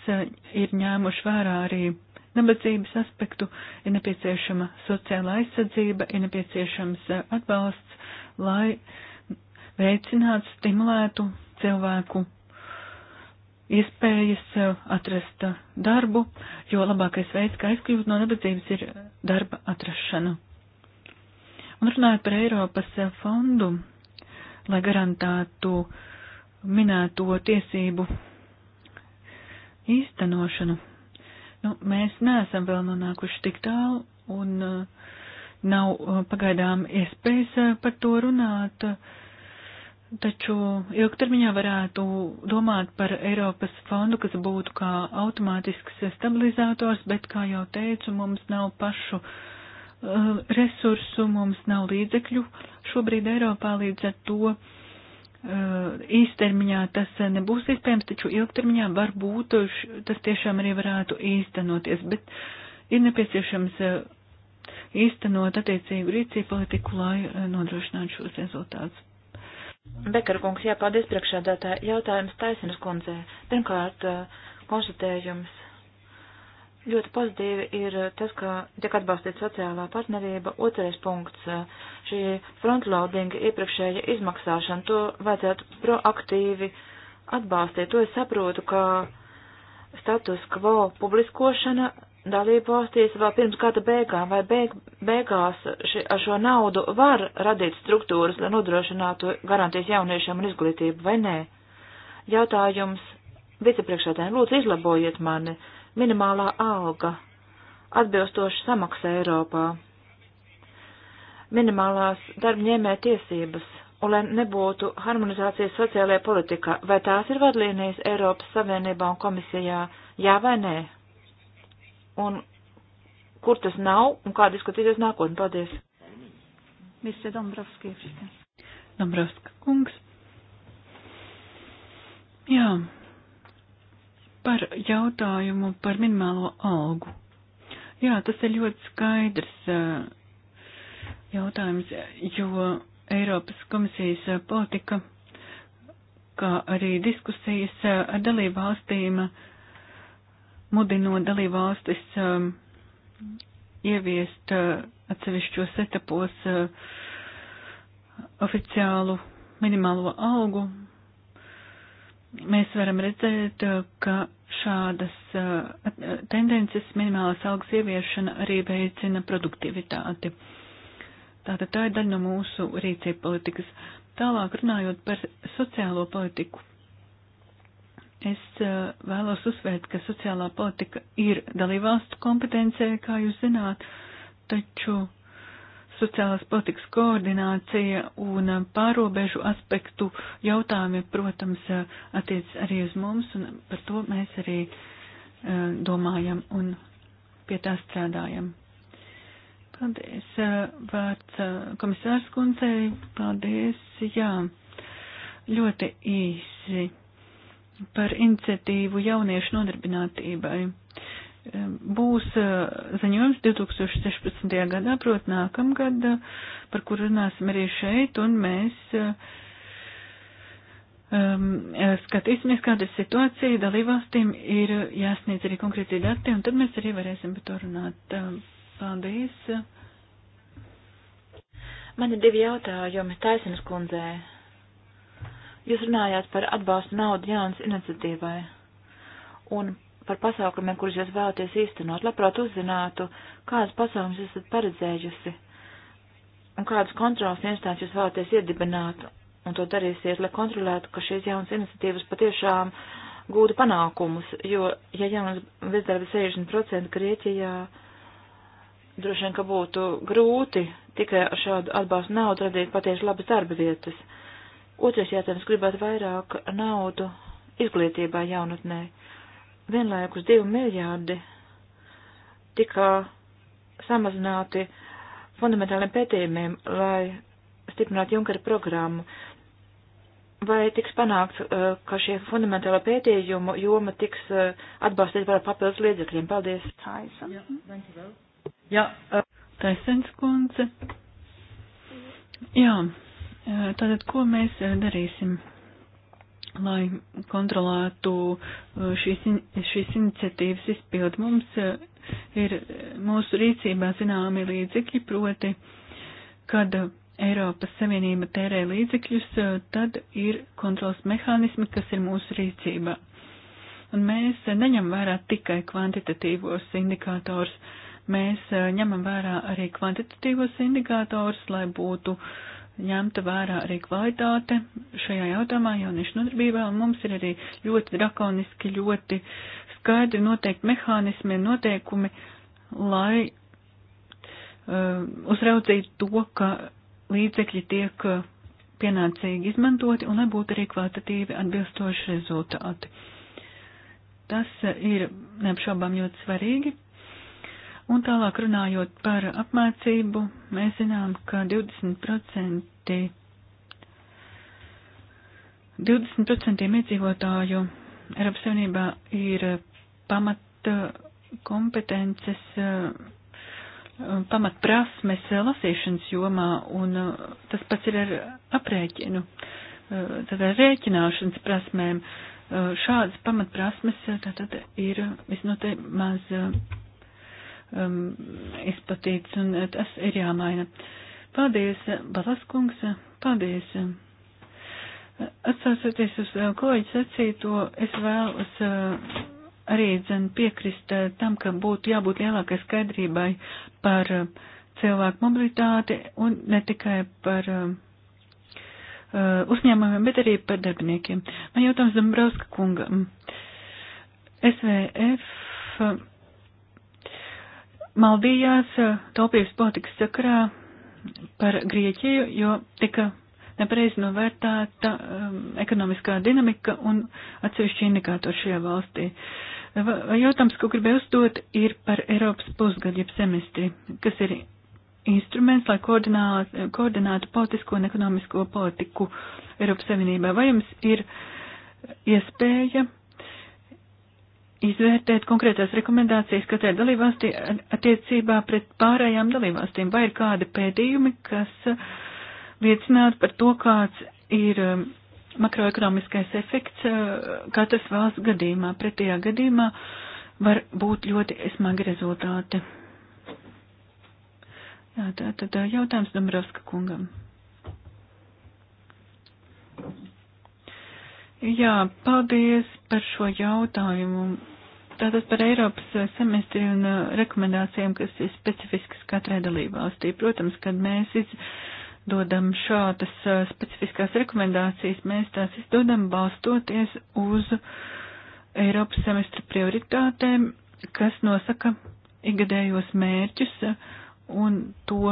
ir ņēmuši vērā arī nabadzības aspektu, ir nepieciešama sociāla aizsardzība, ir nepieciešams atbalsts lai veicinātu, stimulētu cilvēku iespējas atrast darbu, jo labākais veids, kā aizkļūt no nabadzības, ir darba atrašana. Un runājot par Eiropas fondu, lai garantētu minēto tiesību īstenošanu, nu, mēs neesam vēl nonākuši tik tālu, un uh, nav uh, pagaidām iespējas uh, par to runāt, taču ilgtermiņā varētu domāt par Eiropas fondu, kas būtu kā automātisks stabilizators, bet, kā jau teicu, mums nav pašu uh, resursu, mums nav līdzekļu šobrīd Eiropā līdz ar to īstermiņā tas nebūs iespējams, taču ilgtermiņā varbūt tas tiešām arī varētu īstenoties, bet ir nepieciešams īstenot attiecīgu rīcību politiku, lai eh, nodrošinātu šos rezultātus. Bekara kungs, jā, paldies priekšādātā. Jautājums taisnības kundzē. Pirmkārt, eh, konstatējums. Ļoti pozitīvi ir eh, tas, ka tiek atbalstīta sociālā partnerība. Otrais punkts - šī frontloadinga iepriekšēja izmaksāšana. To vajadzētu proaktīvi atbalstīt. To es saprotu, ka status quo publiskošana dalību valstīs vēl pirms gada beigām vai beig, beigās ši, ar šo naudu var radīt struktūras, lai nodrošinātu garantijas jauniešiem un izglītību vai nē? Jautājums vicepriekšētājiem, lūdzu izlabojiet mani, minimālā alga, atbilstoši samaksa Eiropā, minimālās darbņēmē tiesības, un lai nebūtu harmonizācijas sociālajā politikā, vai tās ir vadlīnijas Eiropas Savienībā un komisijā, jā vai nē? un kur tas nav un kā diskutīties nākotnē. Paldies! Mr. Dombrovski. Dombrovska kungs. Jā, par jautājumu par minimālo algu. Jā, tas ir ļoti skaidrs uh, jautājums, jo Eiropas komisijas uh, politika, kā arī diskusijas uh, ar dalību valstīm, uh, mudinot dalībvalstis um, ieviest uh, atsevišķos etapos uh, oficiālu minimālo algu, mēs varam redzēt, uh, ka šādas uh, uh, tendences minimālās algas ieviešana arī veicina produktivitāti. Tātad tā ir daļa no mūsu rīcība politikas. Tālāk runājot par sociālo politiku, Es eh, vēlos uzsvērt, ka sociālā politika ir dalībvalstu kompetencē, kā jūs zināt, taču sociālās politikas koordinācija un eh, pārobežu aspektu jautājumi, protams, eh, attiec arī uz mums, un par to mēs arī domājam un pie tā strādājam. Paldies, vārds komisārs kundzei, paldies, jā, ļoti īsi par iniciatīvu jauniešu nodarbinātībai. Ehm, būs eh, ziņojums 2016. gadā, prot nākamgad, eh, par kur runāsim arī šeit, un mēs um, skatīsimies, kāda ir situācija, dalībvalstīm ir jāsniedz arī konkrēti dati, un tad mēs arī varēsim par to runāt. Ehm, paldies! Man ir divi jautājumi Taisnes kundzei Jūs runājāt par atbalstu naudu jaunas iniciatīvai un par pasākumiem, kurus jūs vēlaties īstenot. Labprāt uzzinātu, kādas pasākumus esat paredzējusi un kādas kontrolas iestādes jūs vēlaties iedibināt un to darīsiet, lai kontrolētu, ka šīs jaunas iniciatīvas patiešām gūtu panākumus, jo, ja jaunas bezdarbs 60% Grieķijā, droši vien, ka būtu grūti tikai ar šādu atbalstu naudu radīt patieši labas darba vietas. Uh, Otrais jautājums gribētu vairāk naudu izglītībā jaunatnē. Vienlaikus divi miljārdi tika samazināti fundamentāliem pētījumiem, lai stiprinātu Junkara programmu. Vai tiks panākts, eh, ka šie fundamentāla pētījumu joma tiks eh, atbalstīta par papildus līdzekļiem? Paldies. Taisen. Jā, eh, Taisens kundze. Jā, Tātad, ko mēs eh, darīsim, lai kontrolētu eh, šīs, šīs iniciatīvas izpildu? Mums eh, ir mūsu rīcībā zināmi līdzekļi, proti, kad Eiropas Savienība tērē līdzekļus, tad ir kontrols mehānismi, kas ir mūsu rīcībā. Un mēs neņem vērā tikai kvantitatīvos indikātors, mēs ņemam vērā arī kvantitatīvos indikātors, lai būtu uh, ņemta vērā arī kvalitāte šajā jautājumā jauniešu nodarbībā, un mums ir arī ļoti drakoniski, ļoti skaidri noteikti mehānismi un noteikumi, lai uh, uzraudzītu to, ka līdzekļi tiek eh, pienācīgi izmantoti un lai būtu arī kvalitatīvi atbilstoši rezultāti. Tas eh, ir neapšaubām ļoti svarīgi. Un tālāk runājot par apmācību, mēs zinām, ka 20%, 20% iedzīvotāju Eiropas Savienībā ir pamata kompetences, pamat prasmes lasīšanas jomā, un tas pats ir ar aprēķinu, tad ar rēķināšanas prasmēm. Šādas pamatprasmes tātad ir visnotaļ maz um, izplatīts, un uh, tas ir jāmaina. Paldies, uh, Balaskungs, uh, paldies. Atsācoties uz kolēģi sacīto, es vēlos arī dzen piekrist tam, ka būtu jābūt lielākai skaidrībai par cilvēku mobilitāti un ne tikai par uzņēmumiem, bet arī par darbiniekiem. Man jautājums Dombrovska kungam. SVF maldījās eh, taupības politikas sakarā par Grieķiju, jo tika nepareizi novērtēta um, ekonomiskā dinamika un atsevišķi indikātori šajā valstī. Jautājums, ko gribēju uzdot, ir par Eiropas pusgadu, jeb semestri, kas ir instruments, lai koordinētu politisko un ekonomisko politiku Eiropas Savienībā. Vai jums ir iespēja izvērtēt konkrētās rekomendācijas katrai dalībvalstī attiecībā pret pārējām dalībvalstīm? Vai ir kādi pētījumi, kas uh, liecinātu par to, kāds ir um, makroekonomiskais efekts uh, katras valsts gadījumā? Pretējā gadījumā var būt ļoti smagi rezultāti. Jā, tā tad uh, jautājums Dombrovska kungam. Jā, paldies par šo jautājumu. Tātad par Eiropas eh, semestri un eh, rekomendācijām, kas ir specifiskas katrai dalībvalstī. Protams, kad mēs izdodam šādas eh, specifiskās rekomendācijas, mēs tās izdodam balstoties uz Eiropas semestra prioritātēm, kas nosaka igadējos mērķus un to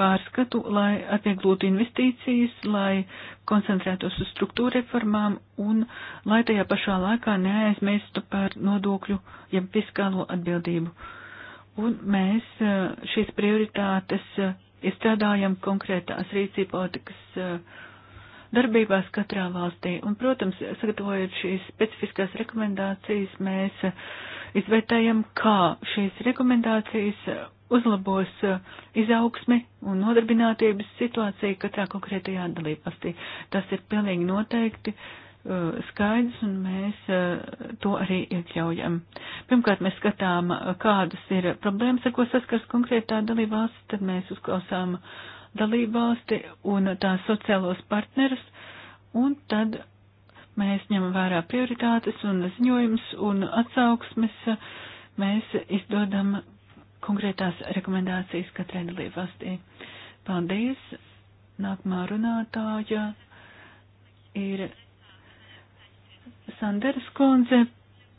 pārskatu, lai atvieglotu investīcijas, lai koncentrētos uz struktūra reformām un lai tajā pašā laikā neaizmirstu par nodokļu, ja fiskālo atbildību. Un mēs eh, šīs prioritātes eh, iestrādājam konkrētās rīcība politikas eh, darbībās katrā valstī. Un, protams, sagatavojot šīs specifiskās rekomendācijas, mēs izvērtējam, kā šīs rekomendācijas uzlabos uh, izaugsmi un nodarbinātības situāciju katrā konkrētajā dalībvalstī. Tas ir pilnīgi noteikti uh, skaidrs un mēs uh, to arī iekļaujam. Pirmkārt, mēs skatām, kādas ir problēmas, ar ko saskars konkrētā dalībvalsts, tad mēs uzklausām dalībvalsti un tās sociālos partnerus un tad mēs ņemam vērā prioritātes un ziņojums un atsauksmes, mēs izdodam konkrētās rekomendācijas katrai dalībvalstī. Paldies! Nākamā runātāja ir Sanders Kunze.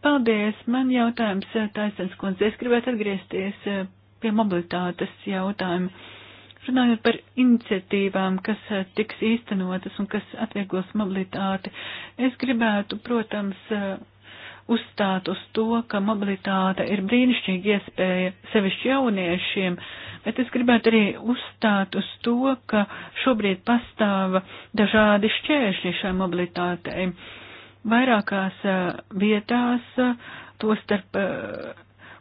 Paldies! Man jautājums, eh, Taisens Kunze, es gribētu atgriezties eh, pie mobilitātes jautājuma. Runājot par iniciatīvām, kas eh, tiks īstenotas un kas atvieglos mobilitāti, es gribētu, protams, uzstāt uz to, ka mobilitāte ir brīnišķīga iespēja sevišķi jauniešiem, bet es gribētu arī uzstāt uz to, ka šobrīd pastāv dažādi šķēršļi šai mobilitātei. Vairākās eh, vietās, eh, to starp eh,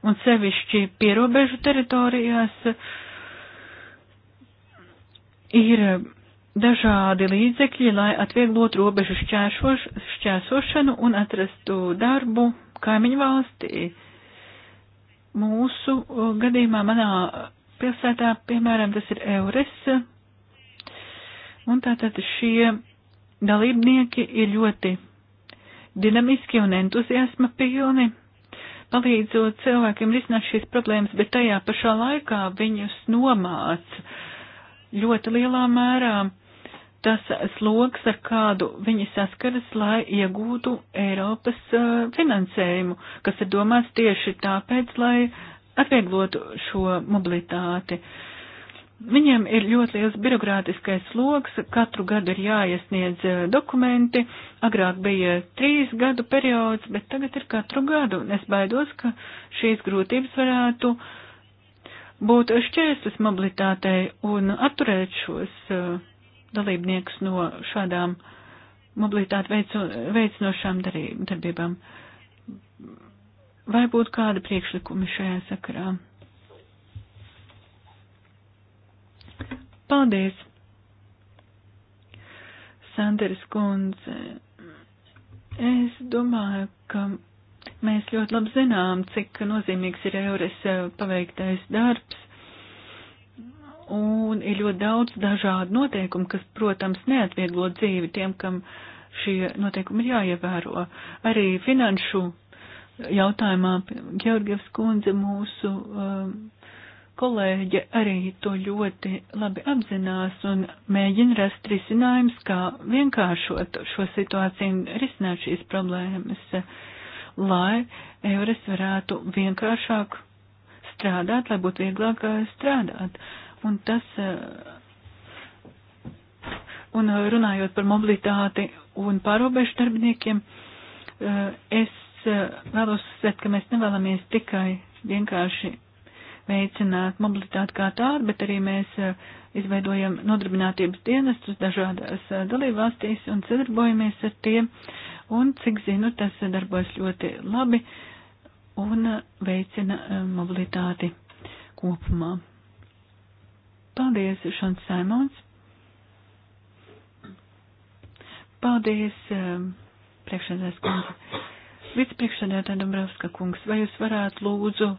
un sevišķi pierobežu teritorijās, ir dažādi līdzekļi, lai atvieglot robežu šķēršoš, šķērsošanu un atrastu darbu kaimiņu valstī. Mūsu gadījumā manā pilsētā, piemēram, tas ir Eures, un tātad šie dalībnieki ir ļoti dinamiski un entuziasma pilni, palīdzot cilvēkiem risināt šīs problēmas, bet tajā pašā laikā viņus nomāca ļoti lielā mērā tas sloks, ar kādu viņi saskaras, lai iegūtu Eiropas finansējumu, kas ir domāts tieši tāpēc, lai atvieglotu šo mobilitāti. Viņiem ir ļoti liels birokrātiskais sloks, katru gadu ir jāiesniedz dokumenti, agrāk bija trīs gadu periods, bet tagad ir katru gadu, un es baidos, ka šīs grūtības varētu būt šķērslis mobilitātei un atturēt šos uh, dalībniekus no šādām mobilitāti veico, veicinošām darbībām. Vai būtu kādi priekšlikumi šajā sakarā? Paldies! Sanders kundze, es domāju, ka mēs ļoti labi zinām, cik nozīmīgs ir Eures paveiktais darbs un ir ļoti daudz dažādu noteikumu, kas, protams, neatvieglo dzīvi tiem, kam šie noteikumi ir jāievēro. Arī finanšu jautājumā Georgievs kundze mūsu um, kolēģe arī to ļoti labi apzinās un mēģina rast risinājums, kā vienkāršot šo situāciju un risināt šīs problēmas, lai eures varētu vienkāršāk strādāt, lai būtu vieglāk uh, strādāt. Uh, Un tas, eh, un eh, runājot par mobilitāti un pārobežu darbiniekiem, eh, es vēlos uzsvērt, ka mēs nevēlamies tikai vienkārši veicināt mobilitāti kā tādu, bet arī mēs izveidojam nodarbinātības dienestus dažādās dalībvalstīs un sadarbojamies ar tiem. Un, cik zinu, tas darbojas ļoti labi un veicina mobilitāti kopumā. Paldies, Šants Saimons. Paldies, um, priekšsēdētājs kundze. Vicepriekšsēdētāja Dombrovska kungs, vai jūs varētu lūdzu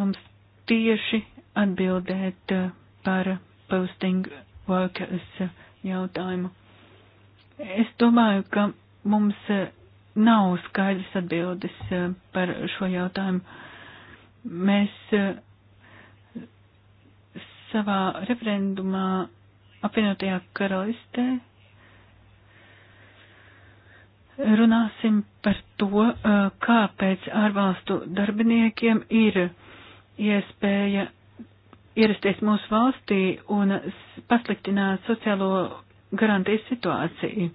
mums tieši atbildēt uh, par posting workers jautājumu? Es domāju, ka mums uh, nav skaidrs atbildes uh, par šo jautājumu. Mēs savā referendumā apvienotajā karalistē runāsim par to, eh, kāpēc ārvalstu darbiniekiem ir iespēja ierasties mūsu valstī un pasliktināt sociālo garantijas situāciju.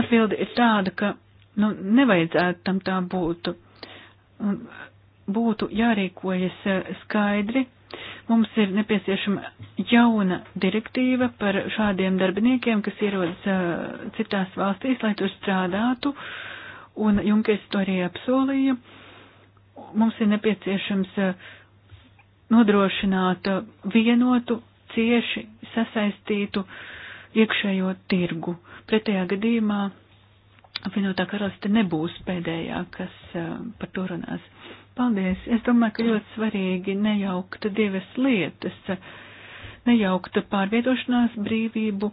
Atbildi ir tāda, ka nu, nevajadzētu tam tā būtu. Būtu jārīkojas eh, skaidri Mums ir nepieciešama jauna direktīva par šādiem darbiniekiem, kas ierodas uh, citās valstīs, lai tur strādātu, un Junkers to arī apsolīja. Mums ir nepieciešams uh, nodrošināt uh, vienotu, cieši sasaistītu iekšējo tirgu. Pretējā gadījumā apvienotā karaliste nebūs pēdējā, kas uh, par to runās. Paldies. Es domāju, ka ļoti svarīgi nejaukt divas lietas. Nejaukt pārvietošanās brīvību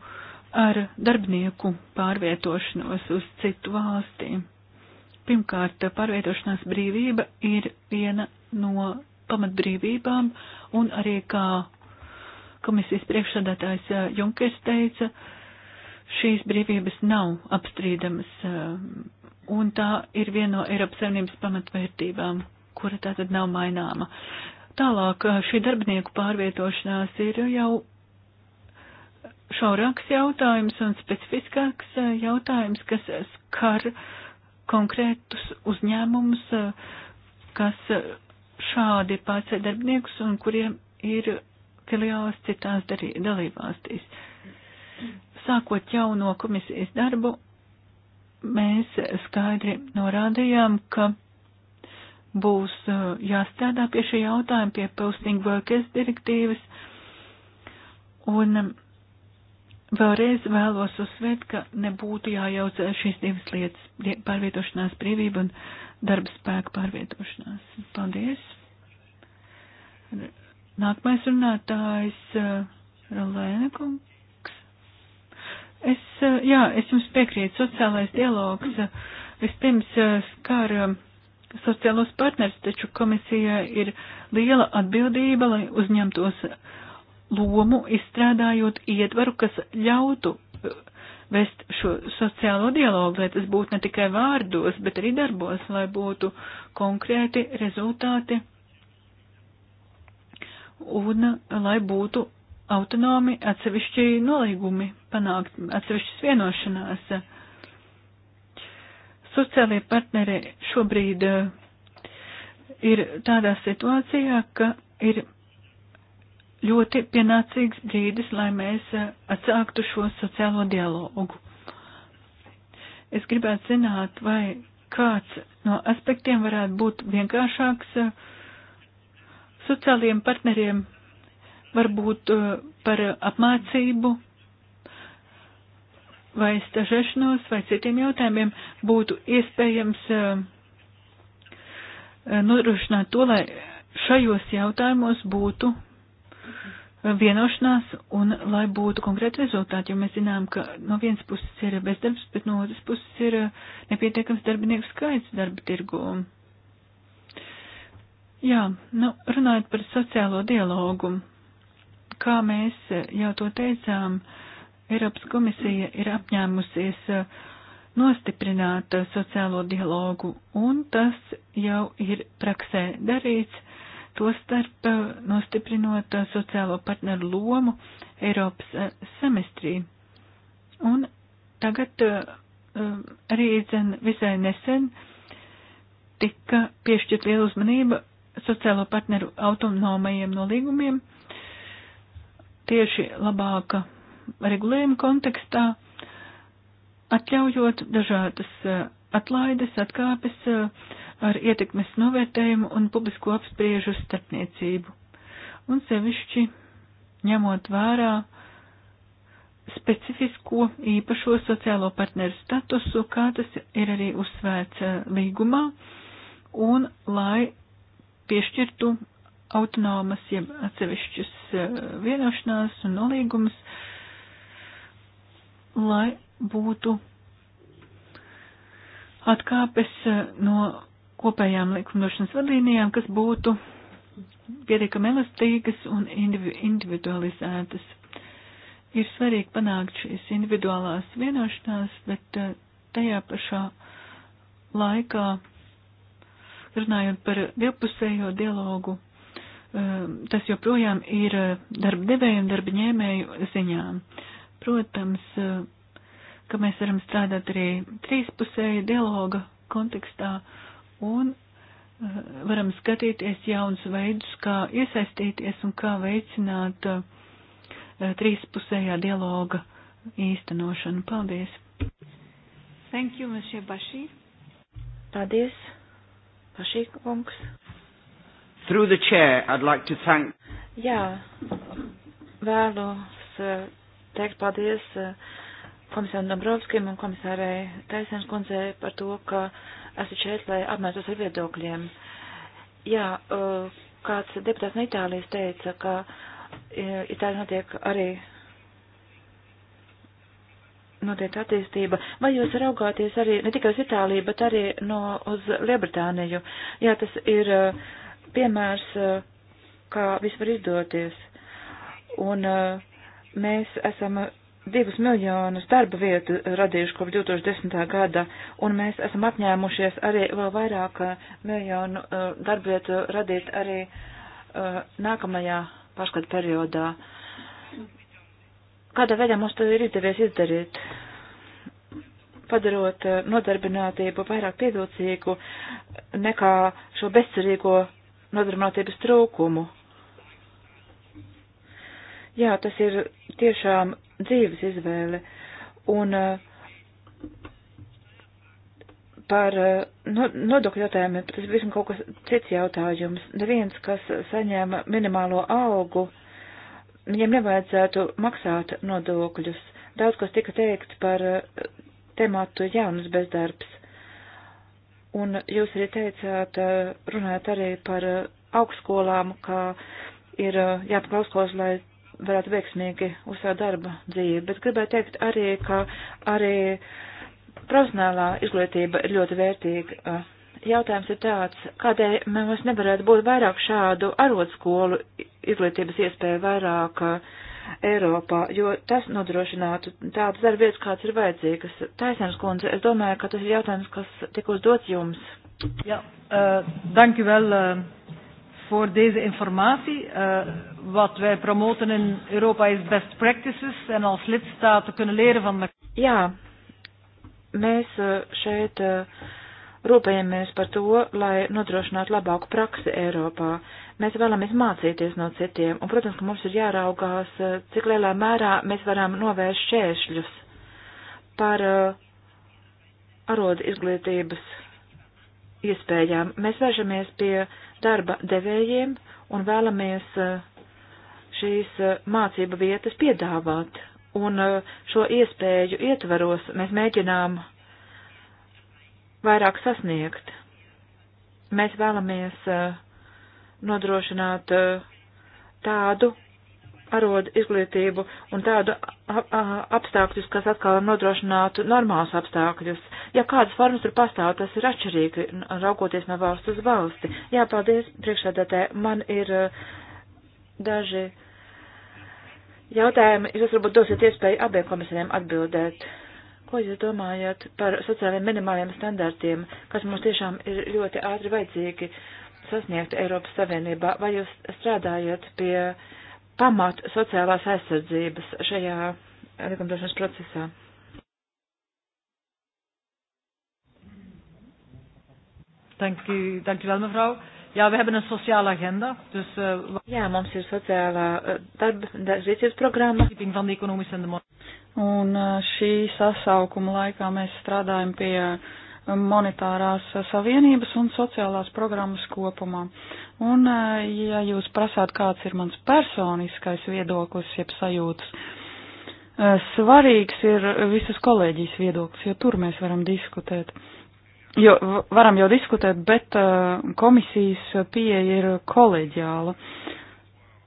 ar darbinieku pārvietošanos uz citu valstīm. Pirmkārt, pārvietošanās brīvība ir viena no pamatbrīvībām un arī, kā komisijas priekšsādātājs eh, Junkers teica, šīs brīvības nav apstrīdamas eh, un tā ir viena no Eiropas Savienības pamatvērtībām kura tātad nav maināma. Tālāk šī darbinieku pārvietošanās ir jau šaurāks jautājums un specifiskāks jautājums, kas skar konkrētus uzņēmumus, kas šādi pārceļ darbiniekus un kuriem ir filiāls citās dalībvalstīs. Sākot jauno komisijas darbu, mēs skaidri norādījām, ka būs uh, jāstrādā pie šī jautājuma, pie Posting Workers direktīvas. Un um, vēlreiz vēlos uzsvērt, ka nebūtu jājauc šīs divas lietas - pārvietošanās brīvība un darba spēka pārvietošanās. Paldies! Nākamais runātājs uh, Rolēna kungs. Es, uh, jā, es jums piekrītu, sociālais dialogs vispirms skar um, sociālos partners, taču komisijai ir liela atbildība, lai uzņemtos lomu, izstrādājot ietvaru, kas ļautu uh, vest šo sociālo dialogu, lai tas būtu ne tikai vārdos, bet arī darbos, lai būtu konkrēti rezultāti un lai būtu autonomi atsevišķi nolīgumi panākt, atsevišķas vienošanās. Sociālie partneri šobrīd eh, ir tādā situācijā, ka ir ļoti pienācīgs brīdis, lai mēs eh, atsāktu šo sociālo dialogu. Es gribētu zināt, vai kāds no aspektiem varētu būt vienkāršāks eh, sociālajiem partneriem, varbūt par apmācību vai stažēšanos vai citiem jautājumiem būtu iespējams uh, nodrošināt to, lai šajos jautājumos būtu vienošanās un lai būtu konkrēti rezultāti, jo mēs zinām, ka no vienas puses ir bezdarbs, bet no otras puses ir eh, nepietiekams darbinieku skaits darba tirgu. Jā, nu, runājot par sociālo dialogu, kā mēs eh, jau to teicām, uh, Eiropas komisija ir apņēmusies uh, nostiprināt uh, sociālo dialogu, un tas jau ir praksē darīts, tostarp uh, nostiprinot sociālo partneru lomu Eiropas semestrī. Un tagad um, arī dzen visai nesen tika piešķirt liela uzmanība sociālo partneru autonomajiem nolīgumiem, tieši labāka regulējuma kontekstā, atļaujot dažādas eh, atlaides, atkāpes eh, ar ietekmes novērtējumu un publisko apspriežu starpniecību. Un sevišķi ņemot vērā specifisko īpašo sociālo partneru statusu, kā tas ir arī uzsvērts eh, līgumā, un lai piešķirtu autonomas, jeb atsevišķas vienošanās un nolīgumus, uh, lai būtu atkāpes eh, no kopējām likumdošanas vadlīnijām, kas būtu pietiekami elastīgas un individualizētas. Ir svarīgi panākt šīs individuālās vienošanās, bet eh, tajā pašā laikā, runājot par divpusējo dialogu, eh, tas joprojām ir darba devēju un darba ņēmēju ziņām. Protams, eh, ka mēs varam strādāt arī trīspusēja dialoga kontekstā un eh, varam skatīties jaunus veidus, kā iesaistīties un kā veicināt eh, trīspusējā dialoga īstenošanu. Paldies! Thank you, Monsieur Bashi. Paldies, Bashi kungs. Through the chair, I'd like to thank. Jā, vēlos teikt paldies eh, komisāram Dombrovskim un komisārai Taisens kundzei par to, ka esat šeit, lai apmētos ar viedokļiem. Jā, eh, kāds deputāts no Itālijas teica, ka eh, Itālijā notiek arī notiek attīstība. Vai jūs raugāties arī ne tikai uz Itāliju, bet arī no, uz Liebritāniju? Jā, tas ir piemērs, kā viss var izdoties. Un uh, Mēs esam divus miljonus darba vietu radījuši kopš 2010. gada, un mēs esam apņēmušies arī vēl vairāk uh, miljonu uh, darba vietu radīt arī uh, nākamajā pašgad periodā. Kādā veidā mums to ir izdevies izdarīt? Padarot nodarbinātību vairāk pievilcīgu nekā šo bezcerīgo nodarbinātības trūkumu. Jā, tas ir tiešām dzīves izvēle. Un eh, par eh, no, nodokļu jautājumiem, tas bija kaut kas cits jautājums. Neviens, kas saņēma minimālo algu, viņiem nevajadzētu maksāt nodokļus. Daudz kas tika teikt par eh, tematu jaunas bezdarbs. Un jūs arī teicāt, runājot arī par augstskolām, ka ir jāpaklausās, lai varētu veiksmīgi uzsākt darba dzīvi, bet gribēju teikt arī, ka arī profesionālā izglītība ir ļoti vērtīga. Jautājums ir tāds, kādēļ mums nevarētu būt vairāk šādu arotskolu izglītības iespēju vairāk uh, Eiropā, jo tas nodrošinātu tādas darba vietas, kāds ir vajadzīgas. Taisnēms kundze, es domāju, ka tas ir jautājums, kas tik uzdots jums. Jā, uh, eh, danki vēl. Uh... Eh, voor deze informatie. Uh, wat wij promoten in Europa is best practices en als lidstaten kunnen leren van elkaar. Jā, mēs eh, šeit eh, rūpējamies par to, lai nodrošinātu labāku praksi Eiropā. Mēs vēlamies mācīties no citiem, un, protams, ka mums ir jāraugās, cik lielā mērā mēs varam novērst šķēršļus par arodu izglītības iespējām. Mēs vēršamies pie darba devējiem un vēlamies uh, šīs uh, mācība vietas piedāvāt. Un uh, šo iespēju ietvaros mēs mēģinām vairāk sasniegt. Mēs vēlamies nodrošināt tādu arodu izglītību un tādu apstākļus, kas atkal nodrošinātu normālus apstākļus. Ja kādas formas tur pastāv, tas ir atšķirīgi, raugoties no valsts uz valsti. Jā, paldies, priekšsēdētē. Man ir daži jautājumi. Jūs varbūt dosiet iespēju abiem komisariem atbildēt. Ko jūs domājat par sociālajiem minimāliem standartiem, kas mums tiešām ir ļoti ātri vajadzīgi sasniegt Eiropas Savienībā? Vai jūs strādājat pie uh, pamat sociālās aizsardzības šajā likumdošanas procesā. Dank u, dank u wel, mevrouw. Ja, we hebben een sociale agenda. Dus, uh, eh, ja, mums ir sociālā uh, darba, rīcības programma. Van de en, de un uh, šī sasaukuma laikā mēs strādājam pie uh, monetārās savienības un sociālās programmas kopumā. Un, e, ja jūs prasāt, kāds ir mans personiskais viedoklis, jeb sajūtas, e, svarīgs ir visas kolēģijas viedoklis, jo tur mēs varam diskutēt. Jo varam jau diskutēt, bet e, komisijas pieeja ir kolēģiāla. Uh,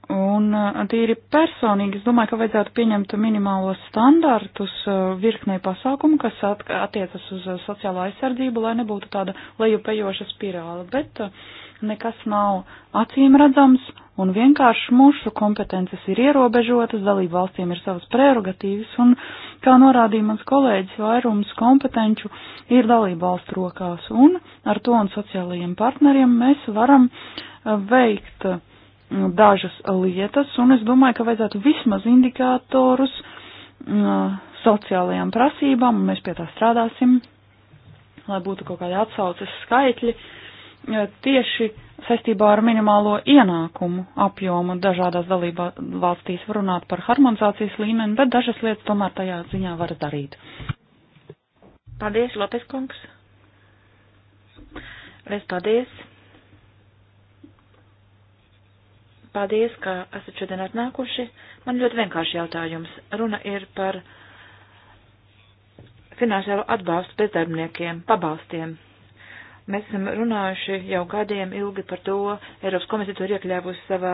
Un uh, tīri personīgi es domāju, ka vajadzētu pieņemt minimālos standartus uh, virknē pasākumu, kas attiecas uz uh, sociālo aizsardzību, lai nebūtu tāda lejupējoša spirāla. Bet nekas nav acīm redzams un vienkārši mūsu kompetences ir ierobežotas, dalību valstīm ir savas prerogatīvas un, kā norādīja mans kolēģis, vairums kompetenču ir dalību valstu rokās un ar to un sociālajiem partneriem mēs varam veikt dažas lietas, un es domāju, ka vajadzētu vismaz indikātorus mm, sociālajām prasībām, un mēs pie tā strādāsim, lai būtu kaut kādi atsauces skaitļi tieši saistībā ar minimālo ienākumu apjomu dažādās dalībā valstīs var runāt par harmonizācijas līmeni, bet dažas lietas tomēr tajā ziņā var darīt. Paldies, Lopes kungs! Es paldies! Paldies, ka esat šodien atnākuši. Man ļoti vienkārši jautājums. Runa ir par finansiālu atbalstu bezdarbniekiem, pabalstiem. Mēs esam runājuši jau gadiem ilgi par to, Eiropas komisija to ir iekļāvusi savā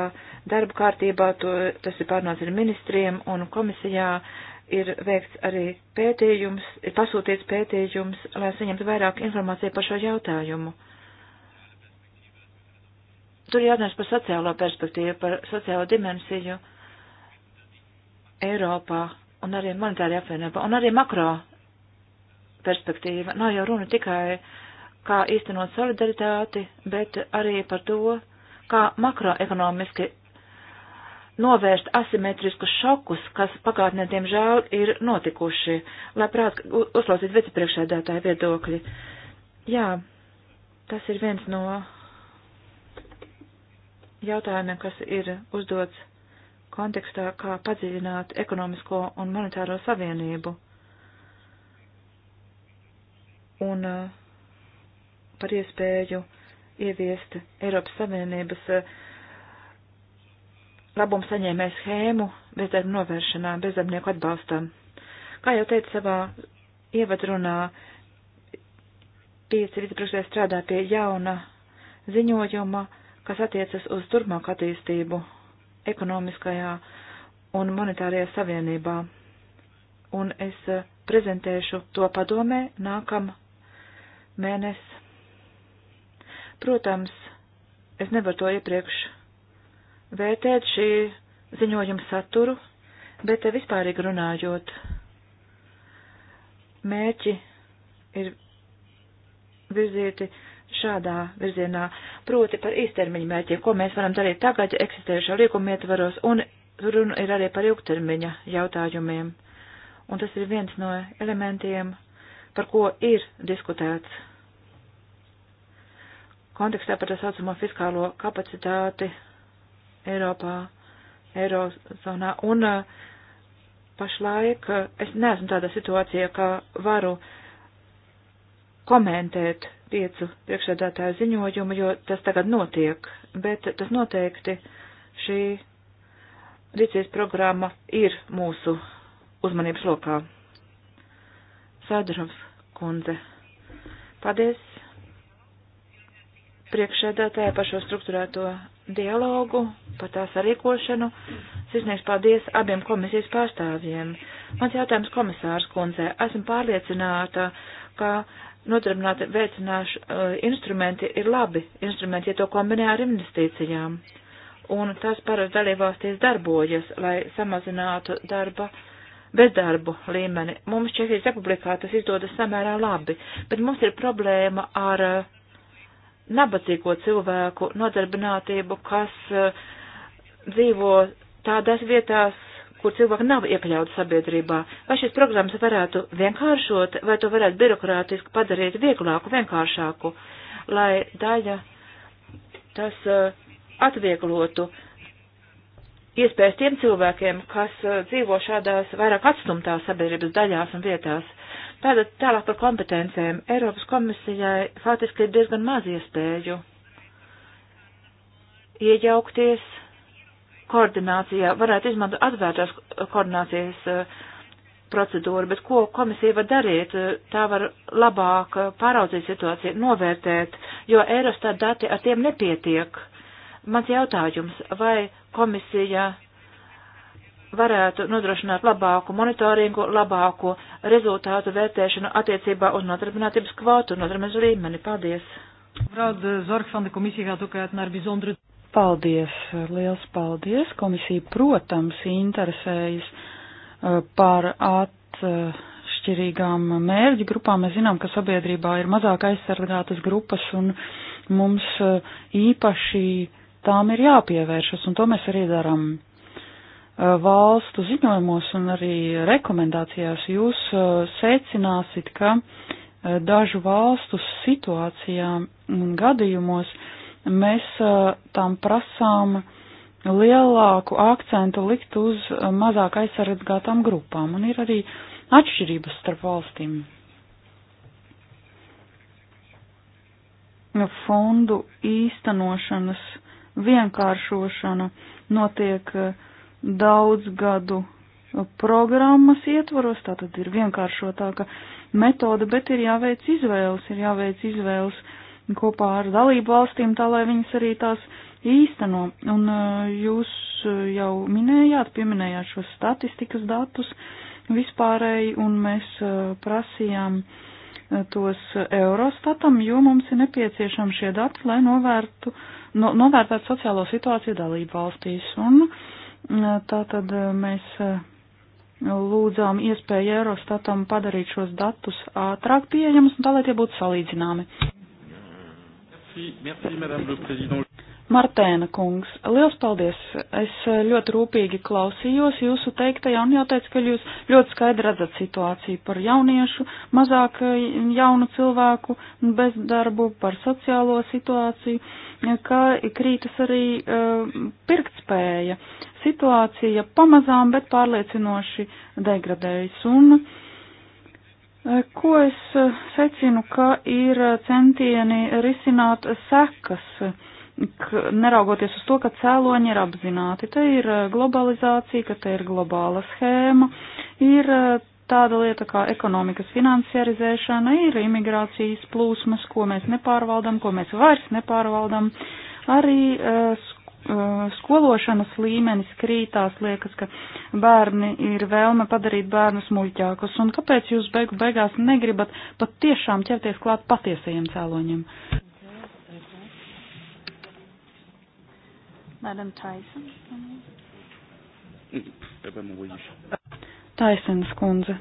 darba kārtībā, to, tas ir pārnāts ar ministriem, un komisijā ir veikts arī pētījums, ir pasūtīts pētījums, lai saņemtu vairāk informāciju par šo jautājumu. Tur ir jautājums par sociālo perspektīvu, par sociālo dimensiju Eiropā un arī monetārajā apvienībā un arī makro perspektīva. Nav jau runa tikai kā īstenot solidaritāti, bet arī par to, kā makroekonomiski novērst asimetriskus šokus, kas pagātnē, diemžēl, ir notikuši, lai prāt uzklausītu vicepriekšēdētāju viedokļi. Jā, tas ir viens no jautājumiem, kas ir uzdots kontekstā, kā padziļināt ekonomisko un monetāro savienību. Un uh, par iespēju ieviest Eiropas Savienības uh, labumu saņēmēju schēmu bezdarba novēršanā, bezdarbnieku atbalstam. Kā jau teicu savā ievadrunā, pieci vicepriekšējie strādā pie jauna ziņojuma, uh, kas attiecas uz turpmāku attīstību ekonomiskajā un monetārajā savienībā. Un es eh, prezentēšu to padomē nākam mēnes. Protams, es nevaru to iepriekš vērtēt šī ziņojuma saturu, bet eh, vispārīgi runājot, mērķi ir virzīti šādā virzienā, proti par īstermiņa mērķiem, ko mēs varam darīt tagad eksistējušo līgumu ietvaros, un runa ir arī par ilgtermiņa jautājumiem. Un tas ir viens no elementiem, par ko ir diskutēts. Kontekstā par tā saucamo fiskālo kapacitāti Eiropā, Eirozonā, un uh, pašlaik uh, es neesmu tādā situācijā, ka varu komentēt piecu priekšsēdētāju ziņojumu, jo tas tagad notiek, bet tas noteikti šī rīcības programma ir mūsu uzmanības lokā. Sēdrums kundze. Paldies priekšsēdētāja par šo struktūrēto dialogu, par tās arīkošanu. Sirsnieks paldies abiem komisijas pārstāvjiem. Mans jautājums komisārs kundzē. Esmu pārliecināta, ka nodarbināti veicināšu uh, instrumenti ir labi instrumenti, ja to kombinē ar investīcijām. Un tas parasti dalībvalstīs darbojas, lai samazinātu darba bezdarbu līmeni. Mums Čehijas republikā tas izdodas samērā labi, bet mums ir problēma ar uh, nabadzīgo cilvēku nodarbinātību, kas uh, dzīvo tādās vietās, kur cilvēki nav iekļauti sabiedrībā. Vai šīs programmas varētu vienkāršot, vai to varētu birokrātiski padarīt vieglāku, vienkāršāku, lai daļa tas eh, atvieglotu iespējas tiem cilvēkiem, kas eh, dzīvo šādās vairāk atstumtās sabiedrības daļās un vietās. Tātad tālāk par kompetencēm. Eiropas komisijai faktiski ir diezgan maz iespēju iejaukties koordinācijā varētu izmantot atvērtās koordinācijas eh, procedūru, bet ko komisija var darīt, tā var labāk eh, pāraudzīt situāciju, novērtēt, jo Eurostat dati ar tiem nepietiek. Mans jautājums, vai komisija varētu nodrošināt labāku monitoringu, labāku rezultātu vērtēšanu attiecībā uz nodarbinātības kvotu un nodarbinātības līmeni. Paldies! Mevrouw de zorg van de commissie gaat ook uit naar bijzondere. Paldies, liels paldies. Komisija, protams, interesējas e, par atšķirīgām mērķu grupām. Mēs zinām, ka sabiedrībā ir mazāk aizsargātas grupas un mums e, īpaši tām ir jāpievēršas, un to mēs arī darām e, valstu ziņojumos un arī rekomendācijās jūs secināsit, ka dažu valstu situācijām un gadījumos uh, mēs tām prasām lielāku akcentu likt uz mazāk aizsardzgātām grupām, un ir arī atšķirības starp valstīm. Fondu īstenošanas vienkāršošana notiek daudz gadu programmas ietvaros, tātad ir vienkāršotāka metode, bet ir jāveic izvēles, ir jāveic izvēles kopā ar dalību valstīm, tā lai viņas arī tās īsteno. Un uh, jūs uh, jau minējāt, pieminējāt šos statistikas datus vispārēji, un mēs uh, prasījām tos Eurostatam, jo mums ir nepieciešami šie dati, lai novērtu, no, novērtētu sociālo situāciju dalību valstīs. Un tā tad mēs lūdzām iespēju Eurostatam padarīt šos datus ātrāk pieejamus un tā, lai tie būtu salīdzināmi. Merci, merci, Madame le Président. Martēna kungs, liels paldies! Es eh, ļoti rūpīgi klausījos jūsu teiktajā un jāteic, ka jūs ļoti skaidri redzat situāciju par jauniešu, mazāk eh, jaunu cilvēku bezdarbu, par sociālo situāciju, eh, kā krītas arī uh, pirktspēja. Situācija pamazām, bet pārliecinoši degradējas un uh, Eh, ko es eh, secinu, ka ir eh, centieni risināt sekas, neraugoties uz to, ka cēloņi ir apzināti. Te ir globalizācija, ka te ir globāla schēma, ir tāda lieta kā ekonomikas finansiarizēšana, ir imigrācijas plūsmas, ko mēs nepārvaldam, ko mēs vairs nepārvaldam, arī uh, Eh, skološanas līmenis krītās, liekas, ka bērni ir vēlme padarīt bērnus muļķākus. Un kāpēc jūs beigu beigās negribat pat tiešām ķerties klāt patiesajiem cēloņiem? Madam Tyson. Taisens kundze.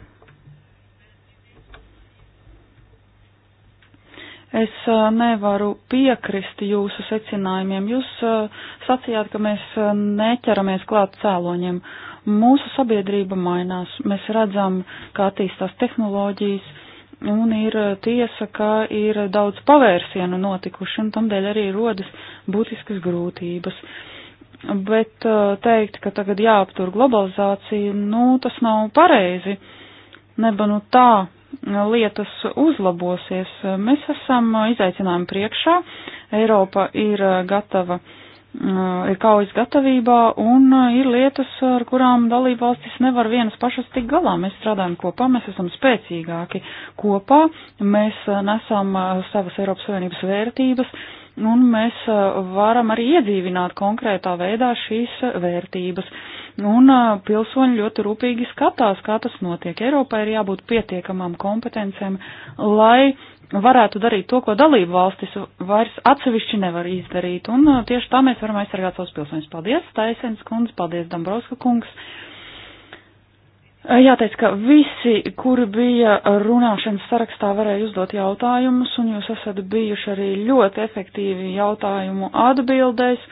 Es uh, nevaru piekrist jūsu secinājumiem. Jūs uh, sacījāt, ka mēs uh, neķeramies klāt cēloņiem. Mūsu sabiedrība mainās. Mēs redzam, kā attīstās tehnoloģijas. Un ir tiesa, ka ir daudz pavērsienu notikuši, un tamdēļ arī rodas būtiskas grūtības. Bet teikt, ka tagad jāaptur globalizācija, nu, tas nav pareizi. Neba nu tā lietas uzlabosies. Mēs esam izaicinājumi priekšā, Eiropa ir gatava, ir kaujas gatavībā un ir lietas, ar kurām dalībvalstis nevar vienas pašas tik galā. Mēs strādājam kopā, mēs esam spēcīgāki kopā, mēs nesam savas Eiropas Savienības vērtības. Un mēs varam arī iedzīvināt konkrētā veidā šīs vērtības. Uh, un pilsoņi ļoti rūpīgi skatās, kā tas notiek. Eiropai ir jābūt pietiekamām kompetencēm, lai varētu darīt to, ko dalību valstis vairs atsevišķi nevar izdarīt, un tieši tā mēs varam aizsargāt savus pilsoņus. Paldies, Taisens kundze, paldies, Dambrovska kungs. Jāteic, ka visi, kuri bija runāšanas sarakstā, varēja uzdot jautājumus, un jūs esat bijuši arī ļoti efektīvi jautājumu atbildēs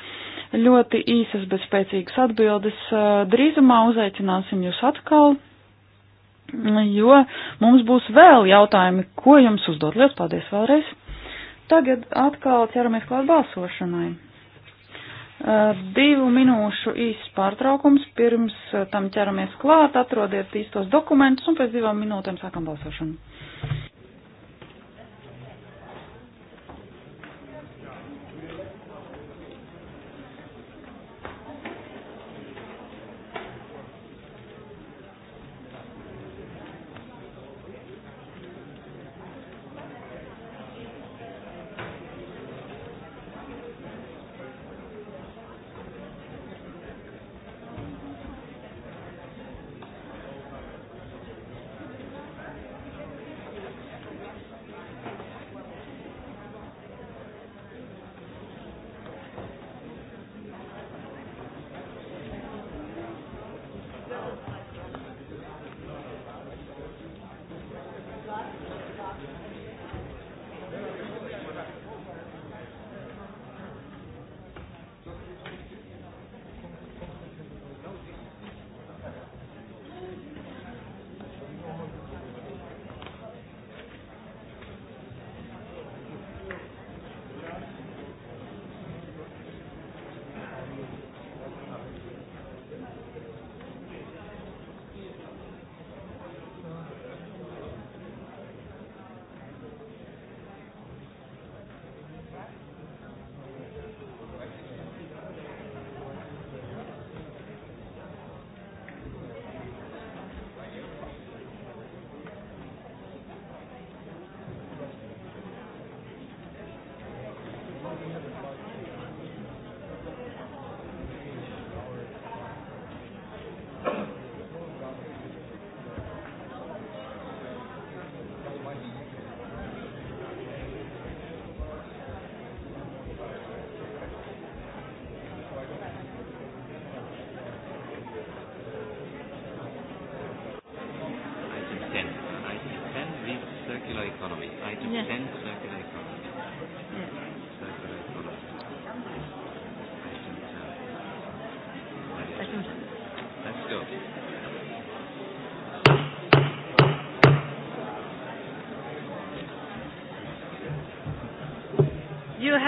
ļoti īsas, bet spēcīgas atbildes. Eh, Drīzumā uzaicināsim jūs atkal, jo mums būs vēl jautājumi, ko jums uzdot. Lielas paldies vēlreiz! Tagad atkal ķeramies klāt balsošanai. Eh, Divu minūšu īsts pārtraukums, pirms eh, tam ķeramies klāt, atrodiet īstos dokumentus un pēc divām minūtēm sākam balsošanu.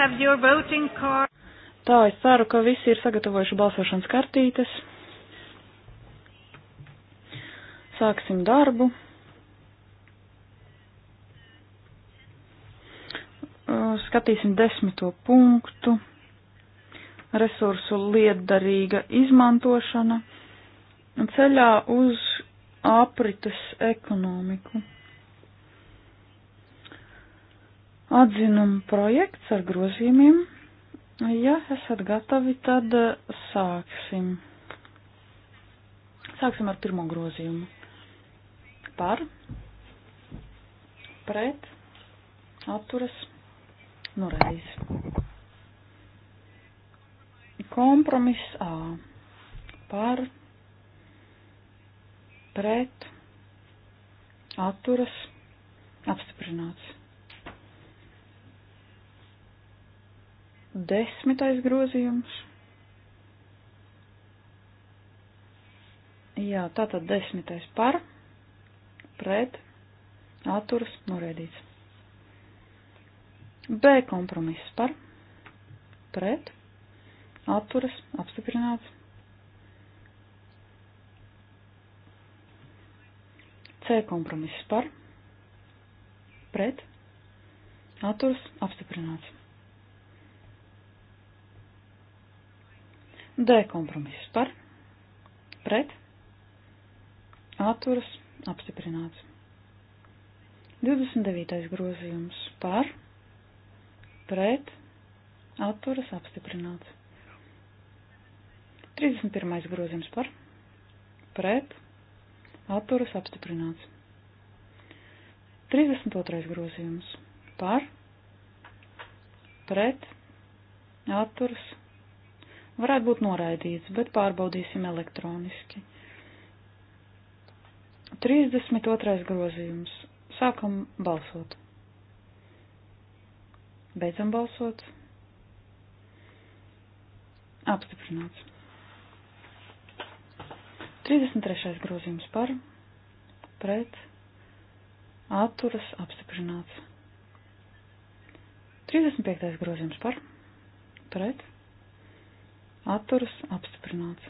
have your voting card? Tā, es ceru, ka visi ir sagatavojuši balsošanas kartītes. Sāksim darbu. Skatīsim desmito punktu. Resursu lietdarīga izmantošana ceļā uz aprites ekonomiku. Atzinuma projekts ar grozījumiem. Ja esat gatavi, tad eh, sāksim. Sāksim ar pirmo grozījumu. Par, pret, atturas, noreiz. Kompromiss A. Par, pret, atturas, apstiprināts. Desmitais grozījums. Jā, tātad desmitais par, pret, atturas, norēdīts. B kompromiss par, pret, atturas, apstiprināts. C kompromiss par, pret, atturas, apstiprināts. D kompromiss par, pret, atturas, apstiprināts. 29. grozījums par, pret, atturas, apstiprināts. 31. grozījums par, pret, atturas, apstiprināts. 32. grozījums par, pret, atturas, apstiprināts Varētu būt noraidīts, bet pārbaudīsim elektroniski. 32. grozījums. Sākam balsot. Beidzam balsot. Apstiprināts. 33. grozījums par, pret, atturas apstiprināts. 35. grozījums par, pret, atturas apstiprināts.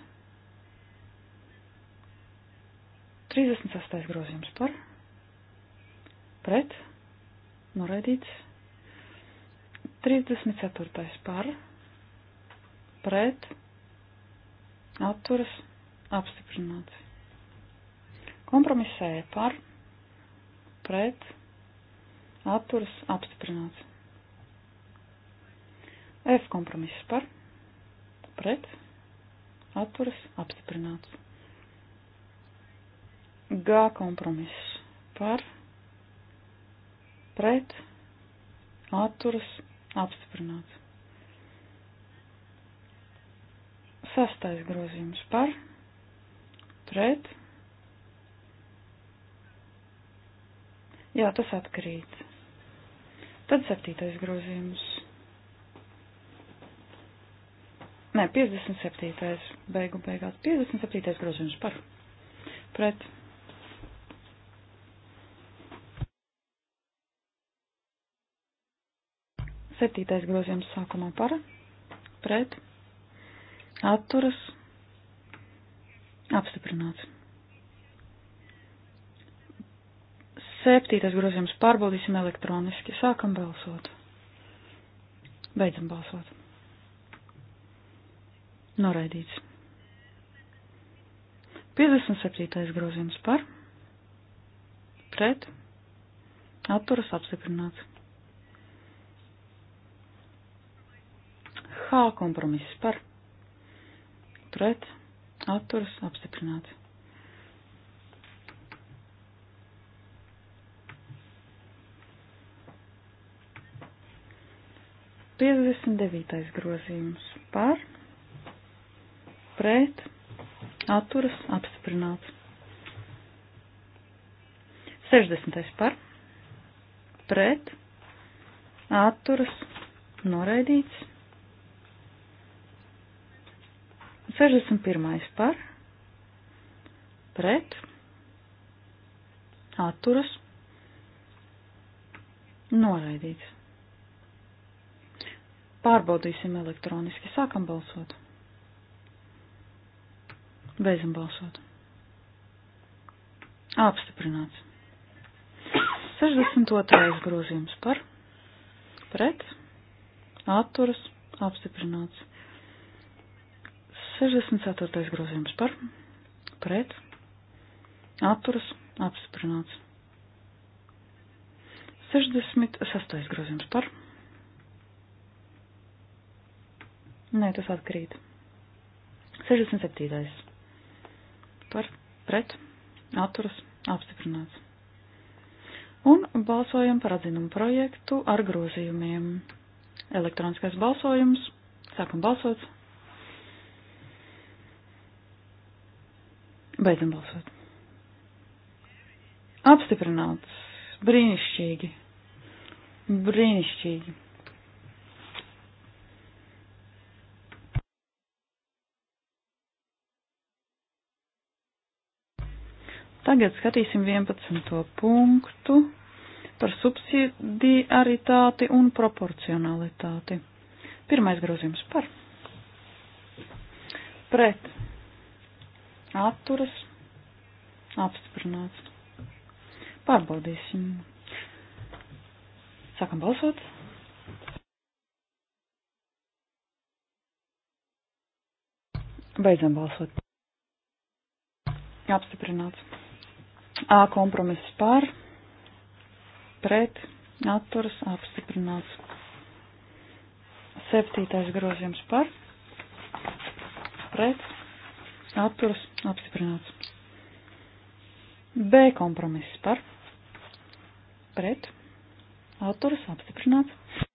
36. grozījums par, pret, noraidīts. 34. par, pret, atturas apstiprināts. Kompromisēja e par, pret, atturas apstiprināts. F kompromiss par, pret atturas apstiprināts. G kompromiss par pret atturas apstiprināts. Sastais grozījums par pret. Jā, tas atkrīt. Tad septītais grozījums Nē, 57. beigu beigās. 57. grozījums par. Pret. Septītais grozījums sākumā par. Pret. Atturas. Apstiprināts. Septītais grozījums pārbaudīsim elektroniski. Sākam balsot. Beidzam balsot. Noraidīts. 57. grozījums par, pret, atturas apstiprināts. H kompromiss par, pret, atturas apstiprināts. Piecdesmit devītais grozījums par pret, atturas, apstiprināts. 60. par, pret, atturas, noraidīts. 61. par, pret, atturas, noraidīts. Pārbaudīsim elektroniski, sākam balsot. Beidzam balsot. Apstiprināts. 62. grozījums par, pret, atturas, apstiprināts. 64. grozījums par, pret, atturas, apstiprināts. 66. grozījums par. Nē, tas atkrīt. 67 par pret atturas apstiprināts. Un balsojam par atzinumu projektu ar grozījumiem. Elektroniskais balsojums. Sākam balsot. Beidzam balsot. Apstiprināts. Brīnišķīgi. Brīnišķīgi. Tagad skatīsim 11. punktu par subsidiaritāti un proporcionalitāti. Pirmais grozījums par. Pret. Atturas. Apstiprināts. Pārbaudīsim. Sākam balsot. Beidzam balsot. Apstiprināts. A kompromiss par, pret, atturas apstiprināts. Septītais grozījums par, pret, atturas apstiprināts. B kompromiss par, pret, atturas apstiprināts.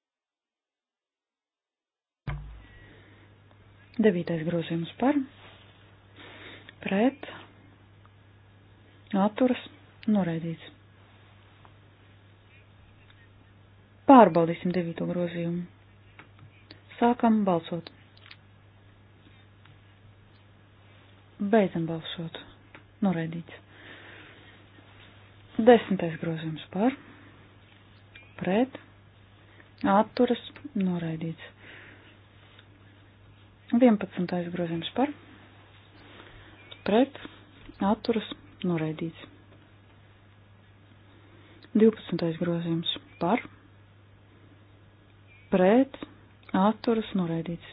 Devītais grozījums par, pret, atturas noraidīts. Pārbaudīsim devīto grozījumu. Sākam balsot. Beidzam balsot. Noraidīts. Desmitais grozījums par, pret, atturas, noraidīts. Vienpadsmitais grozījums par, pret, atturas, noraidīts. 12. grozījums par, pret, atturas noraidīts.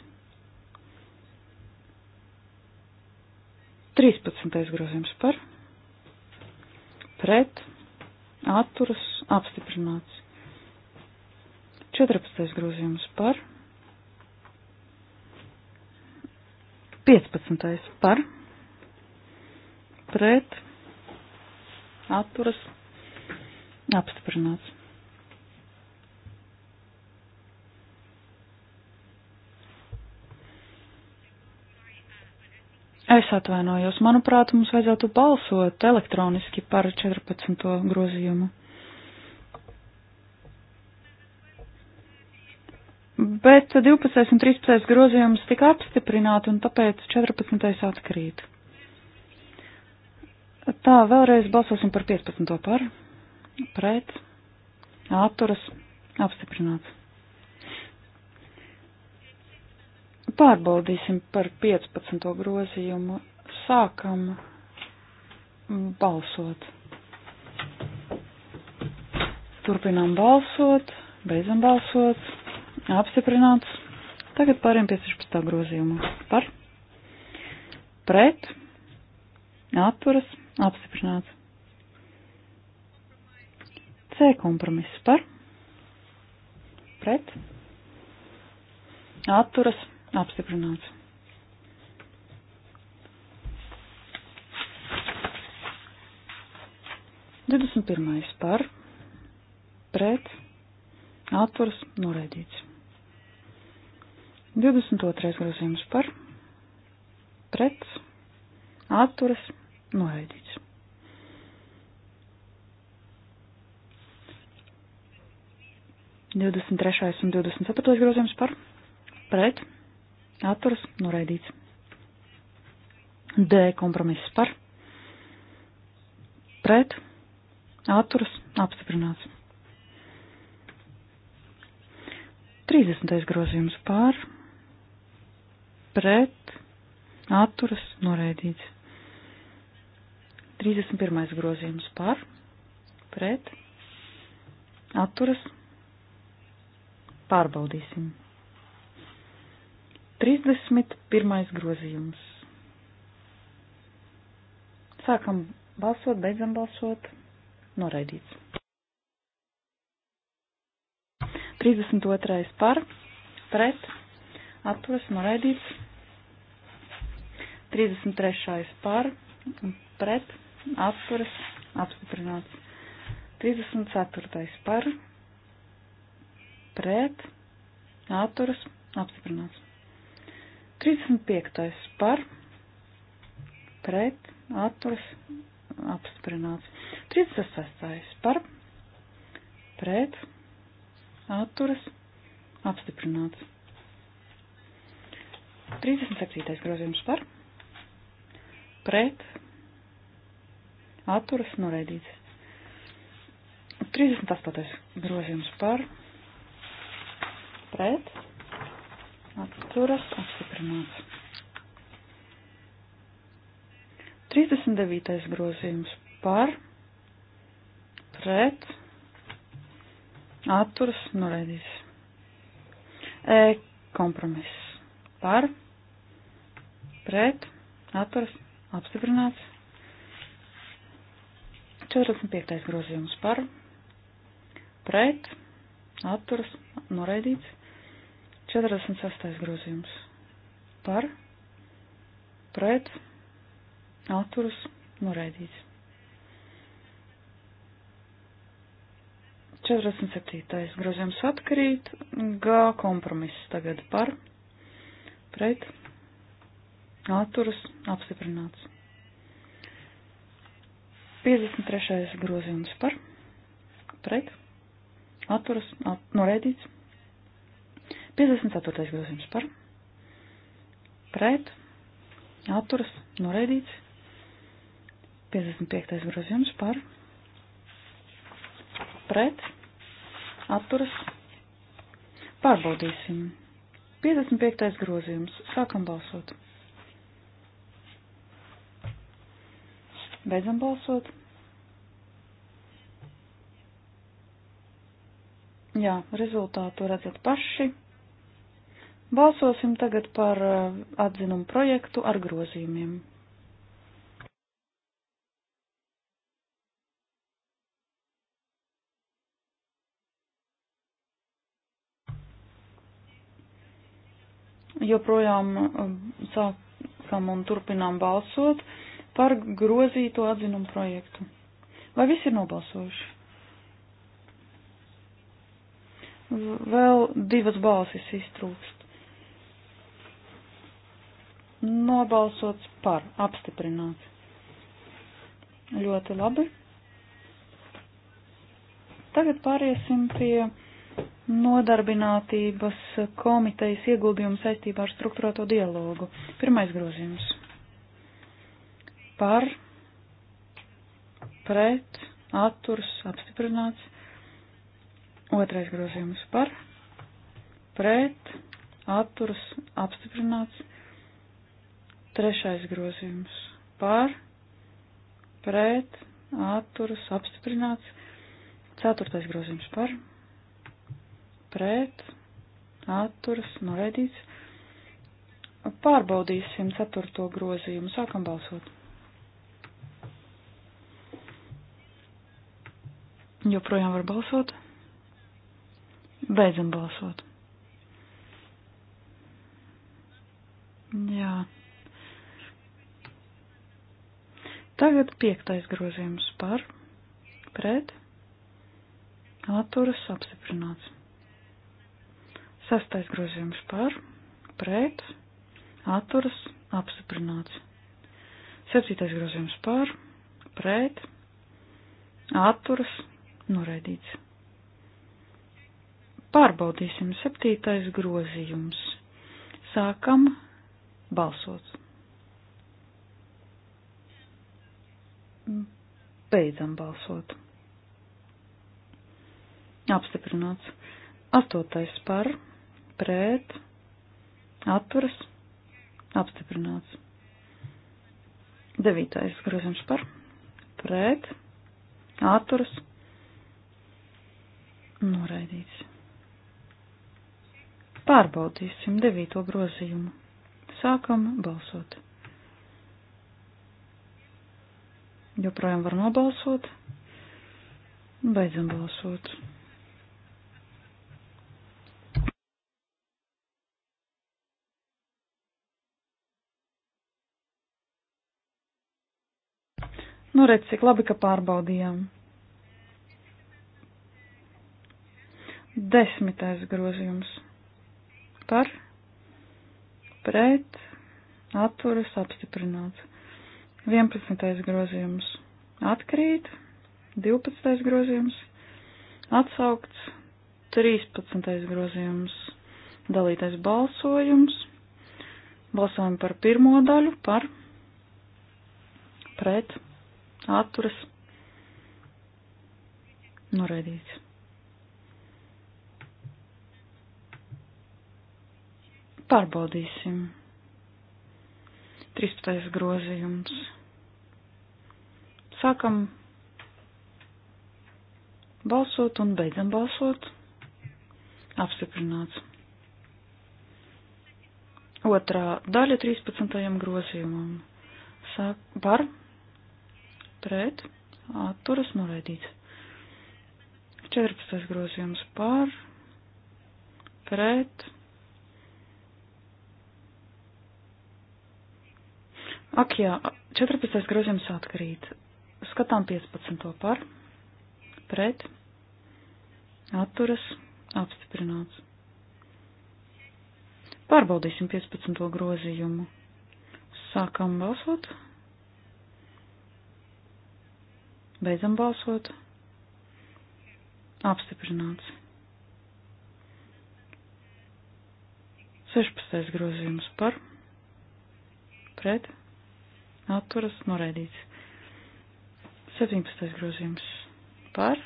13. grozījums par, pret, atturas apstiprināts. 14. grozījums par, 15. par, pret, atturas apstiprināts. Es atvainojos, manuprāt, mums vajadzētu balsot elektroniski par 14. grozījumu. Bet 12. un 13. grozījums tika apstiprināti, un tāpēc 14. atkrīt. Tā, vēlreiz balsosim par 15. par, pret, atturas, apstiprināts. Pārbaudīsim par 15. grozījumu. Sākam balsot. Turpinām balsot, beidzam balsot, apstiprināts. Tagad pāriem pie 16. grozījuma. Par, pret, atturas, Apstiprināts. C kompromiss par. Pret. Atturas. Apstiprināts. Divdesmit pirmais par. Pret. Atturas. Noraidīts. 22. grozījums par pret, atturas, Noraidīts. Divdesmit trešais un divdesmit ceturtais grozījums par pret atturas noraidīts. D kompromiss par pret atturas apstiprināts. 30. grozījums pār pret atturas noraidīts. 31. grozījums par, pret, atturas, pārbaudīsim. 31. grozījums. Sākam balsot, beidzam balsot, noraidīts. 32. par, pret, atturas, noraidīts. 33. par, pret, atturas apstiprināts. 54. par pret atturas apstiprināts. 35. par pret atturas apstiprināts. 36. par pret atturas apstiprināts. 37. grozījums par pret atturas noraidīts. 38. grozījums par pret atturas apstiprināts. 39. grozījums par pret atturas noraidīts. E kompromiss par pret atturas apstiprināts. 45. grozījums par, pret, atturas, noraidīts. 46. grozījums par, pret, atturas, noraidīts. 47. grozījums atkrīt, G kompromiss tagad par, pret, atturas, apstiprināts. 53. grozījums par pret atturas at, noraidīts. 54. grozījums par pret atturas noraidīts. 55. grozījums par pret atturas pārbaudīsim. 55. grozījums. Sākam balsot. Beidzam balsot. Jā, rezultātu redzat paši. Balsosim tagad par eh, atzinumu projektu ar grozījumiem. Joprojām eh, sākam un turpinām balsot. Uh, par grozīto atzinumu projektu. Vai visi ir nobalsojuši? Vēl divas balsis iztrūkst. Nobalsots par, apstiprināts. Ļoti labi. Tagad pāriesim pie nodarbinātības komitejas ieguldījumu saistībā ar struktūrēto dialogu. Pirmais grozījums par, pret, atturs, apstiprināts. Otrais grozījums par, pret, atturs, apstiprināts. Trešais grozījums par, pret, atturs, apstiprināts. Ceturtais grozījums par, pret, atturs, noraidīts. Pārbaudīsim ceturto grozījumu. Sākam balsot. Joprojām var balsot. Beidzam balsot. Jā. Tagad piektais grozījums par, pret, atturas apstiprināts. Sastais grozījums par, pret, atturas apstiprināts. Septītais grozījums par, pret, atturas apstiprināts noraidīts. Pārbaudīsim septītais grozījums. Sākam balsot. Beidzam balsot. Apstiprināts. Astotais par, pret, atturas, apstiprināts. Devītais grozījums par, pret, atturas, apstiprināts Noraidīts. Pārbaudīsim devīto grozījumu. Sākam balsot. Joprojām var nobalsot. Beidzam balsot. Nu, redz, cik labi, ka pārbaudījām. Desmitais grozījums par pret atturas apstiprināts. Vienpadsmitais grozījums atkrīt, divpadsmitais grozījums atsaukts, trīspadsmitais grozījums dalītais balsojums. Balsojam par pirmo daļu, par pret atturas noraidīts. Pārbaudīsim. 13. grozījums. Sākam balsot un beidzam balsot. Apstiprināts. Otrā daļa 13. grozījumam. Sāk par, pret, atturas noraidīts. 14. grozījums par, pret, Ak jā, 14. grozījums atkarīt. Skatām 15. par, pret, atturas, apstiprināts. Pārbaudīsim 15. grozījumu. Sākam balsot. Beidzam balsot. Apstiprināts. 16. grozījums par, pret, atturas noraidīts. 17. grozījums par,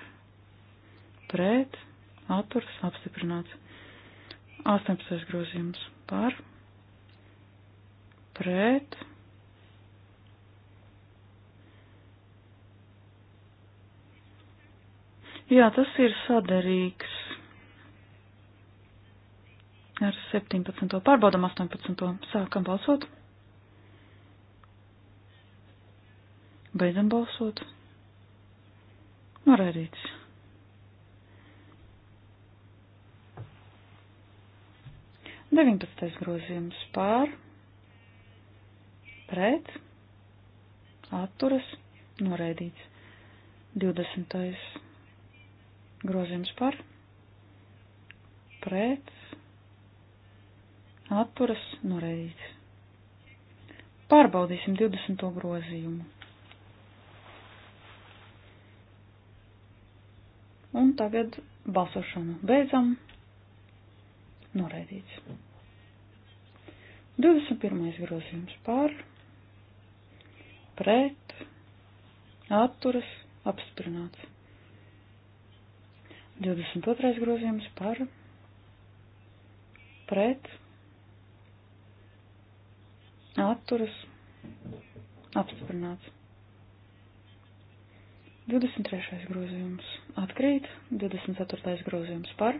pret, atturas apstiprināts. 18. grozījums par, pret, Jā, tas ir saderīgs ar 17. pārbaudam 18. sākam balsot. Beidzam balsot. Norēdīts. Deviņpadsmitais grozījums pār, pret, atturas, noraidīts. Divdesmitais grozījums par, pret, atturas, noraidīts. Pārbaudīsim 20. grozījumu. Un tagad balsošanu beidzam. Noraidīts. 21. grozījums par, pret, atturas, apstiprināts. 22. grozījums par, pret, atturas, apstiprināts. 23. grozījums atkrīt, 24. grozījums par,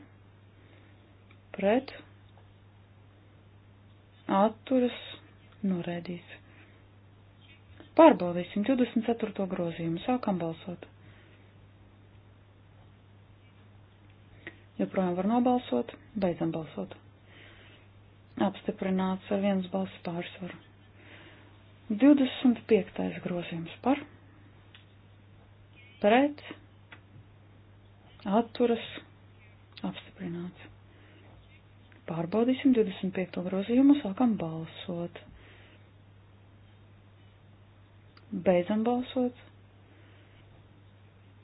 pret, atturas, norēdīts. Pārbaudīsim 24. grozījumu, sākam balsot. Joprojām var nobalsot, beidzam balsot. Apstiprināts ar viens balsu pārsvaru. 25. grozījums par pret, atturas, apstiprināts. Pārbaudīsim 25. grozījumu, sākam balsot. Beidzam balsot.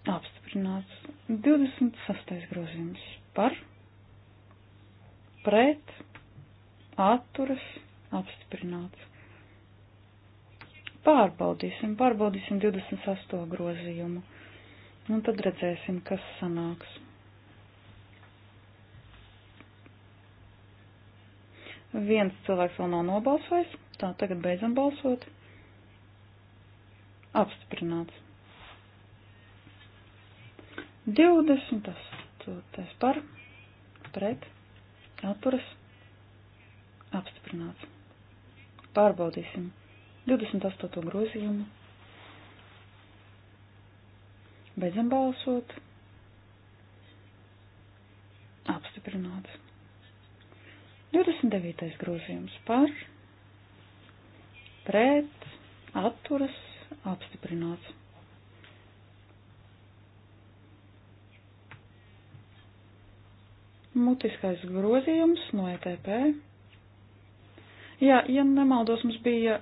Apstiprināts. 26. grozījums par, pret, atturas, apstiprināts. Pārbaudīsim, pārbaudīsim 28. grozījumu. Un nu, tad redzēsim, kas sanāks. Viens cilvēks vēl nav nobalsojis, tā tagad beidzam balsot. Apstiprināts. 20. Tas par, pret, atturas, apstiprināts. Pārbaudīsim 28. grozījumu. Beidzam balsot. Apstiprināts. 29. grozījums par, pret, atturas, apstiprināts. Mutiskais grozījums no ETP Jā, ja nemaldos, mums bija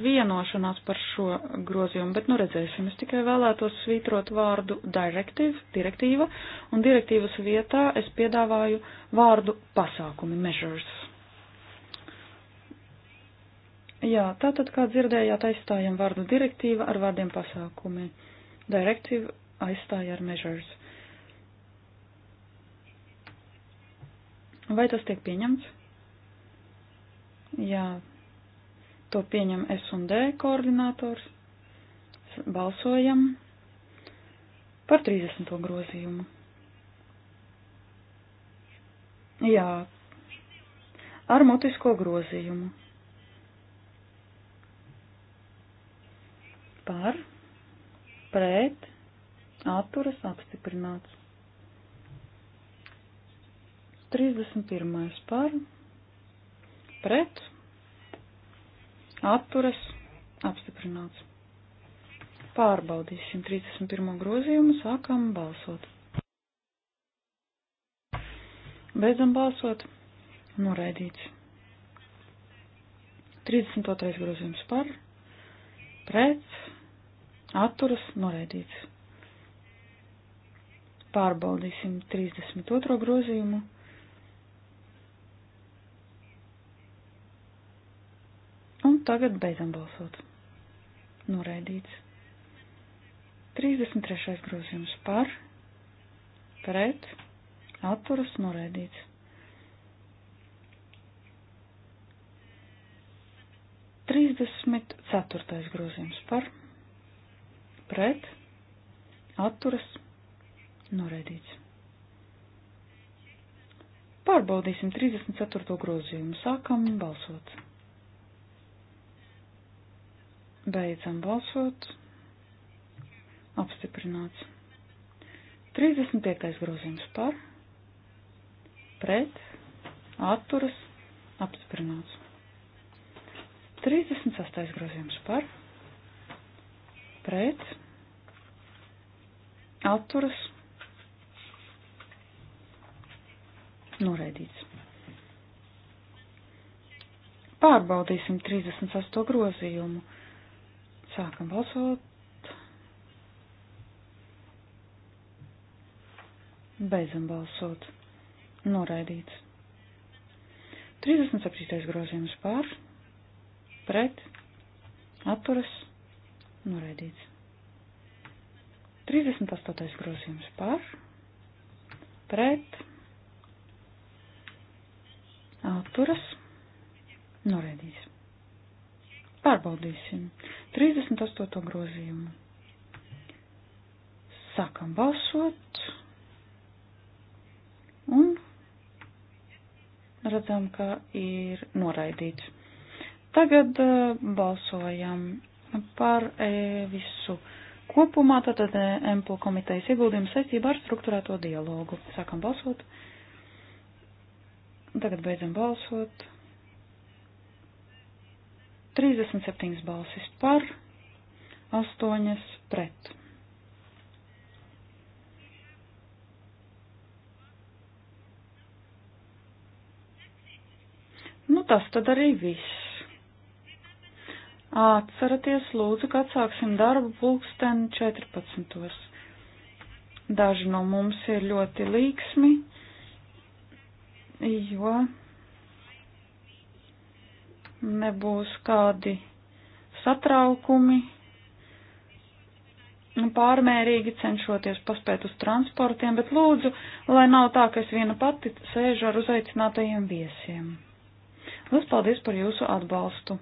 vienošanās par šo grozījumu, bet nu redzēsim. Es tikai vēlētos svītrot vārdu directive, direktīva, un direktīvas vietā es piedāvāju vārdu pasākumi, measures. Jā, tātad, kā dzirdējāt, aizstājam vārdu direktīva ar vārdiem pasākumi. Directive aizstāja ar measures. Vai tas tiek pieņemts? Jā, to pieņem S un D koordinators. Balsojam par 30. grozījumu. Jā, ar mutisko grozījumu. Par, pret, atturas apstiprināts. 31. par, pret, atturas, apstiprināts. Pārbaudīsim 31. grozījumu, sākam balsot. Beidzam balsot, noraidīts. 32. grozījums par, pret, atturas, noraidīts. Pārbaudīsim 32. grozījumu, Un tagad beidzam balsot. Noraidīts. 33. grozījums par, pret, atturas noraidīts. Trīsdesmit ceturtais grozījums par, pret, atturas, noraidīts. Pārbaudīsim 34. grozījumu, sākam balsot. Beidzam balsot. Apstiprināts. 35. grozījums par, pret, atturas, apstiprināts. 36. grozījums par, pret, atturas, noraidīts. Pārbaudīsim 38. grozījumu. Sākam balsot. Beidzam balsot. Noraidīts. 37. grozījums pār, pret, atturas, noraidīts. 38. grozījums par, pret, atturas, noraidīs. Pārbaudīsim. 38. grozījumu. Sākam balsot. Un redzam, ka ir noraidīts. Tagad eh, balsojam par eh, visu kopumā, tātad eh, MPO komitejas ieguldījumu saistībā ar struktūrēto dialogu. Sākam balsot. Tagad beidzam balsot. 37 balsis par, 8 pret. Nu, tas tad arī viss. Atceraties, lūdzu, ka atsāksim darbu pulksteni 14. Daži no mums ir ļoti līksmi, jo nebūs kādi satraukumi, nu, pārmērīgi cenšoties paspēt uz transportiem, bet lūdzu, lai nav tā, ka es viena pati sēžu ar uzaicinātajiem viesiem. Lūdzu, paldies par jūsu atbalstu!